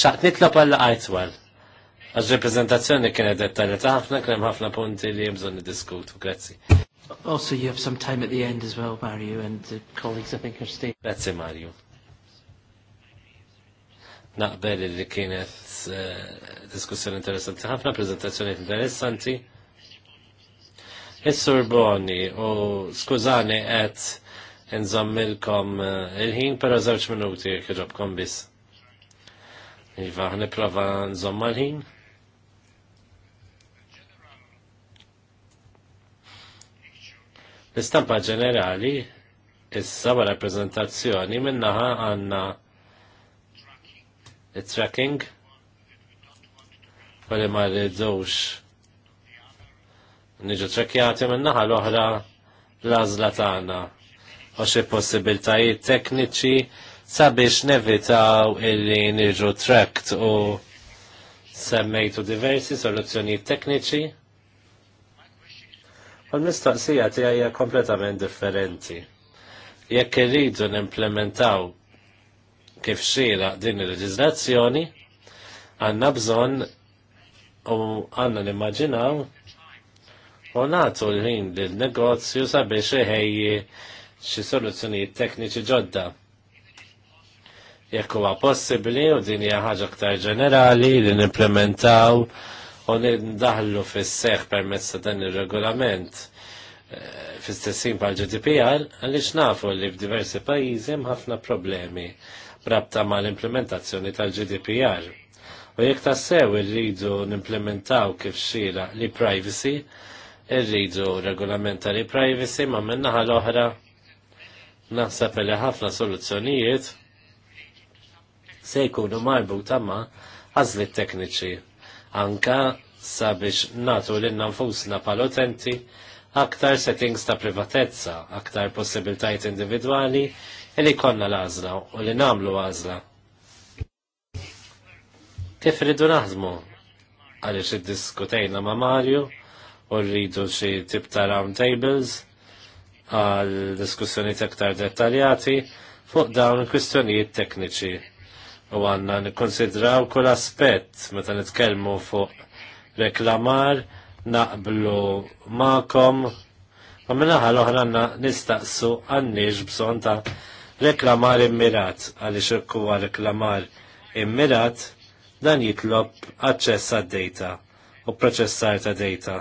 Xaqt nitlob għall għajtwal. Għax reprezentazzjoni kienet dettaljata ħafna, kien ħafna punti li jemżon diskutu. Grazzi. Also, you have some time at the end as well, Mario, and the colleagues I think are staying. Grazie, Mario naqbel li kienet eh, diskussjoni interessanti ħafna, prezentazzjoni interessanti. Is-Sur Boni, u skużani qed nżammilkom eh, il-ħin però żewġ minuti kħiġobkom biss. Iva, nipprova nżomma l-ħin. L-istampa ġenerali, issa wara prezentazzjoni minnaħa għanna il-tracking għalli ma rridux niġu trakjati minnaħa l-oħra l-azla tagħna u xi possibiltajiet tekniċi sabiex nevitaw illi niġu trakt u semmejtu diversi soluzzjonijiet tekniċi. U l-mistoqsija tiegħi kompletament differenti. Jekk irridu nimplementaw kif xira din il reġizrazzjoni għanna bżon u għanna nimmaġinaw u natu l-ħin l-negozju sabiex iħejji xi soluzzjonijiet tekniċi ġodda. Jekk huwa possibbli u din hija ħaġa aktar ġenerali li nimplementaw u ndaħlu fis seħħ permezz ta' dan ir-regolament eh, fis-stessin bħal GDPR għaliex nafu li f'diversi pajjiżi hemm ħafna problemi rabta ma l-implementazzjoni tal-GDPR. U jekk tassew irridu nimplementaw kif xira li privacy, irridu regolamenta li privacy ma minnaħa l-oħra naħseb li ħafna soluzzjonijiet se jkunu marbuta ma' t tekniċi anka sabiex natu l nfusna pal-utenti aktar settings ta' privatezza, aktar possibiltajt individwali li konna l-għazla u li namlu għazla. Kif rridu naħdmu? Għalix id-diskutejna ma' Mario u rridu xie tip ta' round tables għal diskussjoni aktar dettaljati fuq dawn il-kwistjonijiet tekniċi. U għanna nikkonsidraw kull aspett meta nitkellmu fuq reklamar naqblu ma'kom. Ma minnaħal oħra nistaqsu għanniġ bżon ta' reklamar immirat għaliex ikku huwa reklamar immirat dan jitlob aċċess għad-data u proċessar ta' data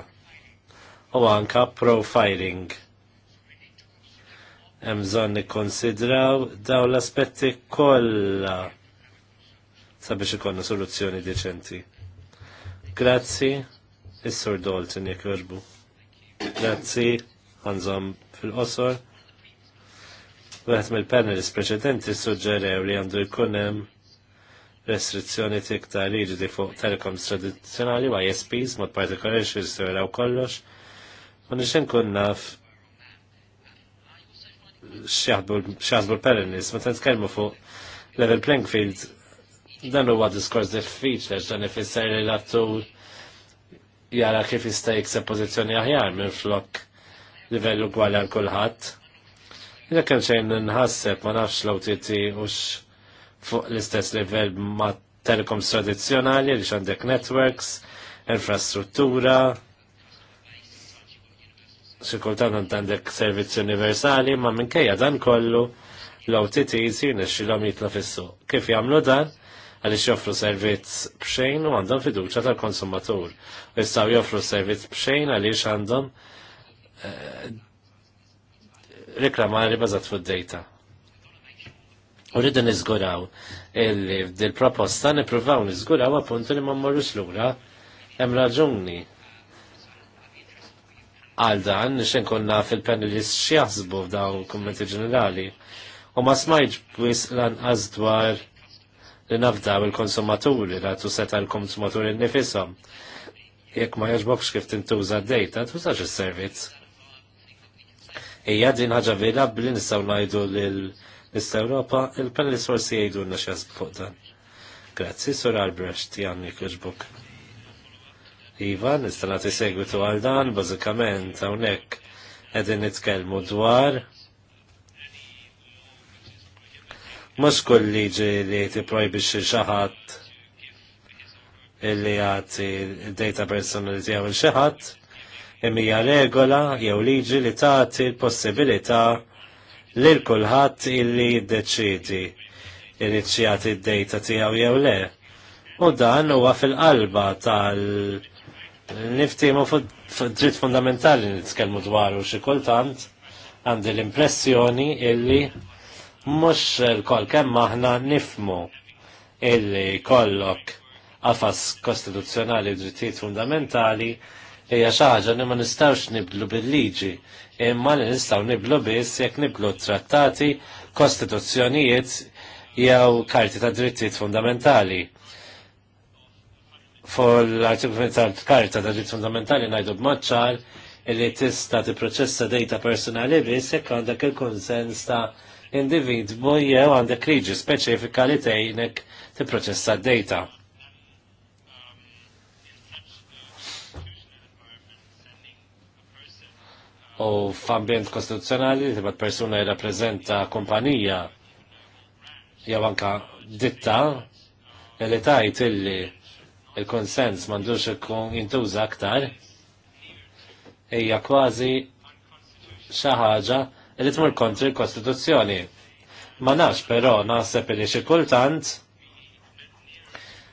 u anka profiling. Hemm bżonn nikkonsidraw dawn l-aspetti kollha sabiex ikonna soluzzjoni deċenti. Grazzi, is-Sur Dalton jekk Grazzi, għanżom fil-qosor. Wieħed mill-panelist preċedenti suġġerew li għandu jkun hemm restrizzjoni tiktar jiġdi fuq telecoms tradizzjonali wa ISPs mod partikolari xi jistgħu kollox. Ma nix inkun naf xjaħbu l-panelist, meta nitkellmu fuq level playing field, dan huwa diskors diffiċli għax dan ifisser li l-attur jara kif jista' se pożizzjoni aħjar minn flok livellu gwali għal kulħadd. Illa kem xejn nħasseb ma nafx l-OTT ux fuq l-istess level ma telekoms tradizjonali li għandek networks, infrastruttura, xikultan għandek servizzi universali, ma kajja dan kollu l-OTT jisir xilom jitla fissu. Kif jamlu dan? għalix joffru servizz bxejn u għandhom fiduċa tal-konsumatur. Jistaw joffru servizz bxejn għalix għandhom eh, reklamari bazat fuq data. U rridu nizguraw il proposta niprufaw nizguraw appunto li ma mmorrux lura hemm raġuni għal dan nix konna fil-panelist x'jaħsbu f'daw kummenti ġenerali. U ma smajġ bwis lanqas dwar li nafdaw il-konsumaturi, tu seta l-konsumaturi nifisom. Jekk ma jaġbokx kif tintuża d-dejta, tużax is-servizz. Ejja din ħaġa vera billi nistgħu ngħidu lil Ewropa il-panelis forsi jgħidulna xi fuq dan. Grazzi, Sur Albrecht, Janni l Iva, nista' nagħti segwitu għal dan, bażikament hawnhekk qegħdin nitkellmu dwar Mux kull liġi li ti xi xaħat illi għati data personali tijaw xi xaħat imija regola jew liġi li tagħti l-possibilità lil kulħadd illi jiddeċidi irid xi jagħti d-dejta tiegħu jew le. U dan huwa fil-qalba tal- niftimu dritt fundamentali nitkellmu dwaru xi kultant għandi l-impressjoni illi mhux l-kol kemm aħna nifmu illi kollok qafas kostituzzjonali u drittijiet fundamentali Eja xi ħaġa li ma nistgħux niblu bil-liġi, imma li nistgħu niblu biss jekk niblu trattati, kostituzzjonijiet jew karti ta' drittijiet fundamentali. Fuq l-artiklu karta ta' drittijiet fundamentali ngħidu b'maċċar illi tista' tipproċessa data personali biss jekk għandek il-konsens ta' individwu jew għandek liġi speċifika li tgħinek tipproċessa d-data. u f'ambjent kostituzzjonali li tibgħat persuna jirrappreżenta kumpanija jew anka ditta e li tajt illi il-konsens m'għandux ikun jintuża aktar hija kważi xi ħaġa li tmur kontri l-Kostituzzjoni. Ma nafx però naħseb li xi kultant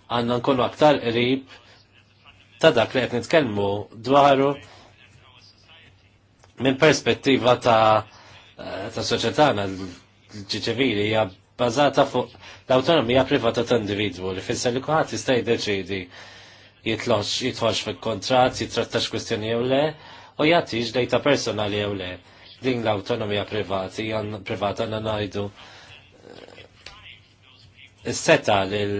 għandna nkunu aktar qrib ta' dak li qed nitkellmu dwaru minn perspettiva ta' eh, ta' l-ġiġevili hija bbażata fuq l-awtonomija privata ta' individwu li fisser li kuħat jista' jiddeċidi jitlox jitħox fil kontrat jitrattax kwistjoni jew le, u jagħtix dejta personali jew le. Din l-awtonomija privati, jan privata na ngħidu eh, is-seta lil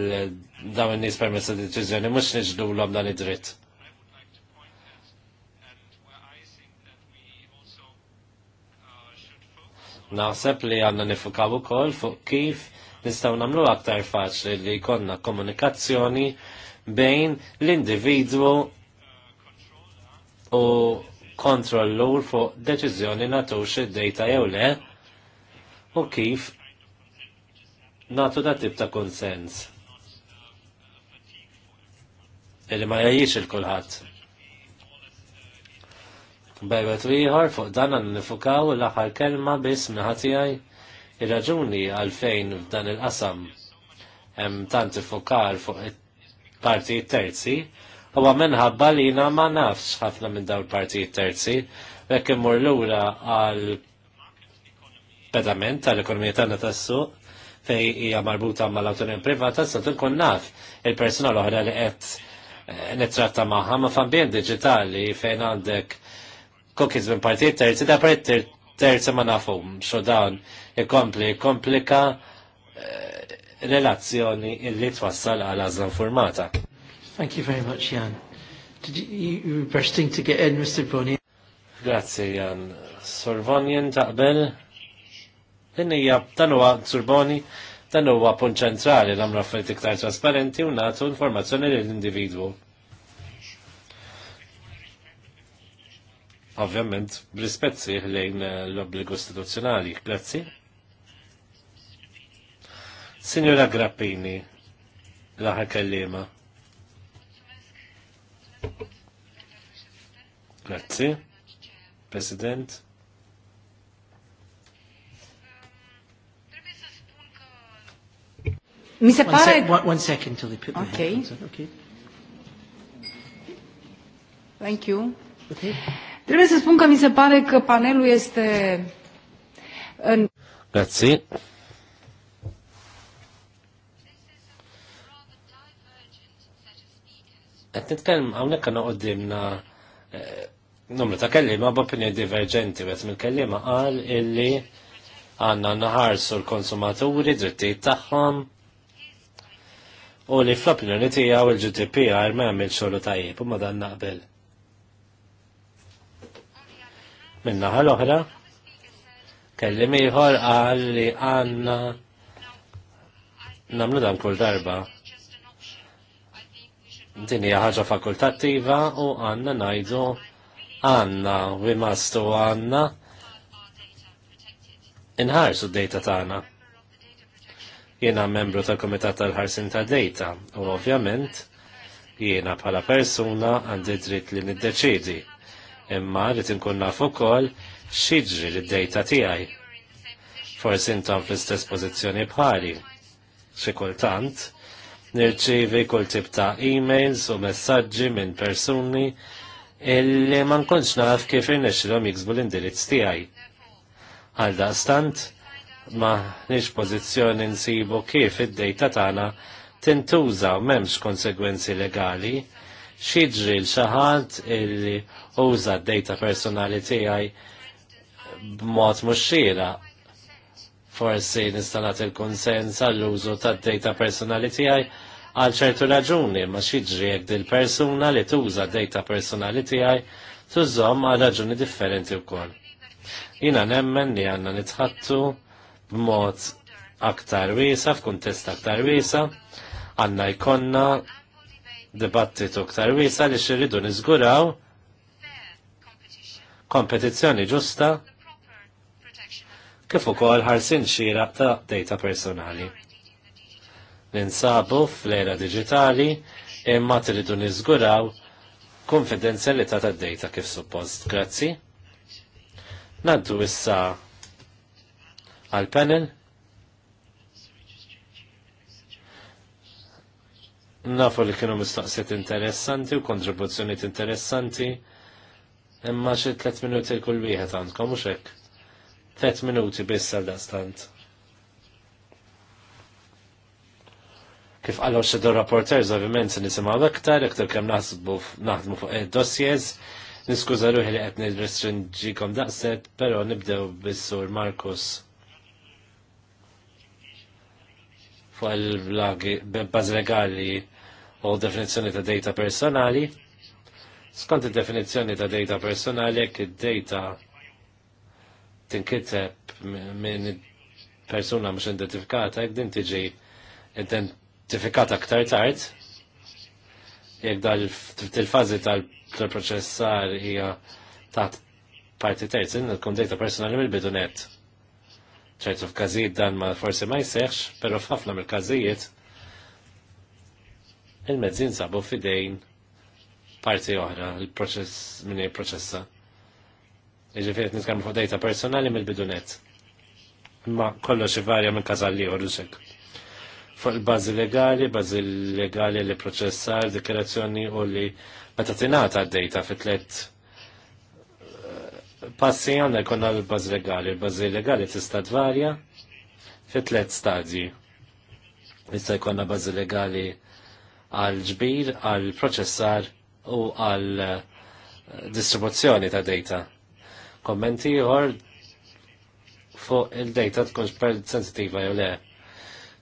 dawn in-nies permessa ta' deċiżjoni mhux niġdulhom l dan id-dritt. Naħseb li għanna nifukaw ukoll fuq kif nistaw namlu aktar faċli li konna komunikazzjoni bejn l-individwu u kontrollur fuq deċiżjoni natux id-dejta jew le u kif natu da tip ta' konsens. Illi ma jajiex il-kulħadd Bejbet u ieħor fuq dan għan nifukaw l-aħħar kelma biss minħatijaj ir-raġuni għalfejn f'dan il-qasam hemm tant fukar fuq partijiet terzi huwa minħabba li ma nafx ħafna minn dawn partijiet terzi jekk immur lura għal pedament tal-ekonomija tagħna tas-suq fej hija marbuta mal-awtonom privata sa tkun naf il-persuna l-oħra li qed eh, nittratta magħha ma' f'ambjent diġitali fejn għandek Kokki minn partijiet terzi, da partijiet terzi ma nafum, xo dan, ikompli, komplika eh, relazzjoni illi twassal għal għazla formata. Thank you very much, Jan. Did you, you were to get in, Mr. Bonian? Grazie, Jan. Sorbonian taqbel? jab, dan huwa Sorboni, dan huwa punt ċentrali l-amra affarijiet iktar trasparenti u nagħtu informazzjoni lill individwu ovvjament b'rispett sieħ lejn l-obbligu istituzzjonali. Grazzi. Signora Grappini, laħa kellima. Grazzi. President. Mi se pare... One, sec one, one second till they put okay. my headphones on. Okay. Thank you. Okay. Trebuie să spun că mi se pare că panelul este în... Grazie. Għet nitkellem għawnek għana għoddimna eh, numru ta' kellima b'opinja divergenti għet mill-kellima għal illi għanna naħarsu l-konsumaturi drittijiet tagħhom u li fl-opinjoni tiegħu il-GDPR ma jagħmel xogħol tajjeb u ma dan naqbel. minna l-oħra, kellim ieħor qal li għandna namlu dan kull darba. Din hija ħaġa fakultattiva u għandna ngħidu għandna we mastu u għandna inħarsu d-data tagħna. Jiena membru tal-Kumitat tal-Ħarsin ta' Data u ovvjament jiena bħala persuna għandi dritt li niddeċidi imma rrit inkun naf ukoll x'jiġri lid-dejta tiegħi. Forsi intom fl-istess pożizzjoni bħali. Xi kultant nirċievi kull tip ta' emails u messaġġi minn persuni illi ma nkunx naf kif irnexxilhom jiksbu l-indirizz tiegħi. Għal daqstant, ma nix pożizzjoni nsibu kif id-dejta tagħna tintuża u m'hemmx konsegwenzi legali, xiġri l xaħat illi uża d-data personali tiegħi b'mod mhux xira. Forsi nistanat il-konsens għall-użu tad-data personali tiegħi għal ċertu raġuni ma xiġri jekk dil-persuna li tuża data personali tiegħi tużhom għal raġuni differenti wkoll. Jina nemmen li għanna nitħattu b'mod aktar wiesa, f'kuntest aktar wiesa, għanna jkonna dibattitu aktar wiesa li xirridu nizguraw kompetizzjoni ġusta kif ukoll ħarsin xira ta' data personali. Ninsabu fl-era digitali imma tridu niżguraw konfidenzjalità ta' data kif suppost. Grazzi. Naddu issa għal panel. Nafu li kienu mistoqsiet interessanti u kontribuzzjoniet interessanti Imma xi tliet minuti kull wieħed għandkom mhux hekk. Tliet minuti biss għal stant. Kif qalu xi rapporters ovvjament se nisimgħu aktar, iktar kemm naħsbu naħdmu fuq dossiers, niskuża ruħi li qed nirrestrinġikom daqset, però nibdew bis-sur Markus. Fuq il-blagi, bbaż legali u definizzjoni ta' data personali Skont id-definizzjoni ta' data personali, jekk id-data tinkiteb minn persuna mhux identifikata, jekk din tiġi identifikata aktar tard, jekk dal-fazi tal-proċessar hija ta' parti terzi, tkun data personali mill-bidu net. ċertu f'każijiet dan ma forsi ma jseħħx, però f'ħafna mill-każijiet il-mezzin sabu fidejn parti oħra, il-proċess minn il-proċessa. Iġifieri nitkellmu fuq dejta personali mill-bidunet. Imma kollox varja minn kazalli u uxek. Fuq il-bażi legali, bażi legali li proċessar, dikjerazzjoni u li meta tingħata d-dejta fit-tlet eh, passi għanna jkun l bazi legali. il bazi legali tista' tvarja fit tliet stadji. Issa jkollna bażi legali għal ġbir, għal proċessar u għal eh, distribuzzjoni ta' data. Kommenti ieħor fuq il-data tkunx sensitiva jew le.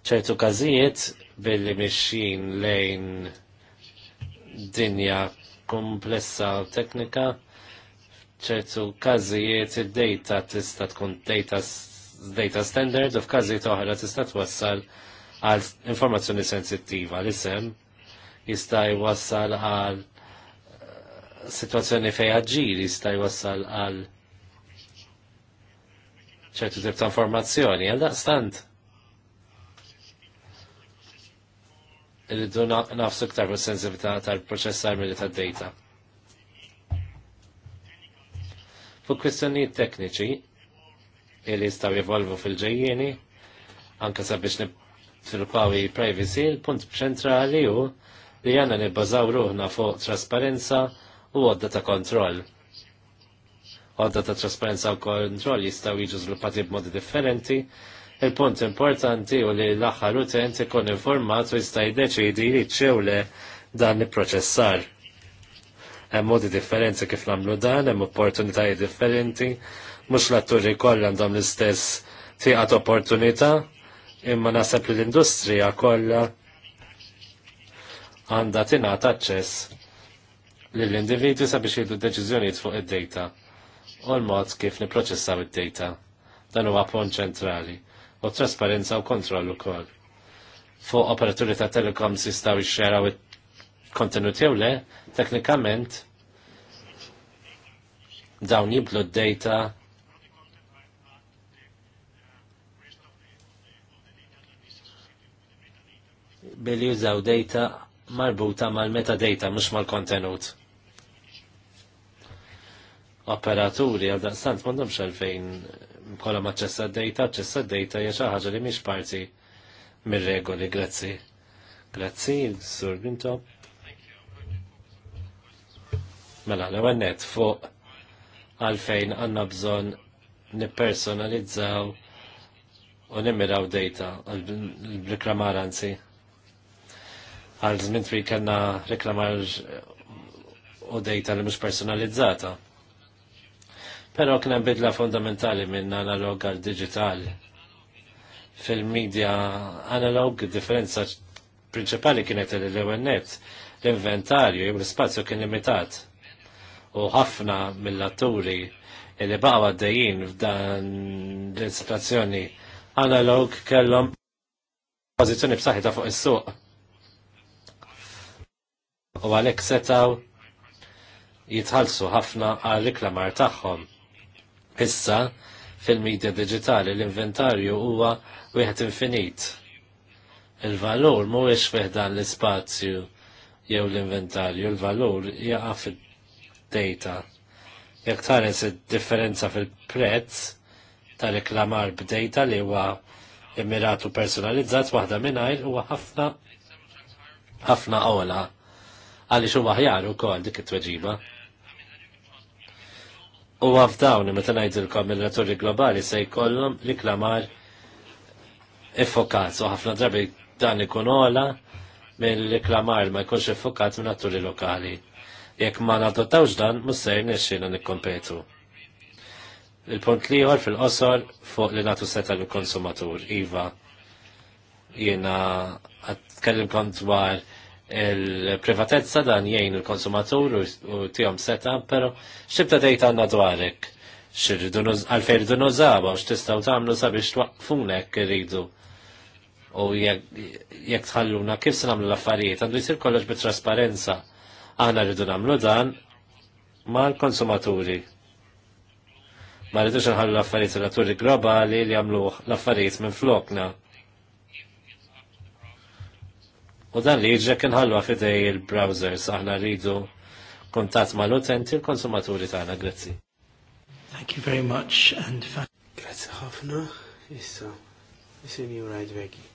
ċertu każijiet billi mixin lejn dinja komplessa u teknika, ċertu każijiet id-data tista' tkun data data standard u f'każijiet oħra tista' twassal għal informazzjoni sensittiva l-isem jista' jwassal għal situazzjoni fej ġiri sta' jwassal għal ċertu tip ta' informazzjoni, għal daqstant. Rridu nafsu ktar fuq sensibilità tal-proċessar mill ta' data. Fuq kwistjonijiet tekniċi, li staw jivolvu fil-ġejjieni, anka sabiex nifilpawi privacy, il-punt ċentrali hu li għanna nibbażaw ruħna fuq trasparenza u għodda ta' kontroll. Għadda ta' trasparenza u kontroll jistaw jiġu żviluppati b'modi differenti. Il-punt importanti u li l-aħħar utent ikun informat u jista' jiddeċidi li ċewle dan il-proċessar. Hemm modi differenti kif nagħmlu dan, hemm opportunitajiet differenti, mhux l-atturi kollha għandhom l-istess tieqat opportunità, imma naħseb li l-industrija kollha għandha tingħata aċċess lill-individwi sabiex jieħdu deċiżjonijiet fuq id-data u l-mod kif niproċessaw id-data. Dan huwa punt ċentrali u trasparenza u kontroll ukoll. Fuq operaturi ta' telekom jistgħu jxeraw kontenut jew le, teknikament dawn jiblu d-data billi jużaw data marbuta mal-metadata, mux mal-kontenut operaturi għal daqstant m'għandhomx għalfejn kollha maċċessa d-dejta, ċessa d-dejta hija xi ħaġa li mhix parti mir-regoli, grazzi. Grazzi, Sur Bintop. Mela, l net fuq għalfejn għanna bżon nipersonalizzaw u nimmiraw data għal reklamar anzi. Għal żmien tri kellna reklamar u data li mux personalizzata. Pero kien hemm bidla fundamentali minn analog għal digital. fil media analog differenza prinċipali kienet l-ewennet l-inventarju l-spazju kien limitat. U ħafna mill-atturi li baqgħu għaddejjin f'dan l-installazzjoni analog kellhom pożizzjoni b'saħħitha fuq is-suq. U għalhekk setaw jitħallsu ħafna għal riklamar tagħhom. Issa, fil-medja digitali l-inventarju huwa wieħed infinit. Il-valur mhuwiex fih dan l-ispazju jew l-inventarju, il-valur jaqa' fid-data. Jekk tares id-differenza fil-prezz ta' reklamar b'data li huwa immiratu personalizzat waħda mingħajr huwa ħafna ħafna ola għaliex huwa ħjar ukoll dik it-tweġiba. U għafdawn, meta ngħidilkom il-raturi globali se jkollhom riklamar effokat, u ħafna drabi dan ikun ola minn riklamar ma jkunx effokat minn atturi lokali. Jekk ma nadottawx dan, mussejn nixxina nikkompetu. Il-punt liħor fil-qosor fuq li natu seta l-konsumatur, Iva, jena għatkellim kont dwar il-privatezza dan jgħin il-konsumatur u tijom seta, pero xibta dejta għanna dwarek. Għalfej rridu nużawa, x'tistgħu tagħmlu sabiex twaqfunek rridu. U jekk tħalluna kif se nagħmlu l-affarijiet, għandu jsir kollox bit-trasparenza. Aħna rridu nagħmlu dan mal-konsumaturi. Ma rridux nħallu l-affarijiet l-atturi globali li jagħmlu l-affarijiet minn flokna. U dan li jġek nħallu fidej il-browsers, aħna rridu kontat ma l utenti l-konsumaturi tagħna, grazzi. Thank you very much and Grazzi ħafna, issa, jisini u rajdvegi.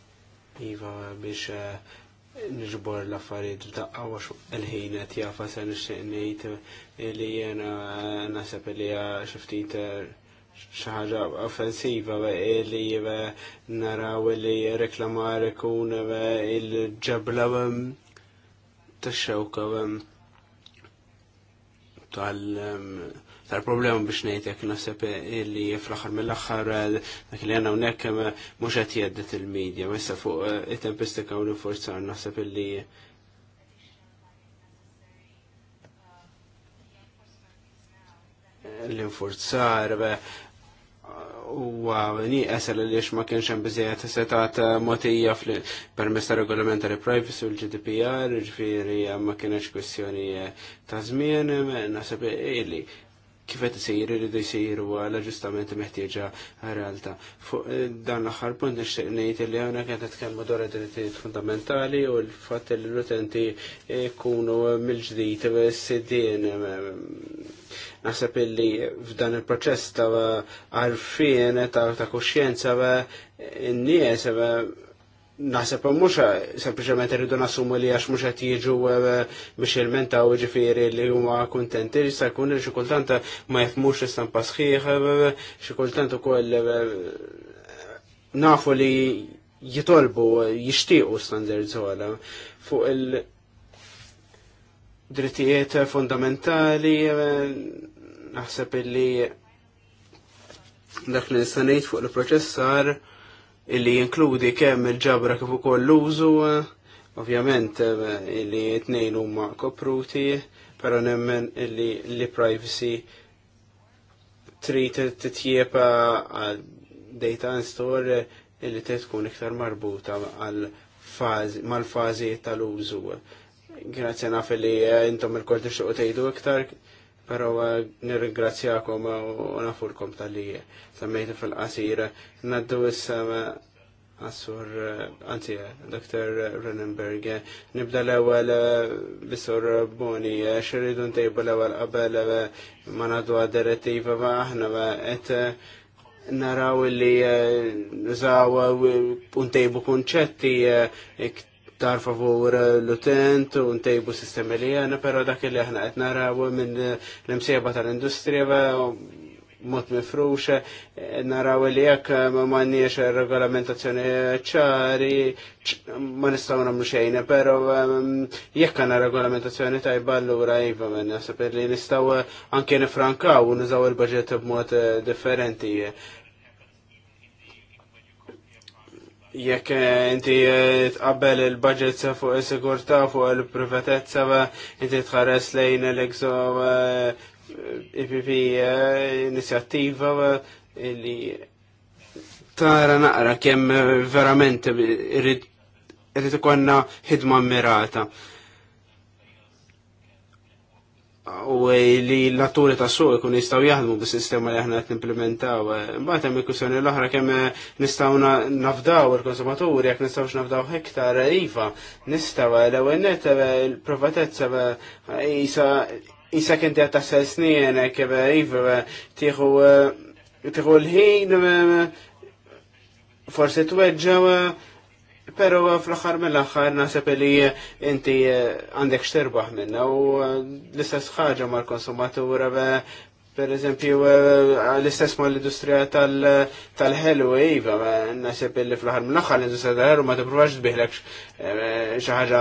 Iva biex eh, nġbor l affarid f'daqqa wax l ħina tjafa sa' se nixtieq li jena nasab li hija xaħġa offensiva li naraw li reklamar ikun il-ġabla tax-xewka tal-problema biex nejtek nasib li fl axar mill axar eh, dak li għanna unnek mhux jeddet il-medja, ma issa fuq eh, it-tempistika u l-forzar nasib li l-infurzar huwa nieqesel li ma kienx hemm biżejjed setat eh, motija permess ta' regolamentary privacy u l-GDPR, ġifieri eh, ma kienx kwestjoni eh, ta' żmien, naħseb illi kif qed isir irid jsiru l-aġġustamenti meħtieġa realtà. Fuq dan l-aħħar punt nixtieq ngħid li hawnhekk qed tkellmu dwar id-drittijiet fundamentali u l-fatt li l-utenti jkunu mill-ġdid sidien Naħseb illi f'dan il-proċess ta' għarfien ta' kuxjenza n-nies Naħseb mhux sempliciment irridu nassumu li għax mhux qed jiġu biex il-menta u ġifiri li huma kontenti, li jista' jkun li xi ma jifmux istampa sħiħ, xi kultant ukoll nafu li jitolbu jixtiequ standards għala fuq il-drittijiet fundamentali Naħseb illi dak li nistanejt fuq il-proċessar illi jinkludi kemm il-ġabra kif ukoll l-użu, ovvjament eh, illi t huma kopruti, però nemmen illi li privacy trid titjieb għal data in store illi trid tkun iktar marbuta mal-fażi tal-użu. Grazie naf li eh, intom il-kol tixtuq tgħidu iktar pero eh, nirringrazzjakom u nafurkom tal-li semmejtu fil-qasir. Naddu s-sama eh, Assur, eh, anzi, Dr. Renenberg, nibda l-ewel bisur Boni, xirridu ntejbu l-ewel qabel ma nadu direttiva ma aħna ma et naraw li nżaw untejbu kunċetti tar favor l-utent u ntejbu sistemi li għana, pero dak li aħna qed naraw minn l-imsieba tal-industrija mod mifruxa, naraw li jekk ma manniex regolamentazzjoni ċari, ma nistaw namlu xejn, pero mm, jekk għandna regolamentazzjoni tajba l iva minn naħseb li nistaw anke nifrankaw nizaw nużaw il-baġġett b'mod differenti. jekk eh, inti eh, tqabbel il-budget fuq is-sigurtà fuq il-privatezza inti tħares lejn l-exo eh, IPP inizjattiva li tara naqra kemm verament irid irrid ikonna ħidma mirata u li l-atturi ta' suq ikun jistaw jahdmu bis-sistema li aħna qed implementaw. Imbagħad eh, hemm il-kwistjoni l-oħra kemm eh, nistgħu nafdaw il-konsumaturi jekk nistgħux nafdaw hektar eh, iva, nistgħu l-ewwel net il provatezza isa isa kien qed taħsel snien hekk iva tieħu tieħu l-ħin forsi tweġġa' pero eh, fl-axar mill-axar nasib li eh, inti eh, għandek xterbaħ minna u l-istess ħagġa mal-konsumatura per eżempju, l-istess ma l-industrija tal-ħelu, iva, nasib li fl axar mill axar l-industrija tal-ħelu ma t-provax t-bihlek xaħġa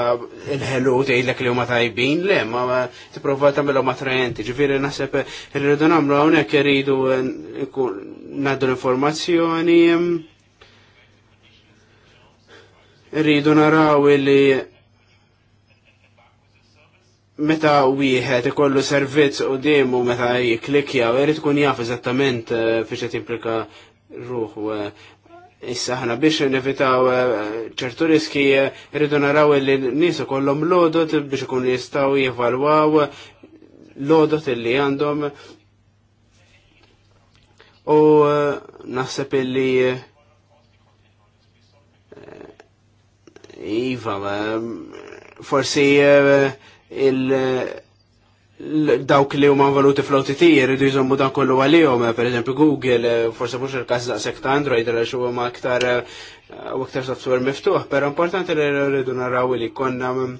l ħelu u t-ejlek li huma tajbin, le, ma t-prova tagħmel ma trajenti, nasib naħseb irridu nagħmlu hawnhekk irridu ngħaddu l-informazzjoni rridu naraw li meta wieħed ikollu servizz u demu meta jiklikja u jrid tkun jaf eżattament eh, fiex qed implika ruħu. Eh, issa ħna biex nevitaw eh, ċertu riski rridu naraw li nies ikollhom lodot biex ikun jistgħu jevalwaw lodot li għandhom u naħseb illi Iva, forsi eh, il- dawk li huma valuti fl-OTT jiridu jżommu dan kollu għalihom, eh, per eżempju Google, eh, forse mhux il-każ daqshekk ta' Android għaliex huwa ma aktar u aktar software miftuħ, però importanti li rridu naraw li konna mm,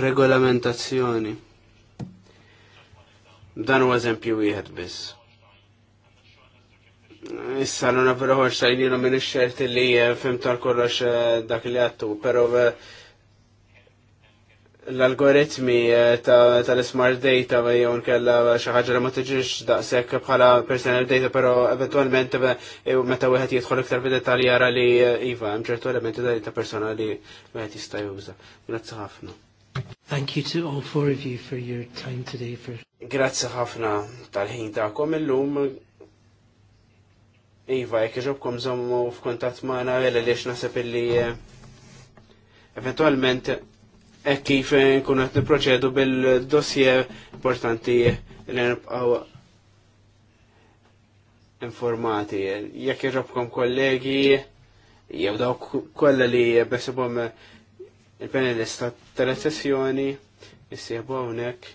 regolamentazzjoni. Dan huwa eżempju wieħed biss. Issa l-una verħor sajnina minn lì li eh, fem tal-kollox eh, dak li għattu, Però eh, l-algoritmi ta' smart data jew kella xi ħaġa shahajra ma tiġix daqshekk bħala personal data, però eventualment meta wieħed jidħol iktar fid-dettalji ara li iva hemm ċertu elementi ta' personali wieħed jista' juża. Grazzi ħafna. Thank you to all four of you for your time today. For... Grazzi ħafna tal-ħin ta'kom illum. Iva, jek iġobkom zommu f'kontat maħna għella li xnasab illi eh, eventualment ek eh, kif eh, nkunu għet niproċedu bil-dossier importanti li nibqaw informati. Jek iġobkom kollegi, jew dawk kolla li besibom il-panelista tal-sessjoni, jissiebu għonek.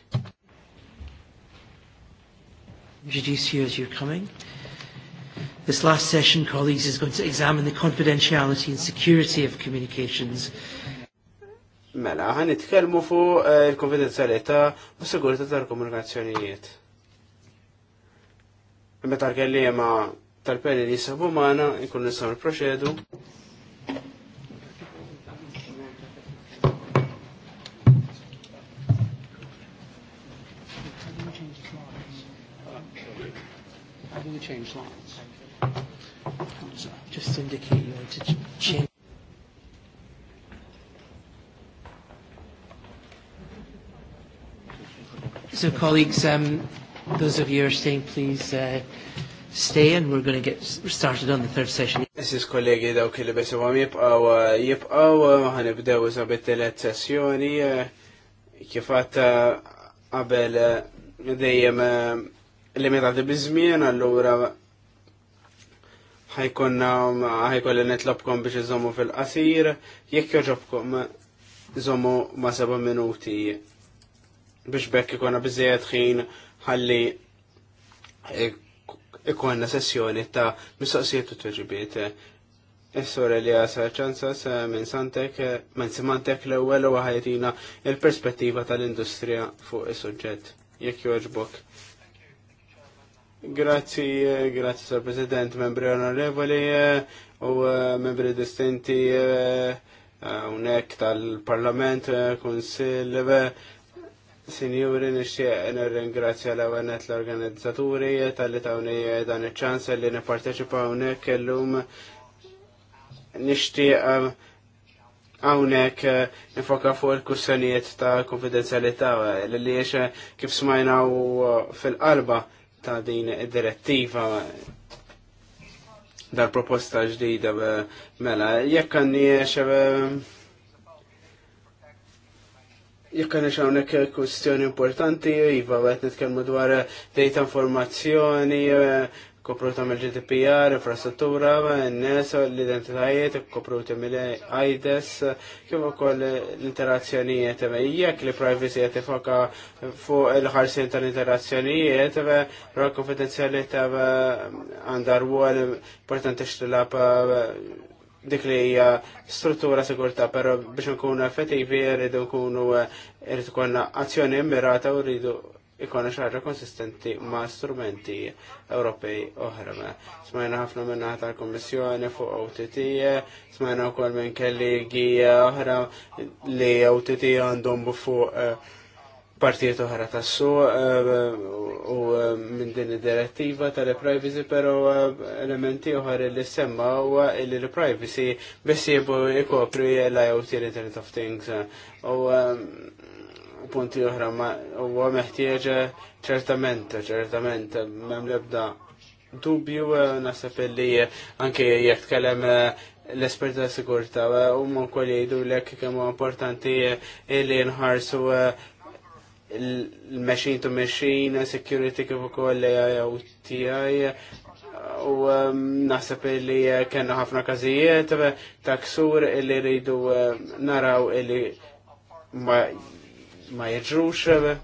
Did you see as you're coming? This last session, colleagues, is going to examine the confidentiality and security of communications. Mela, għan itkelmu fuq eh, il konfidenzialita u s-sigurtà tal-komunikazzjonijiet. Meta l-kellima tal peni li sabu maħna, nkun nistaw il-proċedu. change lines. Just indicate you want to change. So colleagues, um, those of you who are staying, please uh, stay and we're going to get started on the third session. This is colleague Dow Esis kollegi daw kelli bes għam jibqaw uh, jibqaw uh, ħanibdew zabit telet sessjoni uh, kif għatta qabel dejjem Bismian, bizmien allura ħajkonna ħajkolli netlobkom biex iżommu fil-qasir, jekk joġobkom iżommu ma' seba' minuti biex bekk ikonna bizzejed ħin ħalli ikonna sessjoni ta' mistoqsijiet u tweġibiet. Is-sura li għasa ċansas minn santek, minn simantek l-ewwel u ħajtina il-perspettiva tal-industrija fuq is-suġġett. Jekk joġbok. Grazzi, eh, grazzi Sir President, membri onorevoli eh, u eh, membri distinti unek tal-Parlament, Konsil, Sinjuri, nixtieq nirringrazzja l għanet l-organizzaturi tal-li tawni dan il ċans li nipparteċipa hawnhekk illum nixtieq hawnhekk nifoka fuq il-kussjonijiet ta' konfidenzjalità li li kif smajna fil-qalba ta' din id-direttiva dar proposta ġdida mela jekk għanni jekk għanni xawnek kustjoni importanti, jiva għet nitkelmu dwar data informazzjoni, kopruta mill gdpr infrastruttura, n-nes, l-identitajiet, kopruta mill aides kif ukoll l-interazzjonijiet, jek li privacy qed tifoka fuq il ta' l interazzjonijiet ra konfidenzjalità għandha rwol importanti xtilab dik li hija struttura sigurta, però biex nkunu effettivi rridu nkunu rridu konna azzjoni immirata u rridu ikonu xaġa konsistenti ma' strumenti Ewropej oħra. Smajna ħafna minna tal komissjoni fuq OTT, smajna u kol minn kellegi oħra li OTT għandhom fuq eh, partijiet oħra tassu eh, u eh, minn din id-direttiva tal-privacy, pero elementi oħra li semma u li l-privacy biss jibu ikopri l-IoT l-Internet of Things. U punti oħra ma huwa meħtieġa eh, ċertament, ċertament, eh, m'hemm lebda dubju eh, nasab li anke jekk tkellem l-espert ta' sigurta u ma' jgħidu lek kemm huwa importanti li nħarsu l-machine to machine security kif ukoll TI u naħseb li kellna ħafna każijiet ta' ksur li rridu naraw li ma ma jirġrux eh,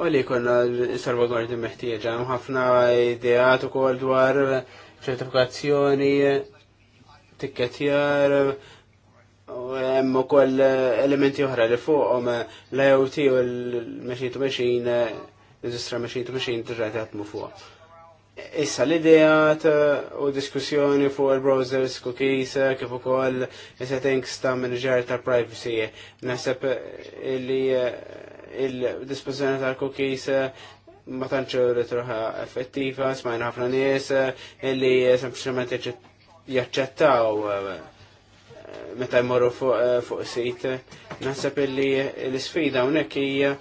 U li konna salvagwardi meħtieġa, ħafna ideat u kol dwar eh, ċertifikazzjoni, eh, tikketjar, u hemm ukoll elementi oħra li fuqhom l-IoT u l-mexin tu mexin, l-industra mexin tu mexin tirra jaħdmu fuq. Issa l idea uh, u diskussjoni fuq il-browsers, cookies, uh, kif ukoll is settings ta' manager ta' privacy. Naħseb uh, li il-disposizjoni ta' cookies ma tantx ritroħa effettiva, smajna ħafna nies illi sempliċement jaċċettaw meta jmorru fuq sit. Naħseb li l-sfida hawnhekk hija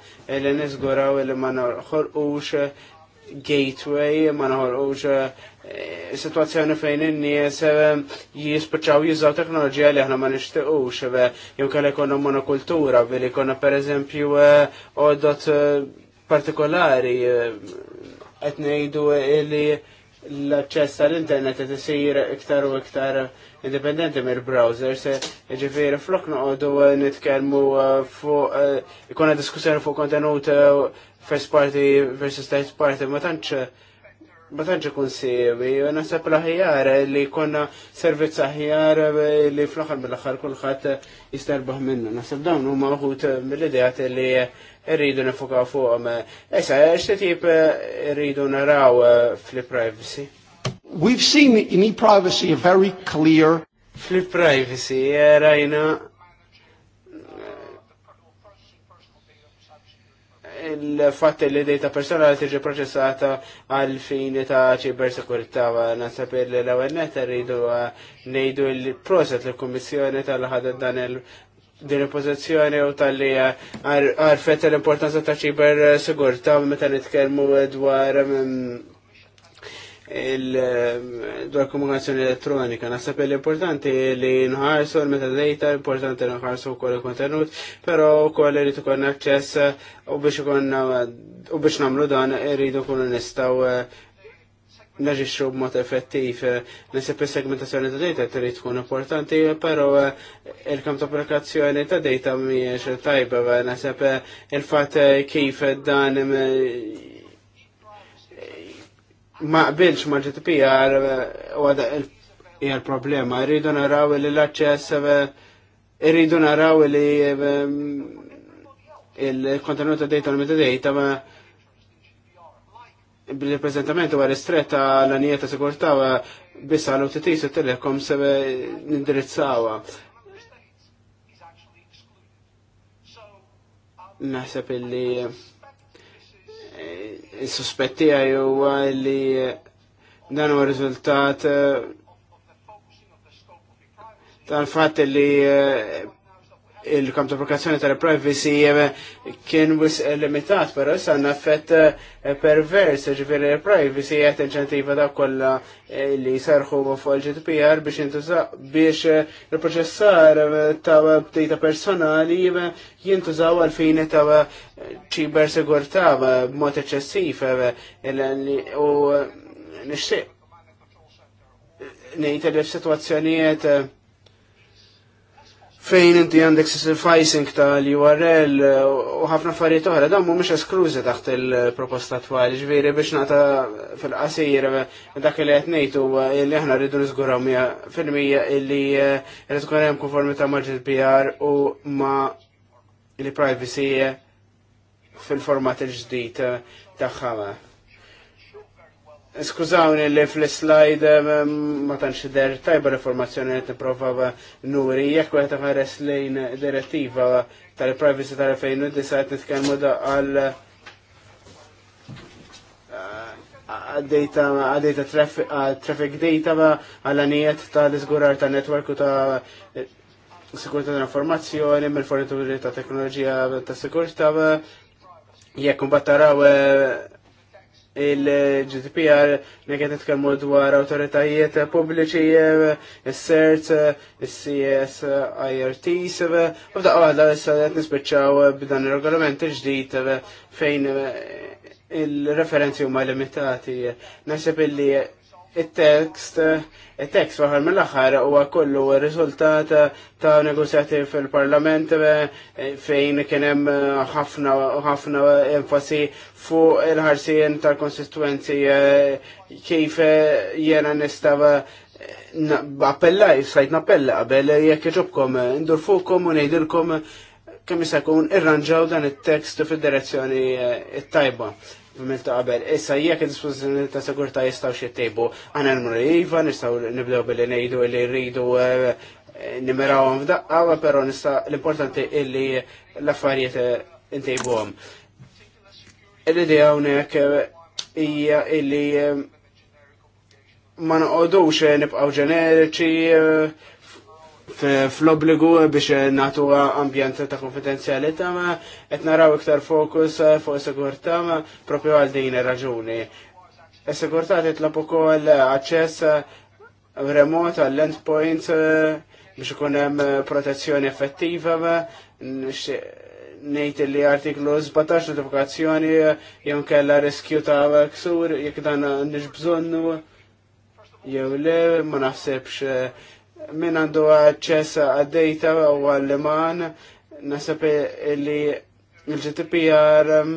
li niżguraw li ma norħolqux gateway ma uġ eh, situazzjoni fejn in-nies eh, jispiċċaw jużaw teknoloġija li aħna ma nixtiequx eh, jew kellha jkollna monokultura billi jkollna pereżempju għodot partikolari qed ngħidu li l-aċċess tal internet qed isir iktar u iktar indipendenti mill browser se ġifiri flok noqogħdu nitkellmu fuq ikona diskussjoni fuq kontenut first party versus third party, ma tantx ma tantx ikun u naħseb l-aħjar li konna servizz aħjar li fl-aħħar mill-aħħar kulħadd jisterbaħ minnu. Naħseb dawn huma wħud mill-idejat li rridu nifukaw fuqhom. Issa, tip rridu naraw fl-privacy? We've seen in e-privacy a very clear fl-privacy eh, rajna il-fatt li data personali tiġi proċessata għal fin ta' ċiber sekurità nasab l-ewwel net rridu uh, ngħidu l-proset l-Kummissjoni tal-ħadet dan il- din il-pozizjoni u tal-li uh, għarfet l-importanza ta' ċiber sigurta meta nitkellmu dwar um, dwar komunikazzjoni elettronika. Nasab l importanti li nħarsu l-metadata, importanti li nħarsu kol il-kontenut, pero kol li tukon access u biex u biex namlu dan rridu kunu nistaw eh, naġiċu b'mod effettiv. Nasab il-segmentazzjoni ta' data trid tkun importanti, pero eh, il-kam ta' applikazzjoni ta' data miex tajba, nasab eh, il-fat kif dan ma qbilx ma GDPR eh, u għada il-problema. Irridu naraw li l aċċess eh, irridu naraw li eh, mm, il kontenuta data u data ma bil-reprezentament u ristretta l-anijiet ta' sigurta bissa l-OTT su telekom se nindirizzawa. Naħseb illi il Suspettija juwa li eh, dan u rizultat eh, tal fat li eh, il-kam ta' applikazzjoni tal-privacy eh, kien wis eh, limitat, pero issa għanna effett eh, pervers, ġifiri privacy għet inċentiva da' kolla li sarħu fuq il-GDPR biex jintuża biex il-proċessar ta' data personali jintużaw għalfine ta' ċiber segurta b'mod eċessif u nixtieq ngħid li f'sitwazzjonijiet fejn inti għandek ta' tal-URL uh, u ħafna affarijiet oħra, dan mhumiex esklużi taħt il-proposta twali, ġviri biex nata fil-qasir eh, dak li qed ngħidu li aħna rridu niżguraw fil-mija illi qed eh, tkun hemm konformità ma' GDPR u ma' il-privacy eh, fil-format il-ġdid taħħama. Skużawni li fl-slide ma tantx der tajba l-informazzjoni qed nipprova nuri jekk wieħed ħares lejn direttiva tal-privacy tal-2009 qed nitkellmu għal eh, għaddejta għaddejta traffic data għal anijiet tal-izgurar ta' network u ta' sikurta tal-informazzjoni, mill-fornituri ta' teknoloġija ta' sikurta, jekk mbagħad taraw eh, il-GDPR, nekket nitkellmu dwar autoritajiet pubbliċi, il-CERT, il-CS, IRT, u f'daqqa għadha issa qed nispiċċaw b'dan ir-regolament ġdid fejn il-referenzi huma limitati. Naħseb illi il-tekst, il-tekst waħar mill-axar u kollu rizultat ta' negozjati fil-parlament eh, fejn kienem eh, ħafna ħafna enfasi fuq il-ħarsien tal-konsistuenzi eh, kif jena nistava appella, jisajt nappella qabel jekk iġobkom, ndur fuqkom u nejdilkom kemm jista' irranġaw dan it-tekst fid-direzzjoni it-tajba mill ta' qabel. Issa jekk il-dispożizzjoni ta' sigurtà jistgħu xi tejbu għandna numru iva, nistgħu nibdew billi ngħidu li rridu eh, nimerawhom f'daqqa, però nista' l-importanti illi l-affarijiet intejbuhom. Eh, Il-idea hawnhekk eh, hija illi ma noqogħdux nibqgħu ġeneriċi fl-obligu biex natu ambjent ta' konfidenzjalità ma qed naraw iktar fokus fuq sigurtà propju għal din ir-raġuni. Is-sigurtà titlob ukoll aċċess remot għall endpoints eh, biex ikun hemm protezzjoni effettiva ngħid li artiklu 17 notifikazzjoni jew kellha riskju ta' ksur jekk dan nix bżonnu jew le ma naħsebx eh, min għandu għacċess għad-data u għall-liman, nasab li il-GDPR um,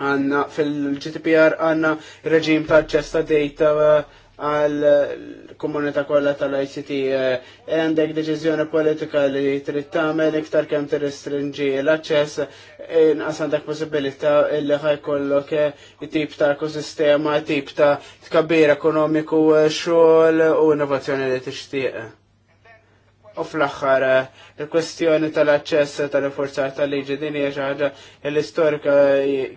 għanna, fil-GDPR għanna reġim ta' ċess ta' data għal eh, komunità kollha tal-ICT eh, e għandek deċiżjoni politika li trid tagħmel iktar kemm tirrestrinġi l-aċċess eh, inqas għandek possibilità li ħajkollok tip ta' ekosistema, tip ta' tkabbir ekonomiku xogħol u innovazzjoni li tixtieq. U fl-axħar, eh, il-kwestjoni tal-aċċess tal-forzar tal-liġi din hija xi ħaġa l-istorika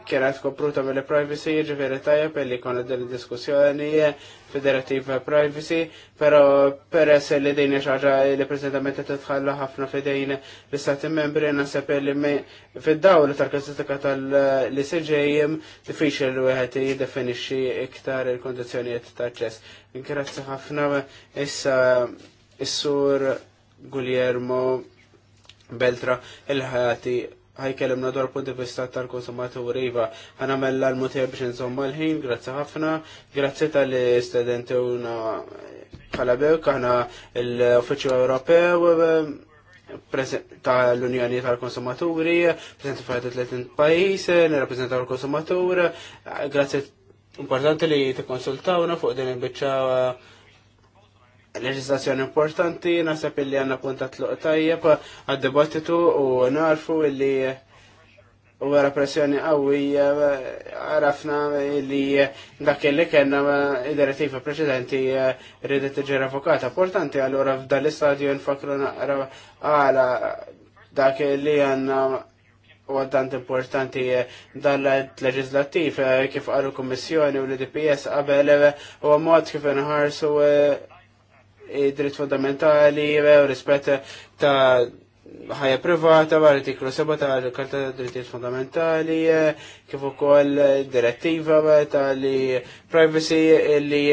kienet kopruta mill-privacy, jiġifieri tajjeb li konna din diskussjoni eh, federativa privacy, però peress li din hija xi ħaġa li preżentament qed ħafna f'idejn l-istati membri naħseb li fid-dawl tal kazzitika tal-ICJM diffiċli li wieħed jiddefinixxi iktar il-kondizzjonijiet tal-ċess. Grazzi ħafna issa is-sur Guglielmo Beltra il-ħati ħaj kellimna dwar punti vista tal-konsumatur iva. Ħanamel l-mutjer biex insomma l-ħin, grazzi ħafna, grazzi tal-istudentuna Kalabew, kħana l-Uffiċċju Ewropew tal-Unjoni tal-Konsumaturi, prezenti fajta 30 pajis, nirrappreżenta l-konsumatur, grazzi importanti li t-konsultawna fuq din il-bicċa leġislazzjoni importanti, nasab illi għanna punta tluq tajjeb għad-dibattitu u narfu illi u għara pressjoni għawija għarafna li dak li kena id-direttiva preċedenti ridet ġera avokata. Portanti għallura f'dal istadju nfakru naqra għala dak li għanna u għaddant importanti dal-leġislativ kif għallu kommissjoni u l-DPS qabel u għamot kif nħarsu dritt fundamentali eh, u rispet ta' ħajja privata, artiklu 7 ta' karta ta' Drittijiet Fundamentali, eh, kif ukoll direttiva eh, ta' li privacy li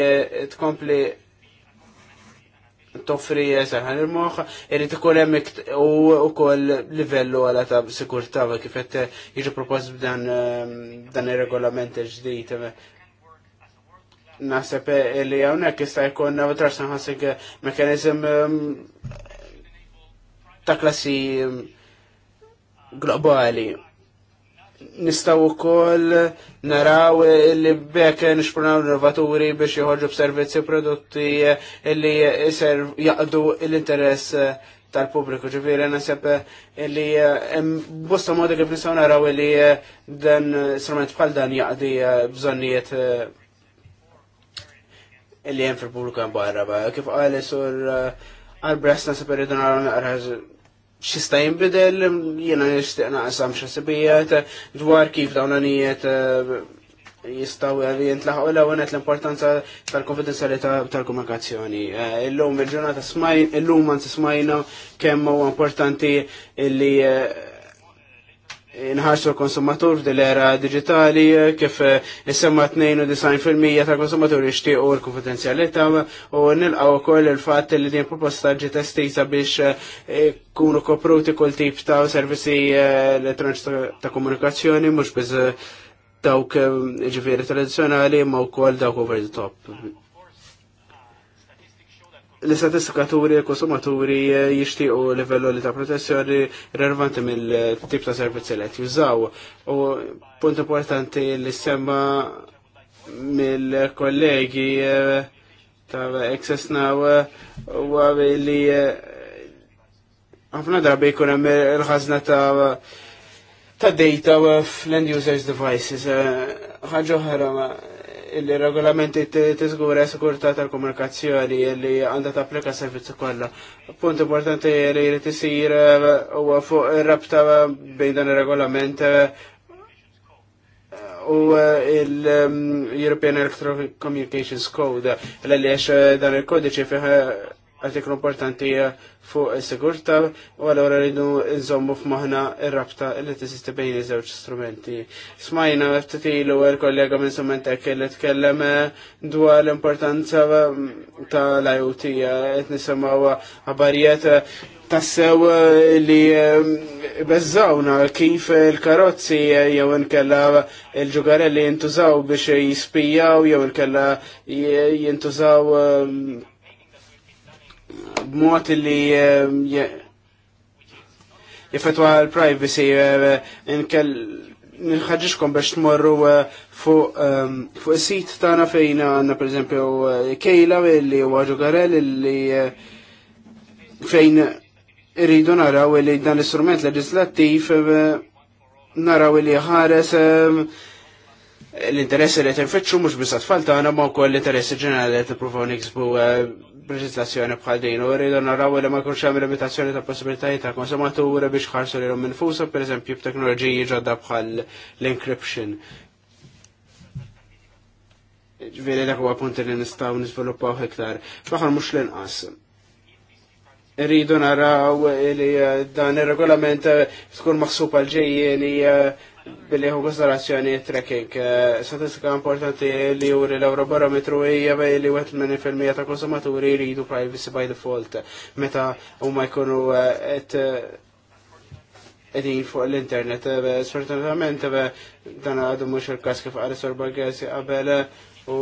tkompli toffri saħan il-moħ, irrit ikun hemm u wkoll livellu għala ta' sikurtà kif qed jiġi propost b'dan dan ir-regolament ġdid. Naseb li hawnhekk jista' jkun trasan ħassig mekanizm um, ta' klassi um, globali. Nistaw ukoll naraw li bekk nixprunaw innovaturi biex joħorġu b'servizzi prodotti li jaqdu l-interess tal-pubbliku. Ġifieri naħseb li um, bosta modi kif nistgħu naraw li uh, dan strument bħal dan jaqdi uh, bżonnijiet uh, Eh, li jen fil-publika barra, kif għale sur għal-brest nasa periodu għarraż xista jimbidel, jena nishtiq naqsam xasibijiet dwar kif dawn għanijiet eh, jistaw jintlaħu l għonet l-importanza tal-konfidenzjalità tal-komunikazzjoni. Eh, illum il-ġurnata smajn, illum man smajna kemm huwa importanti illi inħarsu l-konsumatur l era digitali kif eh, fil 92% ta' konsumatur jixtiequ l konfidenzialita u nilqgħu wkoll il-fatt li din proposta ġiet estiża biex eh, kunu kopruti kull tip ta' servisi eh, elettroniċi ta' komunikazzjoni mhux biż dawk ġifiri tradizzjonali ma wkoll dawk over the top l-istatistikaturi, u konsumaturi eh, jishtiqu livello li ta' protezzjoni relevanti mill-tip ta' servizzi li jużaw. U punt importanti li semma mill-kollegi eh, ta' Access Now eh, u li ħafna drabi jkun hemm il-ħażna ta' ta' data fl-end users devices. Ħaġa oħra il-regolamenti t-izgura sikurta tal-komunikazzjoni li għanda t-applika servizzi kolla. Punt importanti li li t-sir u fuq il-rabta bejn dan il-regolament eh, u eh, il-European um, Electronic Communications Code l-għaliex eh, dan il-kodiċi fiħ artiklu importanti fuq is-sigurtà u allura rridu nżommu f'maħna il rabta li t-sisti bejn iż-żewġ strumenti. Smajna ftit għal kollega minn Sumentek li t-kellem eh, dwar l-importanza ta' mm, tal-IoT eh, qed nisimgħu ħabarijiet eh, tassew li bezzawna kif il-karozzi jew nkella il-ġugarelli jintużaw biex jispijaw jew nkella jintużaw b'mod li ehm, jifetwa l-privacy eh, inkel nħagġiġkom biex tmorru eh, fuq ehm, sit tana fejn għanna per eżempju eh, Kejla li huwa Ġugarel li fejn irridu naraw li dan l-istrument leġislattiv naraw li ħares l-interessi li tinfittxu mhux bis tfal tagħna ma wkoll l-interessi ġenerali li tippruvaw niksbu preġislazzjoni bħal din u rridu naraw li ma jkunx hemm limitazzjoni ta' possibilitajiet ta' konsumaturi biex ħarsu lilhom minfusa pereżempju b'teknoloġiji ġodda bħal l-encryption. Ġifieri dak huwa punti li nistgħu niżviluppaw iktar. Faħar mhux l-inqas rridu naraw li eh, dan ir-regolament eh, tkun maħsub għal hija eh, billi hu konsiderazzjoni trekking. Eh, statistika importanti li juri l-Eurobarometru hija bej li wet minn il-filmija ta' konsumaturi jridu privacy by default meta huma jkunu qed eh, eh, edin fuq l-internet. Sfortunatament dan għadu mhux il-każ kif qari sorba għesi qabel u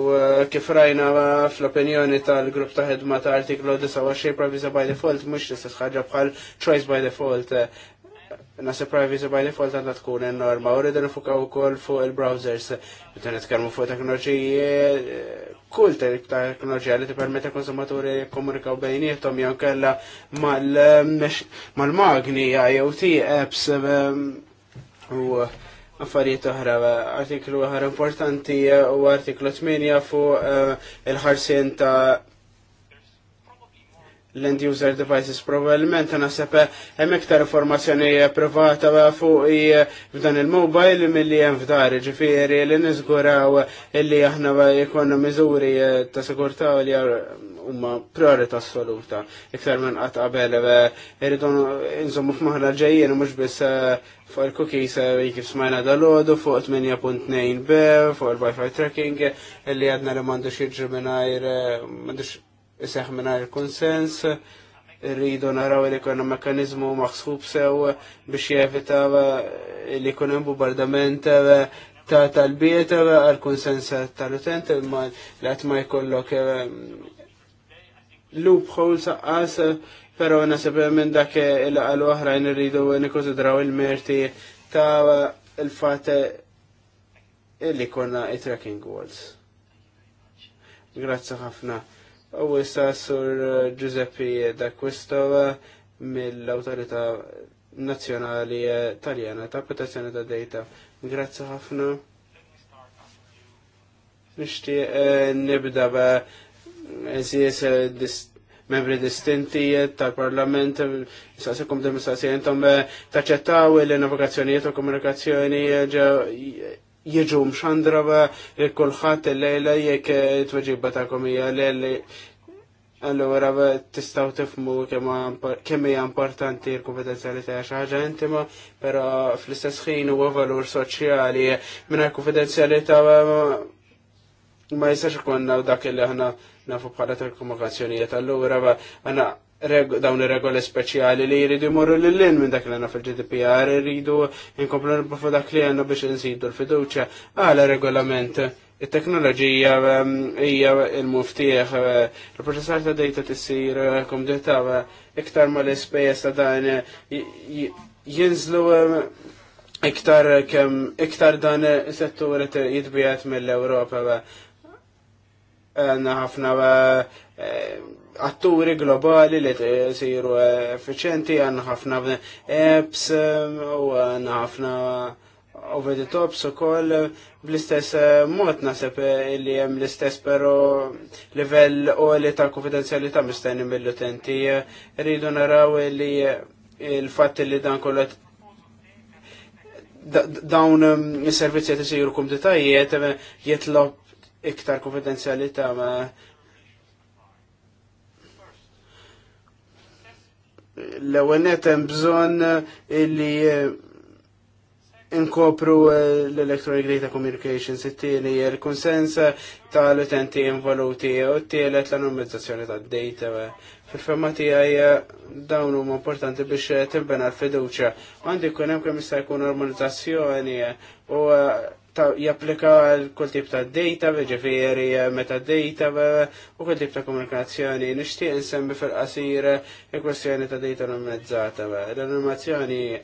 kif rajna fl-opinjoni tal-grupp ta' ħidma ta' artiklu 29 privacy by default mhux l-istess ħaġa bħal choice by default Nasa privacy by default għanda tkun norma u rridu nifukaw kol fuq il-browsers. Meta nitkellmu fuq teknoloġiji, kull teknoloġija li t-permetta konsumaturi jikkomunikaw bejnietom jew kella mal-magni IoT apps ehm, u affarijiet oħra. Artiklu uħra importanti u artiklu 8 fuq eh, il-ħarsien ta' l-end user devices probablement sepe hemm iktar informazzjoni privata fuq f'dan il-mobile milli hemm f'dar, ġifieri li nizguraw illi aħna jikonna mizuri ta' sigurtà li huma priorita assoluta. Iktar minn għat qabel irridu nżommu f'maħla ġejjin mhux biss fuq il-cookies kif smajna dal-ħodu fuq 8.2 b fuq il-Wi-Fi tracking illi għadna li m'għandux jiġri mingħajr m'għandux iseħ minar konsens rridu naraw li konna mekanizmu maħsħub sew biex jevita li konna hemm bombardament ta' tal-biet għal konsens tal-utent imma li qatt ma jkollok eh, loophole saqqas pero nasib minn dak il-qal oħrajn irridu nikkonsidraw il-merti ta' il fat li konna i-tracking walls. Grazzi ħafna. U issa sur uh, Giuseppe da Questo mill-Autorità Nazzjonali uh, Taljana ta' Protezzjoni ta' Data. Grazzi ħafna. Nixtieq uh, nibda ba' eżies membri distinti tal-Parlament, saqsikum dem saqsijentom taċċettaw il-navigazzjonijiet u komunikazzjoni jieġu mxandra il-kulħat l-lejla jek eh, t-wġibba ta' komija l-lejla. Allora, t-istaw t kemm hija importanti l li xi ħaġa intima, però fl-istess ħin huwa valur soċjali li ta' ma jistax ikun dak li ħana nafu bħala telekomunikazzjonijiet. Allura għana dawn ir-regoli speċjali li jridu jmorru lil-lin minn dak li għandna fil-GDPR, jridu inkomplu nibbafu dak li għandna biex nżidu l-fiduċa għala regolament. Il-teknoloġija ehm, hija il-muftieħ, eh, il-proċessar ta' data tissir eh, komdita eh, iktar ma l-SPS ta' dan jinżlu iktar kem iktar dan settur jitbijat mill europa Għanna ħafna atturi globali li siru efficienti, għanna ħafna apps u għanna ħafna over the top so koll bl-istess eh, mod nasib eh, li jem l-istess pero level u li ta' konfidenzjalità mistenni mill-utenti rridu naraw li il-fatt li dan kollu dawn mm, is-servizzi qed isiru kumditajiet eh, jitlob iktar konfidenzjalità ma' l-ewenet hemm bżonn eh, illi eh, inkopru eh, l-Electronic Data Communications, it-tieni l konsens tal-utenti involuti, u t-tielet l-anonimizzazzjoni tad-data. Fil-femma tiegħi dawn huma importanti biex timbena l-fiduċja. Għandi jkun hemm kemm jista' jkun normalizzazzjoni u japplika kull tip ta' data, meta eh, metadata eh, u kull tip ta' komunikazzjoni. Nishtiq insemmi fil-qasir il-kwestjoni eh, ta' data anonimizzata.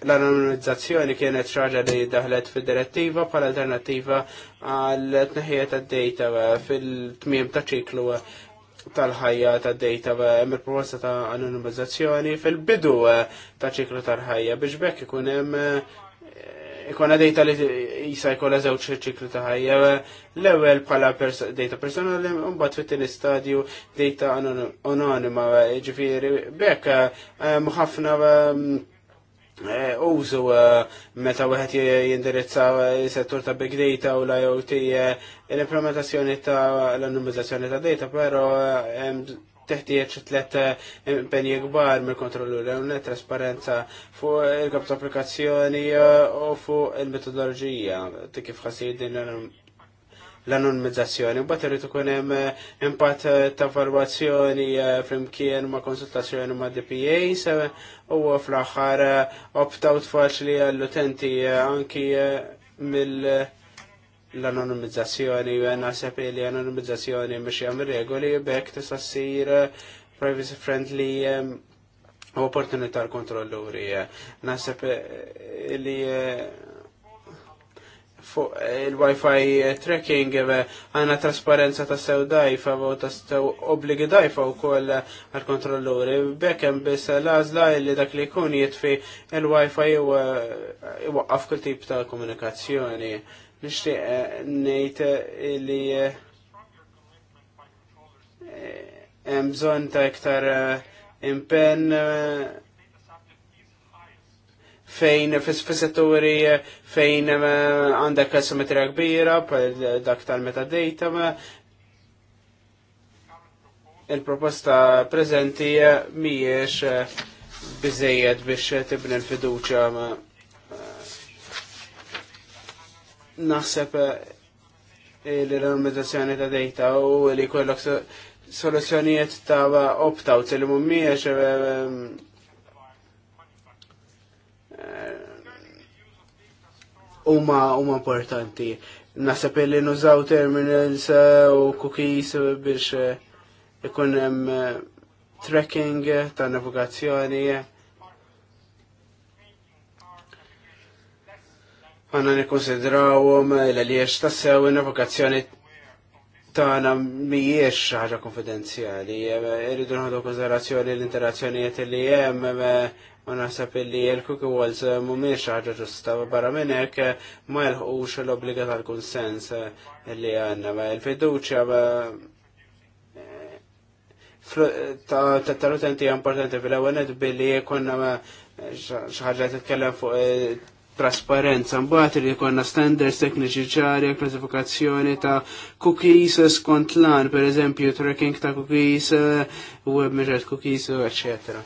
L-anonimizzazzjoni kienet xaġa li daħlet fil-direttiva bħala alternativa għal tneħija ta' data fil-tmiem ta' ċiklu tal-ħajja ta' data hemm il-proposta ta' anonimizzazzjoni fil-bidu ta' ċiklu tal-ħajja biex bekk ikun hemm ikona dejta li jisa jkolla zewċ ċiklu ta' ħajja. L-ewel bħala dejta personali, mbagħad fit-tieni stadju dejta anonima, ġifiri, bekk eh, ħafna eh, użu eh, meta wieħed jindirizza settur ta' big data u l-IoT l-implementazzjoni ta' l-anonimizzazzjoni ta' data, però teħtieġ tlet eh, impenji kbar mill kontrollu l trasparenza fuq il-kap applikazzjoni eh, u fuq il metodologija ti kif ħasir din l-anonimizzazzjoni. Mbagħad irid ikun hemm eh, impatt ta' valwazzjoni flimkien ma' konsultazzjoni ma' DPAs u fl-aħħar opt-out faċli għall-utenti anki mill- l-anonimizzazzjoni, naħseb li anonimizzazzjoni biex jgħam regoli bekk tista' ssir eh, privacy friendly eh, opportunità l-kontrolluri. Eh. Naħseb li il-Wi-Fi tracking għanna trasparenza ta' sew dajfa u ta' sew obligi dajfa u koll għal-kontrolluri. Bekem bis lażla li dak li jkun jitfi il-Wi-Fi u waqqaf kull tip ta' komunikazzjoni nishtiq eh, ngħid eh, li eh, hemm ta' iktar impen fejn fis-setturi fejn għandek asimetrija kbira dak tal-metadata il-proposta prezenti mhijiex biżejjed biex tibni l-fiduċja naħseb eh, l-renomizzazzjoni ta' data u li kollok soluzzjonijiet ta' opt-out li mummiex eh, eh, huma huma importanti. Naħseb li nużaw terminals u cookies biex ikun hemm tracking ta' navigazzjoni għanna nikonsidrawhom l-għaliex tassew in-avokazzjoni tagħna miex ħagħa konfidenzjali. Irridu nħadu konsiderazzjoni l-interazzjonijiet li jem, ma sepp li l-cookie mu miex ħagħa ġusta barra minnek, ma jelħux l obbligat għal-konsens li għanna. Il-fiduċja eh, ta' tal-utenti importanti fil-ewwel billi jekonna xaħġa t-tkellem fuq eh, trasparenza, mbagħad li jkollna standards tekniċi ċari, klasifikazzjoni ta' cookies skont lan, per eżempju tracking ta' cookies, web measured cookies, eccetera.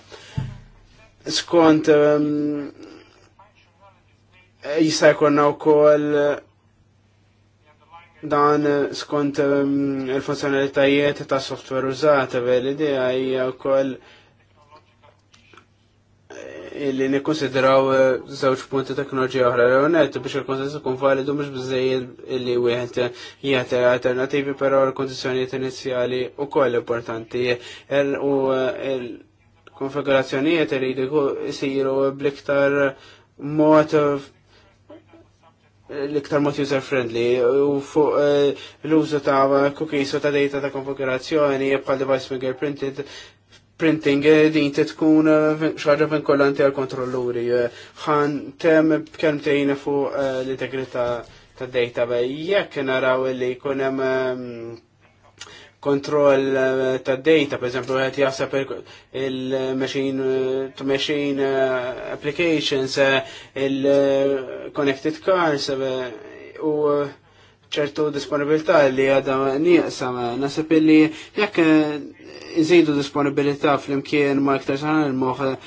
Skont ehm, jista' jkollna wkoll dan skont ehm, il-funzjonalitajiet ta' software użata, veli di hija wkoll li nikkonsidraw eh, żewġ punti teknoloġija oħra l-għonet biex il-konsens ikun validu mhux biżejjed li wieħed jagħti alternativi però l-kondizzjonijiet inizjali wkoll importanti u eh, l-konfigurazzjonijiet iridu jsiru bliktar mod eh, l-iktar mod user friendly u fuq l-użu ta' cookies u ta' data ta' konfigurazzjoni bħal device fingerprinted printing eh, din tkun eh, xaġa vinkolanti għal kontrolluri. Eh, ħan tem b'kelmtejn fuq l integrita ta' data jekk naraw li jkun hemm kontroll ta' data, per eżempju, għet per il-machine to machine applications, il-connected cars, u uh, ċertu disponibilità li għadha nieqsa nasib li jekk nżidu eh, disponibilità fl-imkien ma iktar saħan il-moħ eh,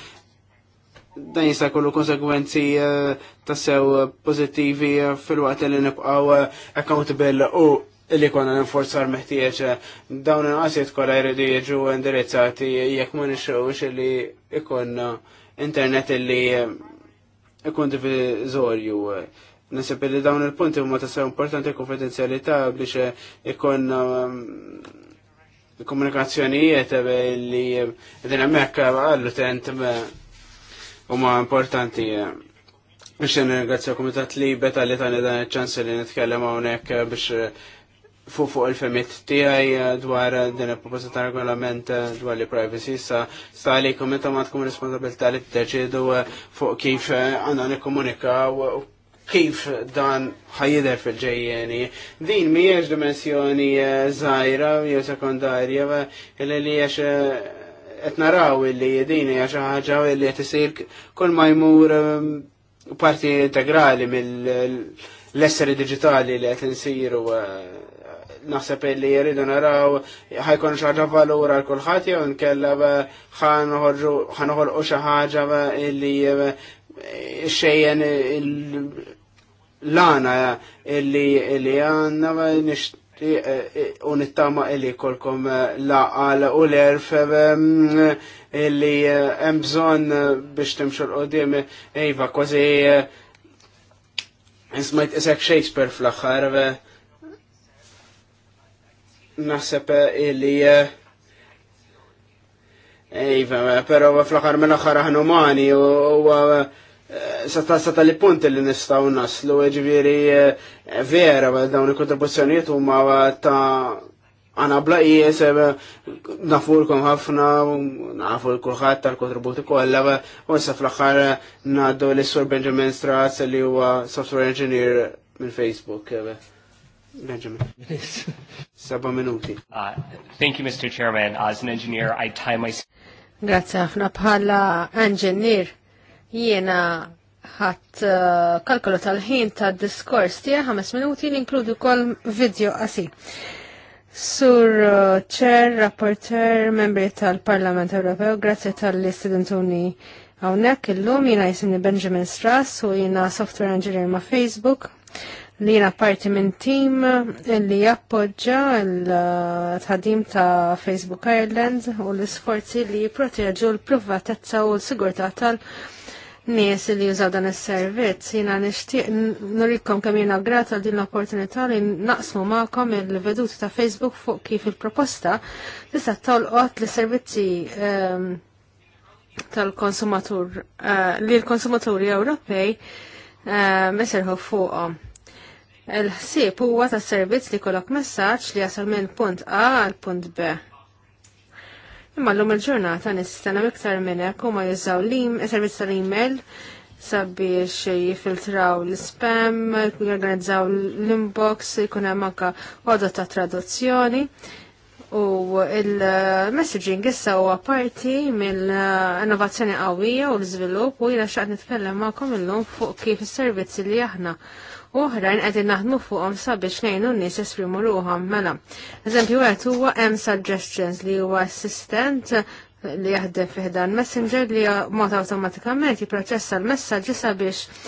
dan jista' jkollu konsekwenzi eh, tassew pożittivi fil-waqt li nibqgħu accountable u li konna ninforzar meħtieġ dawn il-qasiet kollha jridu jiġu indirizzati jekk ma nixxewx li ikonna internet li ikun divizorju Nasib li dawn il-punti huma sew importanti konfidenzjalità biex ikun um, komunikazzjonijiet li din hemmhekk għall-utent huma importanti. Biex nirringrazzja kumitat li beta li tani dan iċ-ċans li nitkellem hawnhekk biex fuq fuq il femit tiegħi dwar din il-proposta ta' regolament dwar li privacy sa stali kommenta ma tkun responsabilità li t fuq kif għandna nikkomunikaw kif dan ħajider fil-ġejjeni. Din miex dimensjoni zaħira, eh, jew sekundarja, li għax etnaraw eh, naraw li din hija xi ħaġa li qed isir ma jmur eh, parti integrali mill-esseri digitali li qed insiru naħseb li jridu naraw ħajkun xaġa valura għal kulħadd jew nkella bħan ħanoħolqu xi ħaġa li xejjen l-għana li għanna eh, eh, u nittama illi kolkom eh, laqal u l-erf mm, illi jembżon biex timxur dimi ejva kważi Ismajt isek Shakespeare fl axar naħseb illi Ejva, pero fl-axar minn axar aħna u sata sata li punti li nistaw naslu, ġviri eh, vera, dawn il-kontribuzzjoniet u ma ta' għana bla jeseb eh, nafurkom ħafna, nafu l-kulħat tal-kontributi kolla, u sa fl-axar eh, naddu li sur Benjamin Strass li huwa software engineer minn Facebook. Benjamin. Seba minuti. Uh, thank you, Mr. Chairman. Uh, as an engineer, I tie my... Grazie, ħafna bħala engineer Jiena ħadd uh, kalkolu tal-ħin tad diskors tiegħi ħames minuti li kol wkoll video qasi. Sur ċer, uh, rapporter, membri tal-Parlament Ewropew, grazzi tal-istudentuni Għawnek il-lum jina jisimni Benjamin Strass u jina software engineer ma' Facebook li jina parti minn team li jappoġġa l-tħadim ta' Facebook Ireland u l-sforzi li jiproteġu l-privatezza u l-sigurta tal-privatezza nies li jużaw dan is-servizz. Jiena nixtieq nurikom kemm jiena grata din l-opportunità li naqsmu magħkom il-veduti ta' Facebook fuq kif il-proposta tista' tolqot li servizzi ehm, tal-konsumatur eh, li l-konsumaturi Ewropej meserħu ehm, fuqhom. Il-ħsieb huwa tas servizz li jkollok messaġġ li jasal minn punt A għal punt B Imma l-lum il-ġurnata nistana miktar minnek u ma jużaw servizz tal-email sabiex jifiltraw l-spam, jorganizzaw l-inbox, jkun hemm anke għodot ta' traduzzjoni. U il-messaging issa huwa parti mill-innovazzjoni qawwija u l-iżvilupp u jiena xaqt nitkellem magħkom illum fuq kif is-servizzi li aħna u oħrajn qegħdin naħdmu fuqhom sabiex ngħinu n-nies esprimu ruħhom mela. Eżempju qed huwa hemm suggestions li huwa assistent li jaħdem fiħdan messenger li mod awtomatikament jipproċessa l-messaġġi sabiex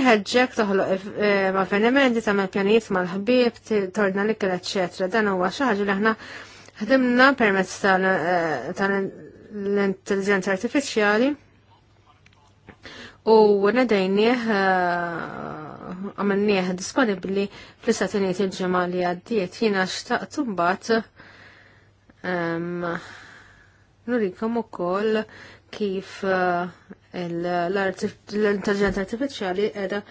iħedġek toħloq eh, avvenimenti, tagħmel pjanijiet mal-ħbieb, torna l-ikel, eċċetera. Dan huwa xi ħaġa li aħna Ħdimna permezz eh, tal-intelligenza artifiċjali u nedajnieh għamennieh disponibli fl-Istati Uniti l li għaddiet jina xtaqt mbagħad ehm, nurikom ukoll kif eh, l-intelligenza artifiċjali qiegħda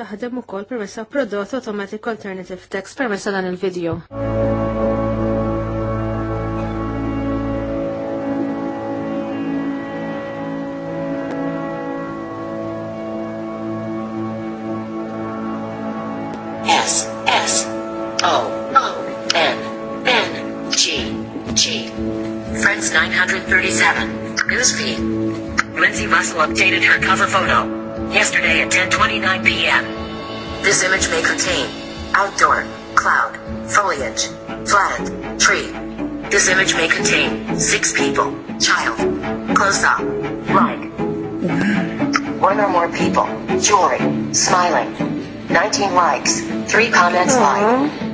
taħdem ukoll permezz prodott automatic alternative text permezz dan il-video. Ms. P. Lindsay Russell updated her cover photo yesterday at 10:29 p.m. This image may contain outdoor, cloud, foliage, flat tree. This image may contain six people, child, close up, like one or more people, jewelry, smiling, 19 likes, three comments, Aww. like.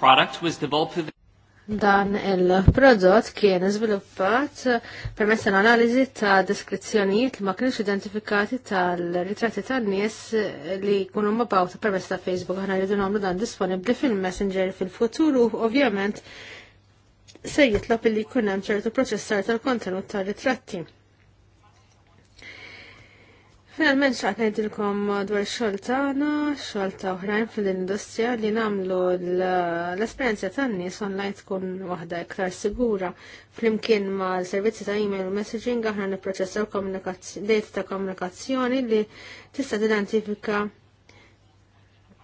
product was developed Dan il-prodott kien permess permezz analiżi ta' deskrizzjonijiet li ma kienx identifikati tal-ritratti tan-nies li jkunu ta' permezz ta' Facebook aħna rridu nagħmlu dan disponibbli fil-Messenger fil-futur u ovvjament se jitlob li jkun hemm ċertu proċessar tal-kontenut tal-ritratti. Finalment xaqt ngħidilkom dwar xogħol tagħna, xogħol ta' oħrajn fil-industrija li nagħmlu l-esperjenza tan-nies online tkun waħda iktar sigura. Flimkien ma' servizzi ta' email messaging aħna nipproċessaw dejt ta' komunikazzjoni li tista' identifika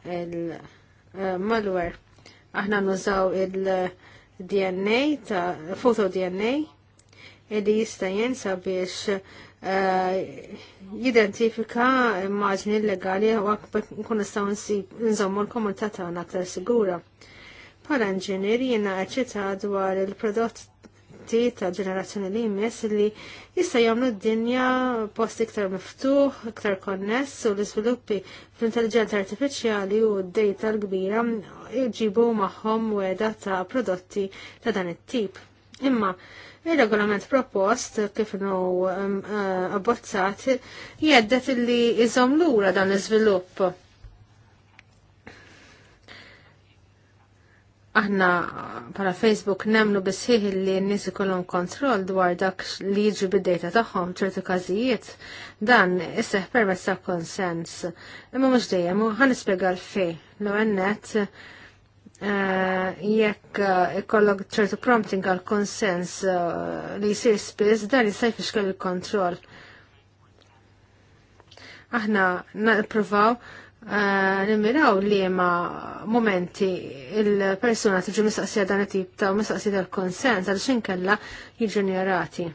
il-malware. Eh, aħna nużaw il-DNA ta' foto DNA li jista' jensa biex jidentifika immaġni illegali u għakbar nkun nistaw nżommu l-komunità tagħna aktar sigura. Pala inġinier jiena eċita dwar il-prodotti ta' ġenerazzjoni li jmiss li jista' jagħmlu d-dinja post iktar miftuħ, iktar konness u l-iżviluppi fl-intelligenza artifiċjali u d-data l-kbira jġibu magħhom weda ta' prodotti ta' dan it-tip. Imma Il-regolament propost kif nu um, uh, abbozzat jeddet li l lura dan l-iżvilupp. Aħna para Facebook nemlu bisħiħi li n nisi ikollhom kontroll dwar dak li jiġi bid-dejta tagħhom ċertu każijiet dan jisseħ permezz ta' konsens. Imma mhux dejjem ħanispjega l fej l-għennet Eh, jekk eh, ikollok ċertu prompting għal konsens eh, li jisir spiss, dan jisajf jfixkel il-kontroll. Aħna nippruvaw nimmiraw li ma momenti il-persuna tiġi mistaqsija dan it-tip ta' mistaqsija tal-konsens għal xinkella jiġu njarati.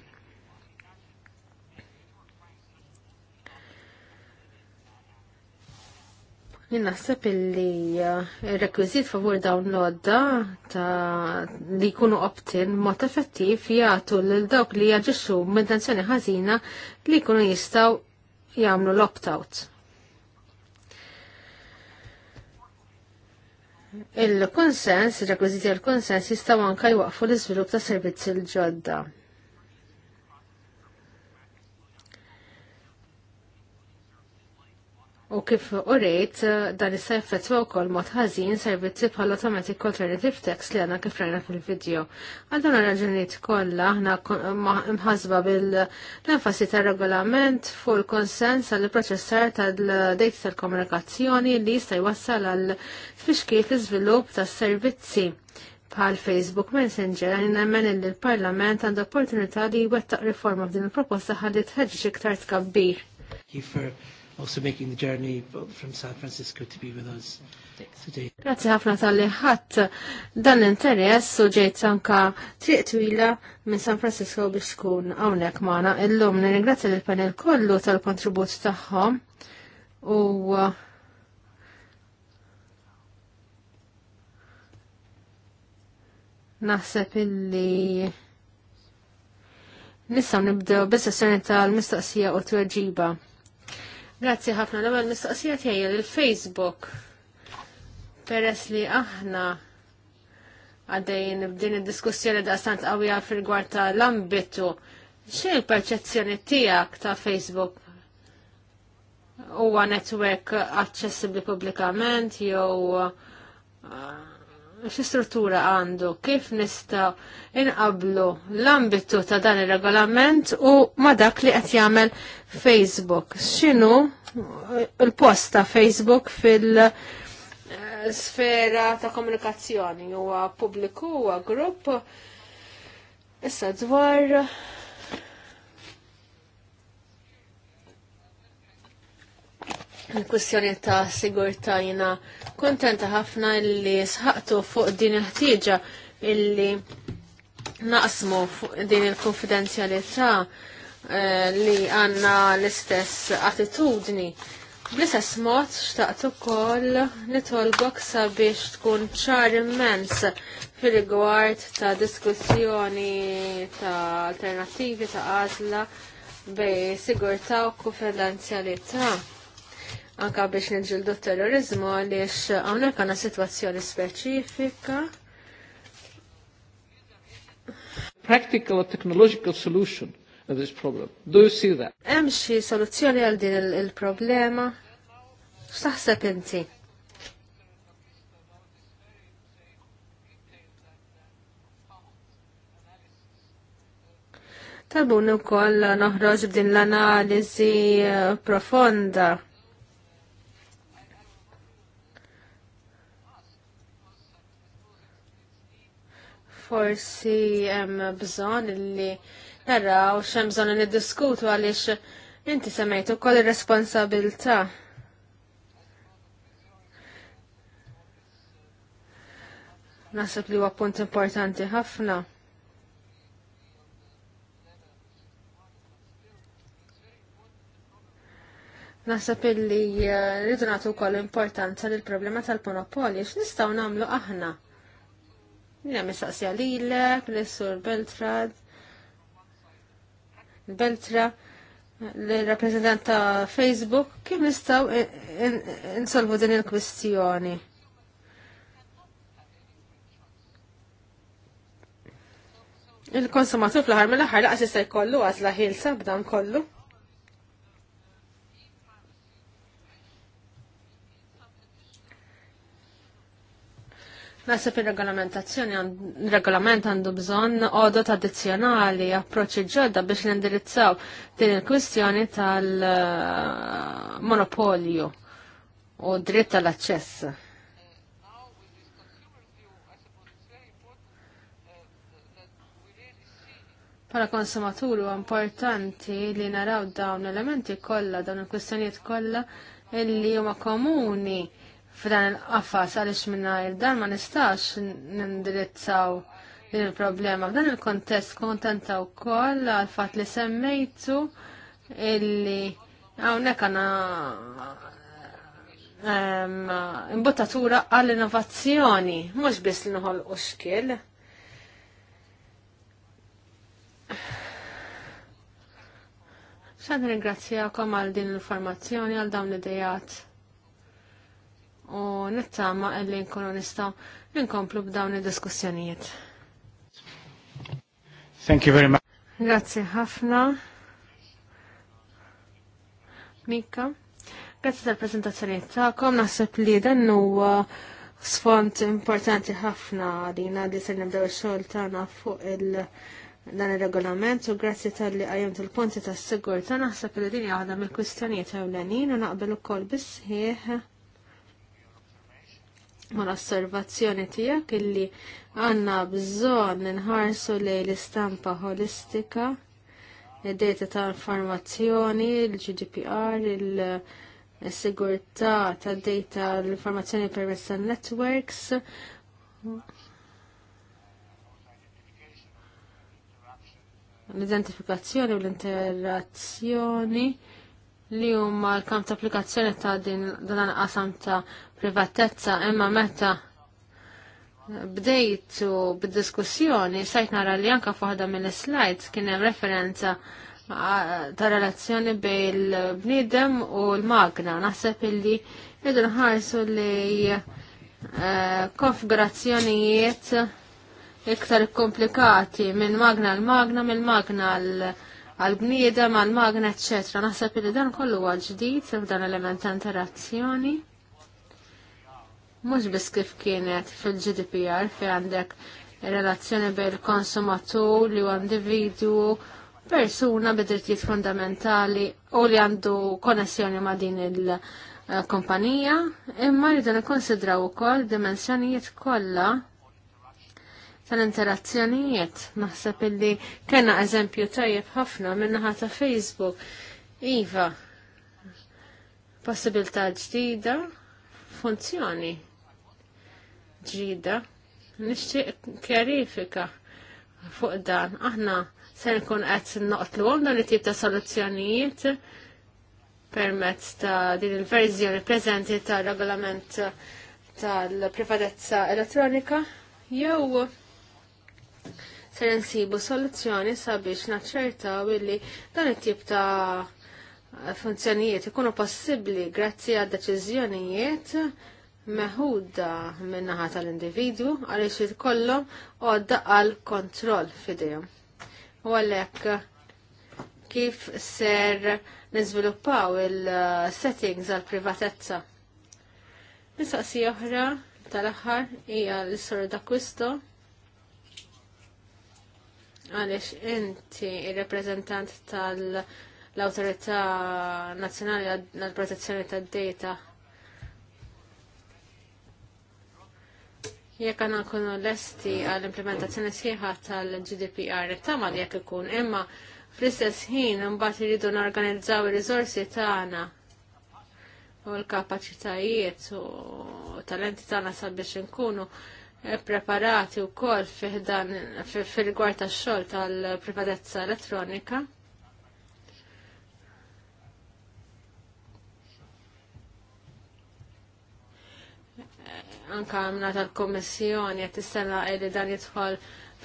Jien naħseb illi uh, il rekwiżit favur dawn l-odda ta' li jkunu opt-in mod effettiv jagħtu lil dawk li jaġixxu mid-danzjoni ħażina li jkunu jistgħu jagħmlu l-opt-out. Il-konsens, il-rekwiżiti għal konsens jistgħu anke jwaqfu l-iżvilupp ta' servizzi l-ġodda. U kif urejt dan issa effettwa wkoll mod ħażin servizzi bħal automatic alternative text li għandna kif rajna fil-video. Għal dawn raġunijiet kollha aħna mħasba bil-enfasi tar-regolament full il-konsens għall proċessar tal-dejt tal-komunikazzjoni li jista' jwassal għal fixkiet l-iżvilupp tas-servizzi bħal Facebook Messenger għan nemmen li parlament għandu opportunità li jwettaq riforma f'din il-proposta ħalli tħeġġi iktar tkabbir also making the journey from San Francisco to be with us today. Grazie ħafna tal ħadd dan l-interess u ġejt anka triq twila minn San Francisco biex tkun hawnhekk magħna illum nirringrazzja lill panel kollu tal-kontribut tagħhom u uh, naħseb illi nistgħu nibdew bis-sessjoni tal-mistoqsija u tweġiba. Grazzi ħafna l-ewwel mistoqsija tiegħi il-Facebook. Peress li aħna għaddejn b'din id-diskussjoni daqstant qawwija fil gwart ta' l-ambitu. X'in l perċezzjoni tiegħek ta' Facebook? Huwa netwerk aċċessibbli pubblikament jew struttura għandu, kif nista' inqablu l-ambitu ta' dan ir-regolament u ma' dak li qed jagħmel Facebook. X'inhu eh, l post ta' Facebook fil- sfera ta' komunikazzjoni huwa pubbliku huwa grupp issa dwar il-kwestjoni ta' sigurta jina kontenta ħafna li sħaqtu fuq din il-ħtieġa illi naqsmu fuq din il-konfidenzjalità eh, li għanna l-istess attitudni. Bl-istess mod xtaqt ukoll nitolbok sabiex tkun ċar immens fil-rigward ta' diskussjoni ta' alternativi ta' għażla bej sigurtà u konfidenzjalità anka biex nġildu terrorizmu għaliex għawnek għanna situazzjoni speċifika. Practical or technological solution of this problem. Do you see that? Hemm xi soluzzjoni għal din il-problema? X'taħseb inti? Talbuni wkoll noħroġ b'din l-analiżi eh, profonda forsi hemm bżonn li naraw x'hemm bżonn niddiskutu għaliex inti semmejt ukoll ir-responsabilità. Nasib li huwa punt importanti ħafna. Nasab illi eh, rridu nagħtu wkoll importanza lill problema tal-monopoli x'nistgħu nagħmlu aħna Jina mistaqsija lilek, l-Sur Beltrad, Beltra, l-rappresentant ta' Facebook, kif nistaw insolvu din il-kwistjoni? Il-konsumatur fl-ħar mill-ħar laqas jista' jkollu għażla ħilsa b'dan kollu. Nasib il-regolamentazzjoni, regolament għandu bżon odot addizzjonali, approċċi ġodda biex nindirizzaw din il-kwistjoni tal-monopolju u dritt tal-aċċess. Pala konsumaturi u importanti li naraw dawn elementi kollha, dawn il-kwistjonijiet kollha illi huma komuni f'dan il-qafas għaliex il dan ma nistax nindirizzaw din il-problema. F'dan il-kontest kontenta wkoll għal fatt li semmejtu illi hawnhekk għandna ehm, imbuttatura għall-innovazzjoni, mhux biss li u xkil. Xad ringrazzjakom għal din l-informazzjoni għal dawn l-idejat u nittama illi nkunu nistaw nkomplu b'dawn id-diskussjonijiet. Thank you very much. Grazie ħafna. Mika. Grazie tal-prezentazzjoni ta'kom. Naħseb li dan huwa importanti ħafna li li se nibdew ix-xogħol tagħna fuq il- dan il-regolament u grazzi tal-li għajem tal-ponti tas-sigurta naħseb li din għadha mill-kwistjonijiet ewlenin u naqbel ukoll bisħieħ ma l-osservazzjoni tijak illi għanna bżon nħarsu li l-istampa holistika, id-data ta' informazzjoni, il-GDPR, il-sigurtà ta' data l-informazzjoni permessa networks. L-identifikazzjoni u l-interazzjoni li huma l-kamp ta' applikazzjoni ta' din dan qasam ta' privatezza imma meta bdejt u bid-diskussjoni sajt nara li anka fuħda mill-slides kien hemm referenza ta' relazzjoni bej l-bniedem u l-magna. Naħseb illi jridu nħarsu li eh, konfigurazzjonijiet iktar komplikati minn magna l-magna, minn magna l-magna għal-bniedem, għal-magna, etc. Naħseb li dan kollu għal-ġdid, f'dan element ta' interazzjoni. Mhux biss kif kienet fil-GDPR fi għandek relazzjoni bejn konsumatur li huwa individwu persuna bidrittijiet fundamentali u li għandu konnessjoni ma' din il-kompanija, imma rridu nikkonsidraw ukoll dimensjonijiet kollha tal-interazzjonijiet. Naħseb illi kena eżempju tajjeb ħafna minnaħa ta' Facebook. Iva, possibilità ġdida, funzjoni ġdida. Nixtieq kjarifika fuq dan. Aħna se nkun qed noqtlu għom dan it-tip ta' soluzzjonijiet permezz ta' din il-verżjoni preżenti tal-regolament tal-privatezza elettronika jew se nsibu soluzzjoni sabiex naċċertaw illi dan it-tip ta' funzjonijiet ikunu possibbli grazzi għad deċiżjonijiet meħuda minnaħa tal-individu għaliex jitkollhom għodda għal kontroll fidejhom. U għalhekk kif ser niżviluppaw il-settings għal privatezza. Nistaqsija oħra tal-aħħar hija l-Sor D'Acquisto għaliex inti il-reprezentant tal-Awtorità Nazzjonali għal-Protezzjoni tad-Data. Jekk għandna nkunu lesti għall-implementazzjoni sħiħa tal-GDPR, tama li jekk ikun, imma fl-istess ħin mbagħad iridu norganizzaw ir-riżorsi tagħna u l-kapaċitajiet u talenti tagħna sabiex inkunu preparati u kol fil gwarta xol tal-privatezza elettronika. Anka għamna tal-Komissjoni għet istana li dan jitħol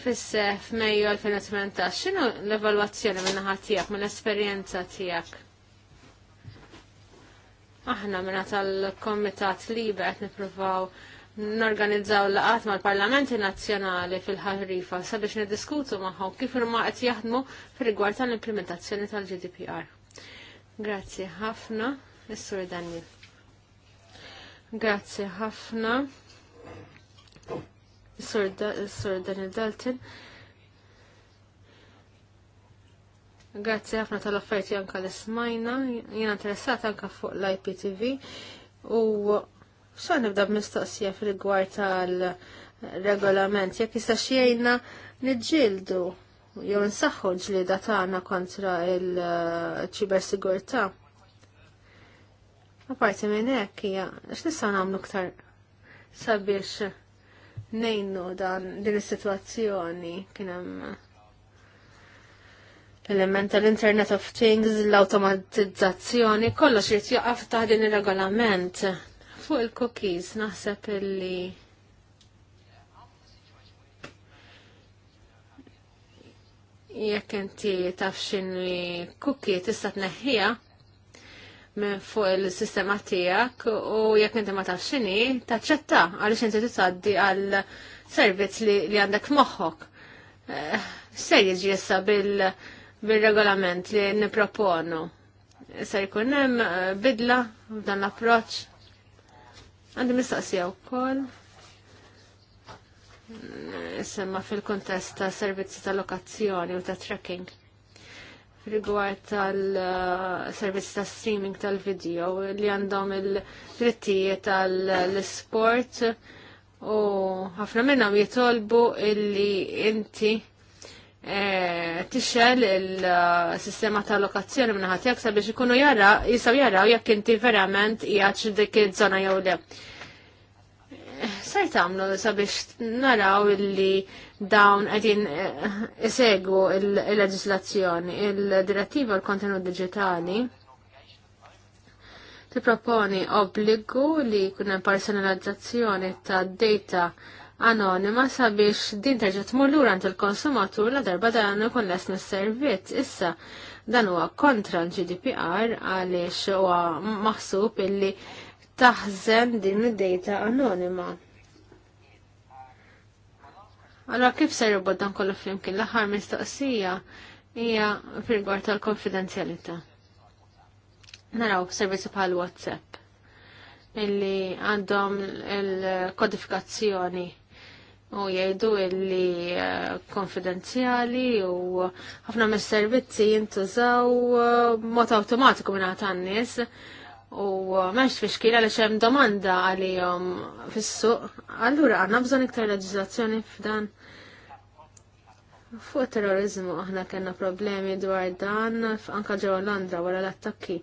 fis-sef Mejju 2018. X'inhu l-evalwazzjoni minna naħa tiegħek, esperienza esperjenza tiegħek? Aħna minna tal-Komitat Libe qed nippruvaw norganizzaw laqat mal-parlamenti nazzjonali fil-ħarifa sabiex niddiskutu magħhom kif ma qed jaħdmu fir-rigward tal-implementazzjoni tal-GDPR. Grazzi ħafna, Mr. sur Daniel. Grazzi ħafna, Mr. sur Daniel Dalton. Grazzi ħafna tal-offerti anka l-ismajna, jiena interessata anka fuq l-IPTV u Xa nibda mistoqsija fil-gwar tal-regolament, jekk jista' xiejna niġġieldu jew nsaħħu ġlieda tagħna kontra il-ċibersigurtà. parti minn hekk hija x'nista' nagħmlu aktar sabiex ngħinu dan din is-sitwazzjoni kien hemm element tal-Internet of Things, l-automatizzazzjoni, kollox irid taħdin ta' din ir-regolament Fuq il-cookies naħseb illi jekk inti taf x'inhi cookie tista' tneħħiha minn fuq il-sistema tiegħek u jekk inti ma tafx taċċetta għaliex inti titgħaddi għal servizz li għandek moħħok. Eh, ser jiġi issa bil-regolament li nipproponu ser jkun hemm eh, bidla f'dan l-approċċ. Għandi mistaqsija wkoll. Semma fil-kontest ta' servizzi ta' lokazzjoni u ta' tracking. Rigward tal-servizzi ta' streaming tal-video li għandhom il-drittijiet tal-sport u ħafna minnhom jitolbu illi inti E, tixxel il-sistema ta' lokazzjoni minna jaksa sabiex ikunu jara, jisaw jaraw jekk inti verament jgħat dik iż-żona jew le. Sajt tagħmlu sabiex naraw illi dawn qegħdin e, isegwu il-leġislazzjoni, il-direttiva l-kontenut digitali tipproponi obbligu li jkun hemm personalizzazzjoni ta' data anonima sabiex din terġa' tmur lura għand il-konsumatur la darba dan ikun lesna s-servizz. Issa dan huwa kontra l-GDPR għaliex huwa maħsub illi taħżen din id-data anonima. Allora kif ser jobbod dan kollu flimkien l-aħħar mistoqsija hija fil tal-konfidenzjalità. Naraw servizzi bħal WhatsApp illi għandhom il-kodifikazzjoni u jgħidu illi eh, konfidenzjali u ħafna mis servizzi jintużaw eh, mod automatiku minn n tannis u eh, memx fiskila li xem domanda għalijom fis-suq. Allura għanna bżon iktar leġizlazzjoni f'dan. Fuq terrorizmu aħna kena problemi dwar dan anka ġewwa Londra wara l-attakki.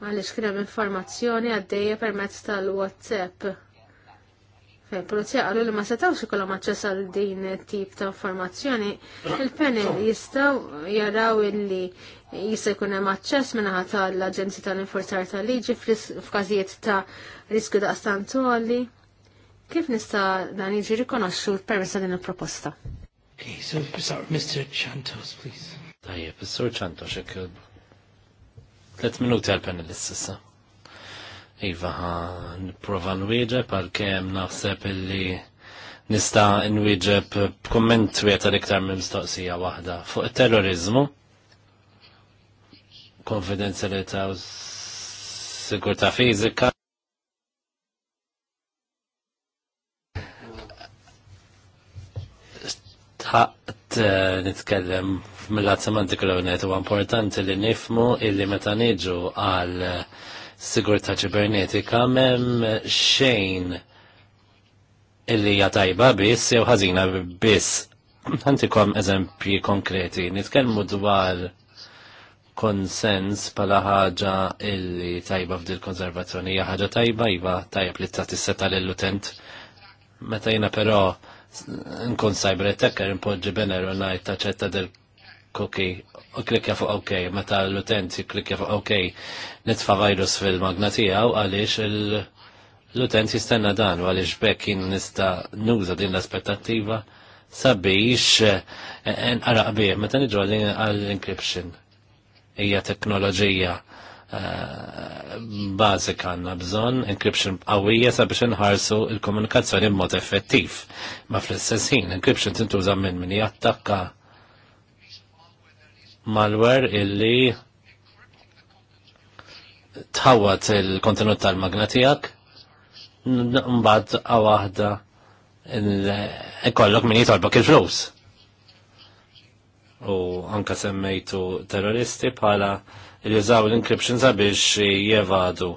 Għaliex kien hemm informazzjoni għaddejja permezz tal-WhatsApp Polizija għallu li ma setawx ikollhom aċċess għal din tip ta' informazzjoni, il-panel jistgħu jaraw illi jista' jkun hemm aċċess minnaħa tal-Aġenzji tal-Infurzar tal-Liġi f'każijiet ta' riskju da' stantoli. Kif nista' dan jiġi rikonoxxu l ta' din il-proposta? Okay, so Mr. Chantos, please. Tajjeb, is-Sur Chantos, ekkel. Tlet minuti għal-panel issa. Iva nipprova nwieġeb għal kem naħseb illi nista' nwieġeb komment wieta iktar minn mistoqsija waħda fuq terrorizmu konfidenzjalità u sigurtà Fizika. Tħat eh, nitkellem mill l-għunet u importanti li nifmu illi meta niġu għal uh, sigurta ċibernetika mem xejn illi jatajba tajba biss jew ħażina biss. Għantikom eżempji konkreti, nitkellmu dwar konsens pala ħaġa illi tajba f'dil konservazzjoni hija ħaġa tajba iva tajb li tagħti seta' lill-utent. Meta jiena però nkun cyber attacker impoġġi bener u ngħid taċċetta del cookie u klikja fuq OK, meta l-utent jiklikja fuq OK, nitfa virus fil-magna tiegħu għaliex l-utent jistenna dan u għaliex bekk jien nista' nuża din l-aspettattiva sabiex eh, eh, nqaraq bih meta niġu għall-encryption. Hija teknoloġija eh, bażika għandna bżonn encryption qawwija sabiex inħarsu l-komunikazzjoni b'mod effettiv. Ma fl-istess ħin, encryption tintuża minn min jattakka malware illi tħawat il-kontenut tal-magnatijak mbagħad għawahda ikollok min jitolbok il-flus u anka semmejtu terroristi bħala li jużaw l-encryption sabiex jevadu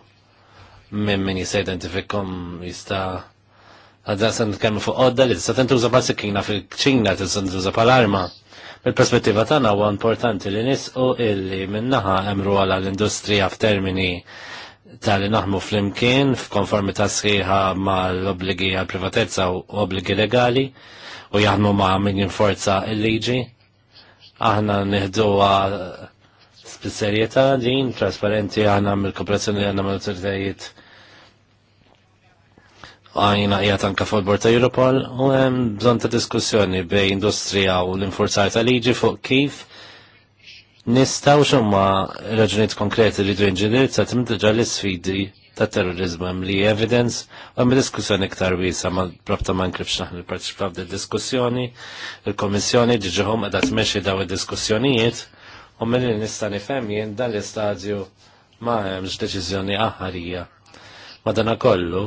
minn min jista' identifikom jista' għadda san kemmu fuq għodda li tista' tintuża bħal sikkina fil-ċina tista' tintuża bħal arma. Il-perspettiva tagħna huwa importanti li nisqu illi minnaħa hemm għala l-industrija f'termini ta li naħmu fl-imkien f'konformità sħiħa mal-obligi għal privatezza u obligi legali u jaħdmu ma' min jinforza il-liġi. Aħna nieħduha spisserieta din, trasparenti għana mill-kooperazzjoni għanna mill-autoritajiet għajna jgħat anka fuq il-Bord ta' Europol u hemm bżonn ta' diskussjoni bej industrija u l-infurzar ta' liġi fuq kif nistaw xumma raġunijiet konkreti li dwejn ġilir ta' timdiġa l-sfidi ta' terrorizmu hemm li evidence u hemm diskussjoni iktar wisa ma' propta ma' nkribx naħna nipparteċipaw di diskussjoni il-Kommissjoni ġiġihom qiegħda tmexxi daw id-diskussjonijiet u milli nista' nifhem jien dan l-istadju ma' hemmx deċiżjoni aħħarija. Madana kollu,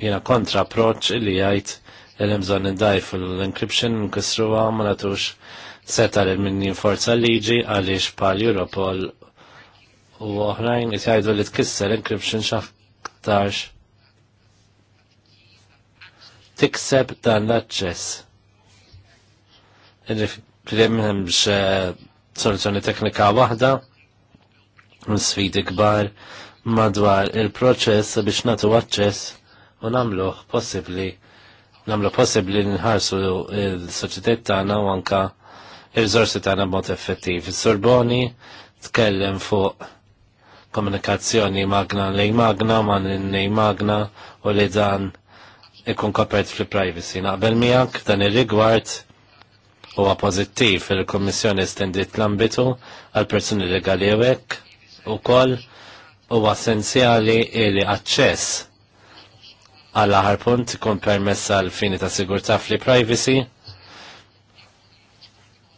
Jena kontra approċ li jgħid li mżon indajfu l-encryption nkisruha ma nagħtux seta lil min jinforza liġi għaliex pal Europol u oħrajn qed jgħidu li tkisser encryption x'aktarx tikseb dan l-aċċess. Prim biex eh, soluzzjoni teknika waħda, sfidi kbar madwar il-proċess biex natu aċċess u namluħ possibli namluħ possibli nħarsu il-soċitet tagħna u anka il-rizorsi tagħna b'mod effettiv. sorboni tkellem fuq komunikazzjoni magna lej magna ma nej magna u li dan ikun kopert fil-privacy. Naqbel miegħek dan ir-rigward huwa pożittiv il-Kummissjoni stendit l-ambitu għal persuni legali u ukoll huwa essenzjali li aċċess għal aħar punt ikun permess għal fini ta' sigurtà fli privacy.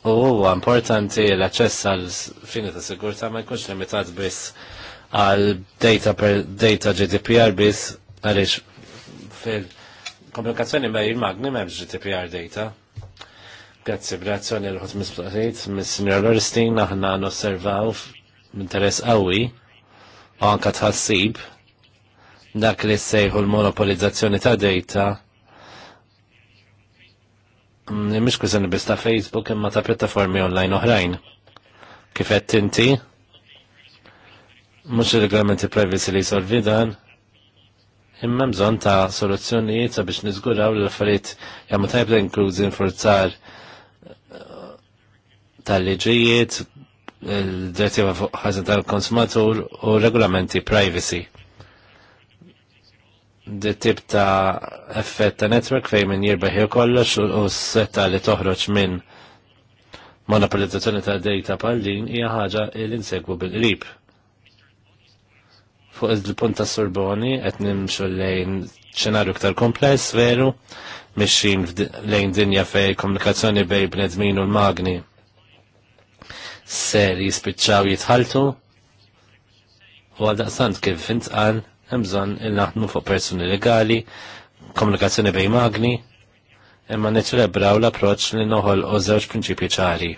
U huwa importanti l-aċċess għal fini ta' sigurtà ma jkunx limitat biss għal data per data GDPR biss għaliex fil-komplikazzjoni ma' il-magni ma' GDPR data. Grazie, grazie l-ħot mis mis-Sinjor Loristin, aħna nosservaw interess qawwi u anka tħassib dak li sejħu l-monopolizzazzjoni ta' data mm, mhix kwistjoni biss ta' Facebook imma ta' pjattaformi online oħrajn. Kif qed inti? Mhux ir-regolamenti privacy li jsolvi dan, imma bżonn ta' soluzzjonijiet sabiex niżguraw l-affarijiet jagħmlu tajb inklużi nfurzar eh, tal-liġijiet, il drettiva fuq ħażin tal-konsumatur u regolamenti privacy di tip ta' effett ta' network fejn min jirbaħi kollox u setta li toħroġ minn monopolizzazzjoni ta' data pal din hija ħaġa li nsegwu bil-qrib. Fuq il-punt ta' Sorboni qed nimxu lejn xenarju iktar kompless veru mixin lejn dinja fej komunikazzjoni bej bnedmin u l-magni ser jispiċċaw jitħaltu u għaldaqsant kif intqan hemm bżonn il naħnu fuq persuni legali, komunikazzjoni bej magni, imma niċelebraw l-approċċ li noħol u żewġ prinċipji ċari.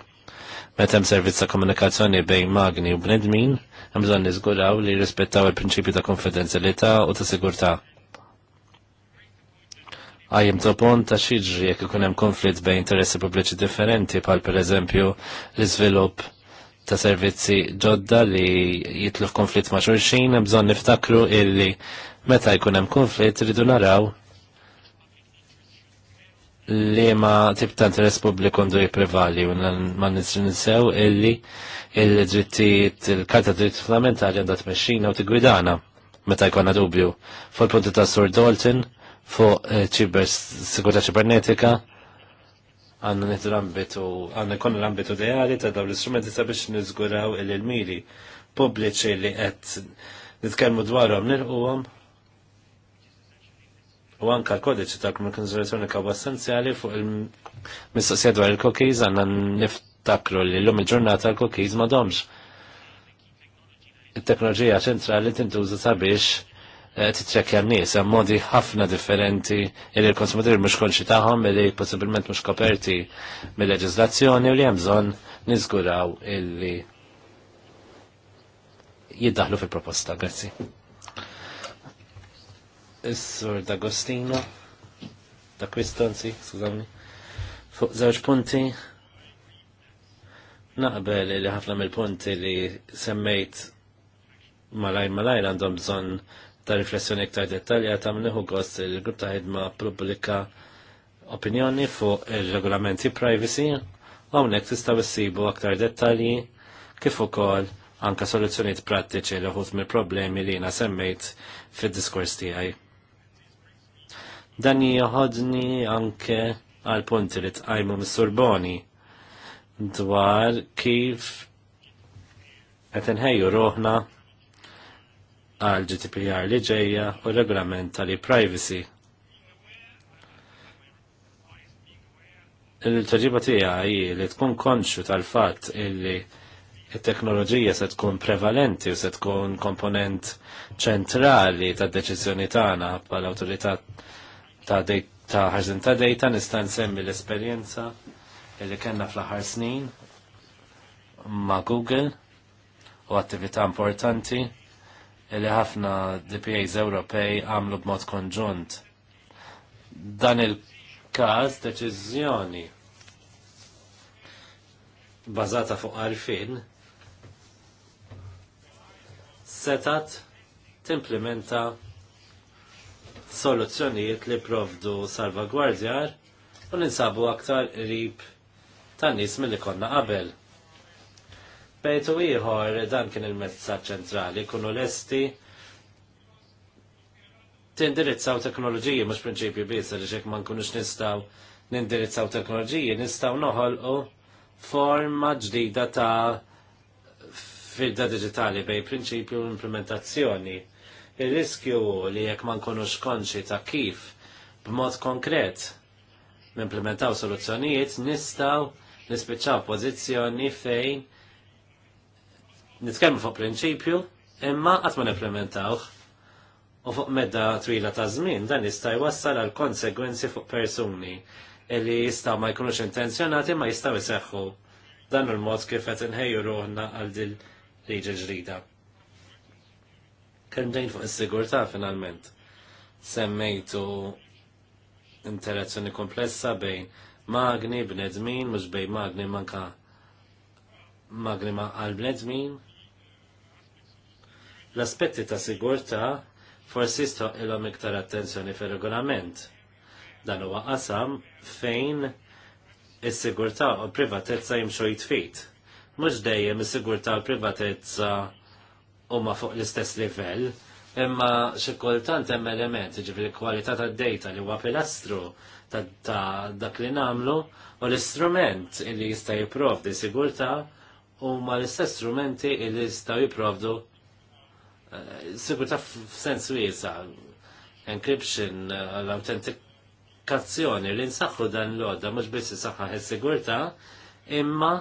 Meta hemm servizz ta' komunikazzjoni bejn magni u bnedmin, hemm bżonn niżguraw li rispettaw il-prinċipji ta' konfidenzjalità u ta' sigurtà għajem topon ta' xieġri jek ikun hemm konflitt bejn interessi pubbliċi differenti bħal per eżempju l-iżvilupp ta' servizzi ġodda li jitluf konflitt ma' xurxin, bżon niftakru illi meta jkun hemm konflitt rridu naraw li ma tip ta' interess pubbliku għandu jiprevali u ma nisew illi il-drittijiet, il-karta dritt fundamentali għandha tmexxina u t-gwidana meta jkollna dubju. Fuq il-punti ta' Sur Dalton fuq eh, ċiber sigurtà ċibernetika għanna nit l-ambitu, għanna kon l dejali ta' daw l-istrumenti sabiex nizguraw il-miri pubbliċi li għed nitkelmu dwarom nirquwom u anka l-kodiċi ta' komunikazzjoni kaw essenzjali fuq il-mistoqsija dwar il-kokiz għanna niftakru li l-lum il-ġurnata l-kokiz ma domx. Il-teknoloġija ċentrali tintuża sabiex Eh, titrekja n-nies, hemm modi ħafna differenti li l-konsumatur mhux taħom, tagħhom li possibilment mhux koperti mill leġizlazzjoni u li hemm bżonn niżguraw li jiddaħlu fil-proposta. Grazzi. Is-sur D'Agostino, da Kristonzi, skużawni, fuq żewġ punti naqbel li ħafna mill-punti li semmejt malajr malajr għandhom bżonn ta' riflessjoni iktar dettaljata mniħu gost il-grupp ta' ħidma pubblika opinjoni fuq il-regolamenti privacy hawnhekk tista' issibu aktar dettalji kif ukoll anka soluzzjonijiet prattiċi li ħut mill-problemi li jiena semmejt fid-diskors tiegħi. Dan joħodni anke għal punti li tqajmu mis surboni dwar kif qed inħejju roħna għal GDPR li ġejja u regolament tal privacy. Il-tħarġiba tiegħi li tkun konxu tal-fatt illi il teknoloġija se tkun prevalenti u se tkun komponent ċentrali tad deċiżjoni tagħna bħal awtorità ta' ta' ħarżin ta' dejta nista' nsemmi l-esperjenza li kellna fl-aħħar snin ma' Google u attività importanti li ħafna DPAs Ewropej għamlu b'mod konġunt. Dan il-każ deċiżjoni bażata fuq għarfin setat timplementa soluzzjonijiet li provdu salvagwardjar u ninsabu aktar rib tan nies mill-li konna qabel bejtu ieħor dan kien il-messaġġ ċentrali, kunu lesti tindirizzaw teknoloġiji mhux prinċipju biser li ma nkunux nistgħu nindirizzaw teknoloġiji, nistgħu noħolqu forma ġdida ta' firda digitali bej prinċipju u implementazzjoni. Il-riskju li jekk ma nkunux konxi ta' kif b'mod konkret n-implementaw soluzzjonijiet nistgħu nispiċċaw pożizzjoni fejn nitkellmu fuq prinċipju, imma qatt ma nipplementawh. u fuq medda twila ta' żmien dan jista' jwassal għal konsegwenzi fuq persuni li jistgħu ma jkunux intenzjonati ma jistgħu jseħħu dan il-mod kif qed inħejju ruħna għal din liġi ġrida. Kemm dejn fuq is-sigurtà finalment. Semmejtu interazzjoni komplessa bejn magni bnedmin, mhux bejn magni manka magni ma għal bnedmin, L-aspetti ta' sigurta forsi stoq ilhom iktar attenzjoni fir-regolament. Dan huwa qasam fejn is-sigurtà u privatezza jimxu jitfit. Mhux dejjem is-sigurtà u privatezza huma fuq l-istess livell, imma xi kultant hemm elementi ġifieri kwalità tad-dejta li huwa pilastru ta' dak li nagħmlu u l-istrument li jista' jipprovdi sigurtà huma l-istess strumenti li jistgħu jipprovdu sigurta f'sens wiesa, encryption, eh, l-autentikazzjoni, li nsaħħu dan l-odda, mux biss saħħa sigurta imma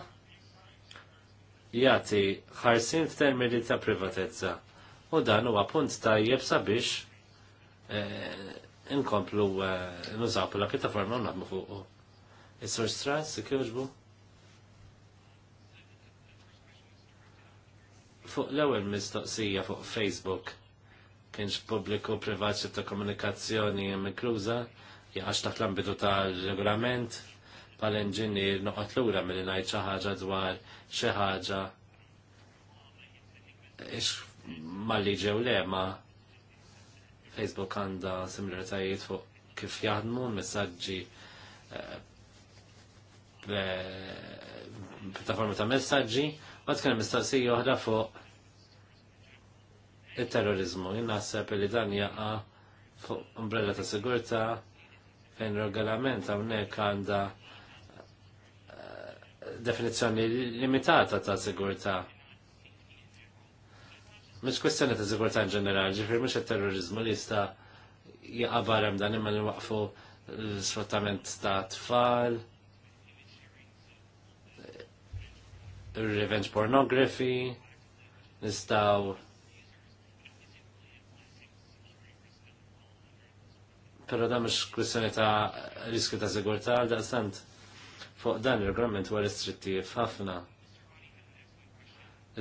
jati ħarsin f'termini ta' privatezza. U dan huwa punt tajjeb sabiex eh, inkomplu eh, n-użapu la pjattaforma u naħdmu fuq. Is-sur Stras, kif fuq l-ewwel mistoqsija fuq Facebook kienx pubbliku privat xib ta' komunikazzjoni mikluża jgħax taħt l-ambitu tal-regolament pal-inġinier noqgħod lura milli ngħid xi ħaġa dwar xi ħaġa ix malli ġew lema Facebook għandha similaritajiet fuq kif jaħdmu messaġġi eh, ta' forma ta' messagġi, għad kena mistaqsija uħra fuq il-terrorizmu. Jinnaħseb li dan jaqa fuq umbrella ta' sigurta fejn regolament hawnhekk għandha eh, definizzjoni limitata ta' sigurta. Mux kwestjoni ta' sigurta in ġenerali, ġifir mhux it-terrorizmu li jista' jaqbar hemm dan imma li waqfu l-sfruttament ta' tfal. revenge pornography, nistaw Pero da mux kwestjoni ta' riskju ta' sigurta għal sant. Fuq dan il-regolament huwa restrittiv ħafna.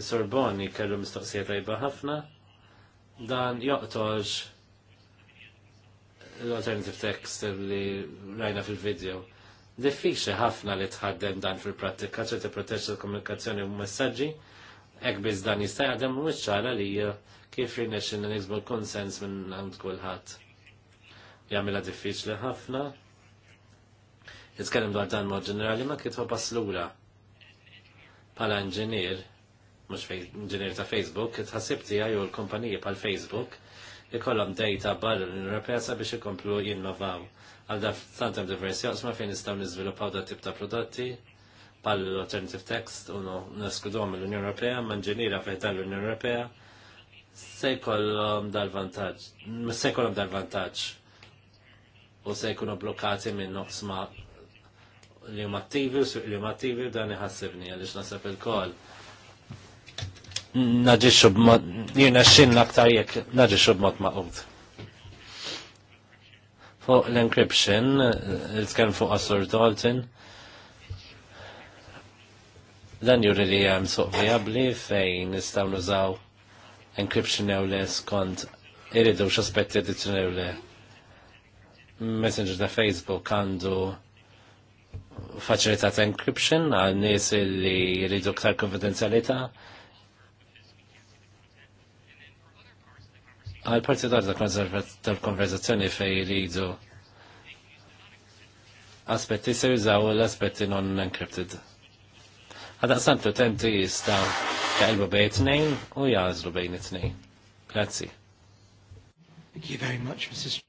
Is-Sorboni kellu mistoqsija tajba ħafna. Dan joqtoġ l-alternative text li rajna fil-video. Diffiċli ħafna li tħaddem dan fil-prattika ċe tipproteġġi l-komunikazzjoni u messaġġi hekk biss dan jista' u mhux ċara li kif rinexxin nixbu l-konsens minn għand kulħadd jagħmilha diffiċli ħafna. Nitkellem dwar dan mod ġenerali ma pass lura. Bħala inġinier, mhux inġinier ta' Facebook, kitħassib tiegħi u l-kumpaniji bħal Facebook ikollhom data barra l-Unjoni Ewropea sabiex ikomplu jinnovaw. Għal daf tantem diversi oqsma fejn nistgħu niżviluppaw dat tip ta' prodotti bħal alternative text u neskudhom l-Unjoni Ewropea ma' inġiniera fejn tal-Unjoni Ewropea se jkollhom dal-vantaġġ. Se jkollhom dal-vantaġġ u se jkunu blokkati minn noqsma li huma attivi u suq li huma attivi dan iħassibni għaliex nasab il-kol. Naġixxu b'mod, jiena xinna aktar jekk naġixxu b'mod maqut. Fuq l-encryption, it-kem fuq Assur Dalton, dan juri li hemm suq vijabbli fejn nistgħu nużaw encryption ewles kont iridu x'aspetti addizzjonali Messenger ta' Facebook għandu faċilità ta' encryption għal nies li jridu ktar konfidenzjalità. Għal parti dar tal-konverzazzjoni fej jridu aspetti se jużaw l-aspetti non encrypted. Għadda l tenti jista jaqilbu bej it-tnejn u jażlu bejn it nejn Grazie. Thank you very much, Mrs.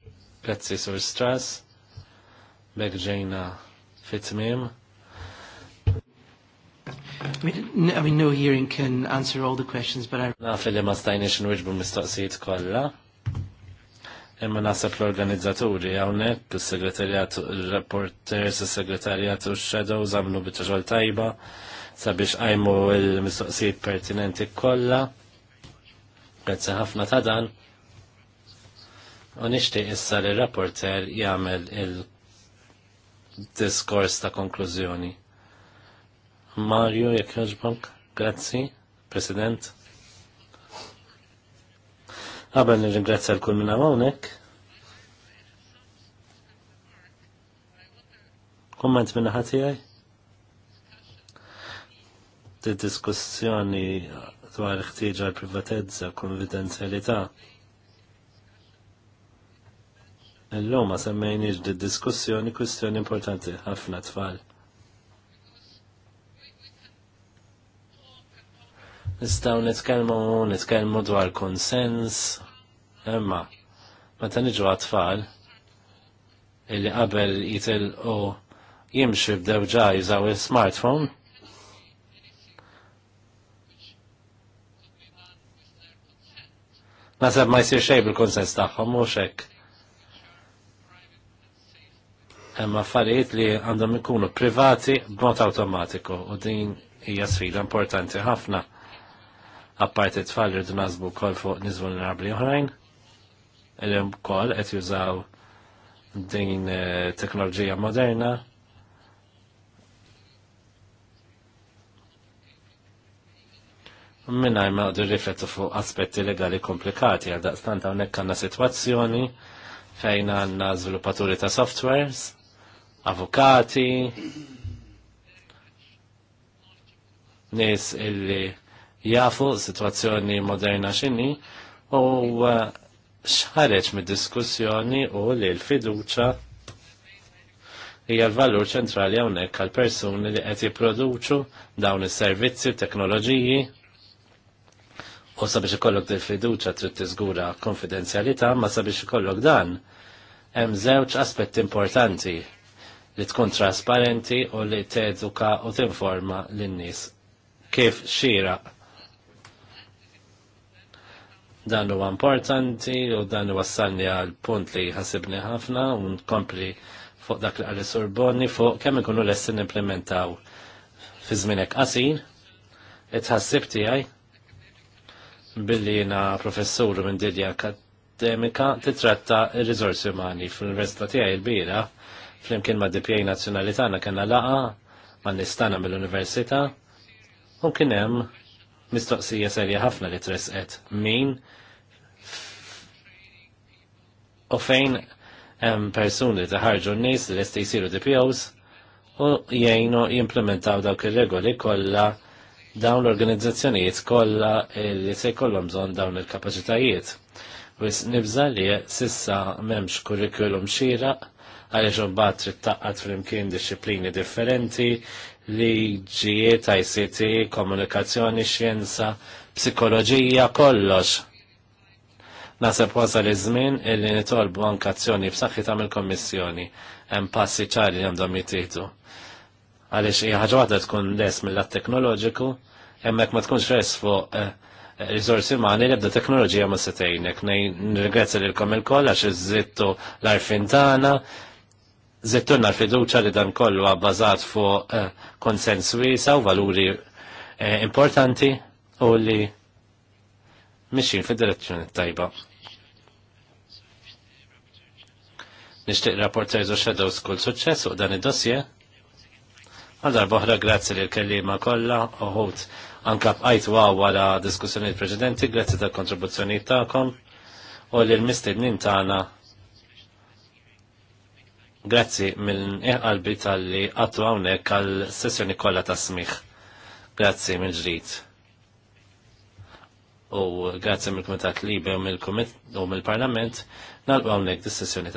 Grazzi Sur Stras, Bek Ġejna tmim I mean, no hearing can answer all the questions, but I... Na, fili ma stajniex nwiġbu mistoqsijiet kollha. Imma nasab l-organizzaturi hawnhekk is-segretarjat, ir-rapporters, is-segretarjat u shadows għamlu bitaġol tajba sabiex qajmu il mistoqsijiet pertinenti kollha. Grazzi ħafna ta' dan. U nixtieq issa li rapporter jagħmel il-diskors ta' konklużjoni. Mario, jekk jogħġbok, grazzi, President. Qabel nirringrazzja l-kull minn hawnhekk. Komment minna ħadd tiegħi? Di diskussjoni dwar iħtieġa l-privatezza, konfidenzjalità. Illum ma semmejniex di diskussjoni kwistjoni importanti ħafna tfal. Nistaw nitkellmu nitkellmu dwar konsens, imma meta niġu għat-tfal illi qabel jitil u jimxi b'dew ġa jużaw il-smartphone, Nasab ma jisir xej bil-konsens tagħhom mhux hekk hemm affarijiet li għandhom ikunu privati b'mod awtomatiku u din hija sfida importanti ħafna. Apparti tfal irdu nażbu wkoll fuq nies vulnerabbli oħrajn, li wkoll qed jużaw din eh, teknoloġija moderna minnaj ma għadu riflettu fuq aspetti legali komplikati għal daqstant għonek għanna situazzjoni fejn għanna sviluppaturi ta' softwares avukati, nis illi jafu situazzjoni moderna xini u uh, xħareċ mid-diskussjoni u li l-fiduċa hija l-valur ċentrali hawnhekk għal persuni li qed jipproduċu dawn is-servizzi u teknoloġiji u sabiex ikollok dil fiduċa trid tiżgura konfidenzjalità ma sabiex ikollok dan hemm żewġ aspetti importanti li tkun trasparenti u li teduka u tinforma lin-nies kif xira dan huwa importanti u dan wassalni għal punt li ħasibni ħafna u nkompli fuq dak li Sur Sorbonni fuq kemm ikunu lessin implementaw fi żminek qasir tħassib tiegħi billi jiena professur minn didja akademika titratta r-riżorsi umani fl-Università tiegħi l-bira flimkien ma' DPA nazzjonali tagħna kellna laqa ma' nistana mill-Università u kien hemm mistoqsija serja ħafna li tresqet min u fejn hemm persuni taħarġu n-nies li lesti jsiru DPOs u jgħinu jimplementaw dawk ir-regoli kollha dawn l-organizzazzjonijiet kollha li se jkollhom bżonn dawn il-kapaċitajiet. Wis nibża li sissa m'hemmx kurrikulum xieraq għaliex imbagħad trid taqqad flimkien disċiplini differenti li ġijiet ICT, komunikazzjoni, xjenza, psikoloġija, kollox. Naseb wasal li żmien illi nitolbu anke azzjoni b'saħħi mill kommissjoni hemm passi ċari li għandhom jittieħdu. Għaliex hija ħaġa waħda tkun les mill teknoloġiku, hemmhekk ma tkunx res fuq eh, risorsi umani l-ebda teknoloġija ma setejnek. Nej l-kom il-koll għax iż-zittu l-arfintana, Zittuna l-fiduċa li dan kollu għabbażat fuq eh, konsens wiesa u valuri eh, importanti u li miexin fid-direzzjoni tajba. Nishtiq jizu xedaw skull suċċess u dan id-dossier. Għadar boħra grazzi li l-kellima kolla uħut anka bqajt waw wara diskussjoniet preċedenti, grazzi tal kontribuzzjoni kom u li l-mistednin ta'na Grazzi minn eh, qalbi tal-li għattu għawnek għal-sessjoni kollha ta' smiħ. Grazzi minn ġrid. U grazzi mill-Kumitat Libe u mill-Parlament nalqgħu hawnhekk dis-sessjoni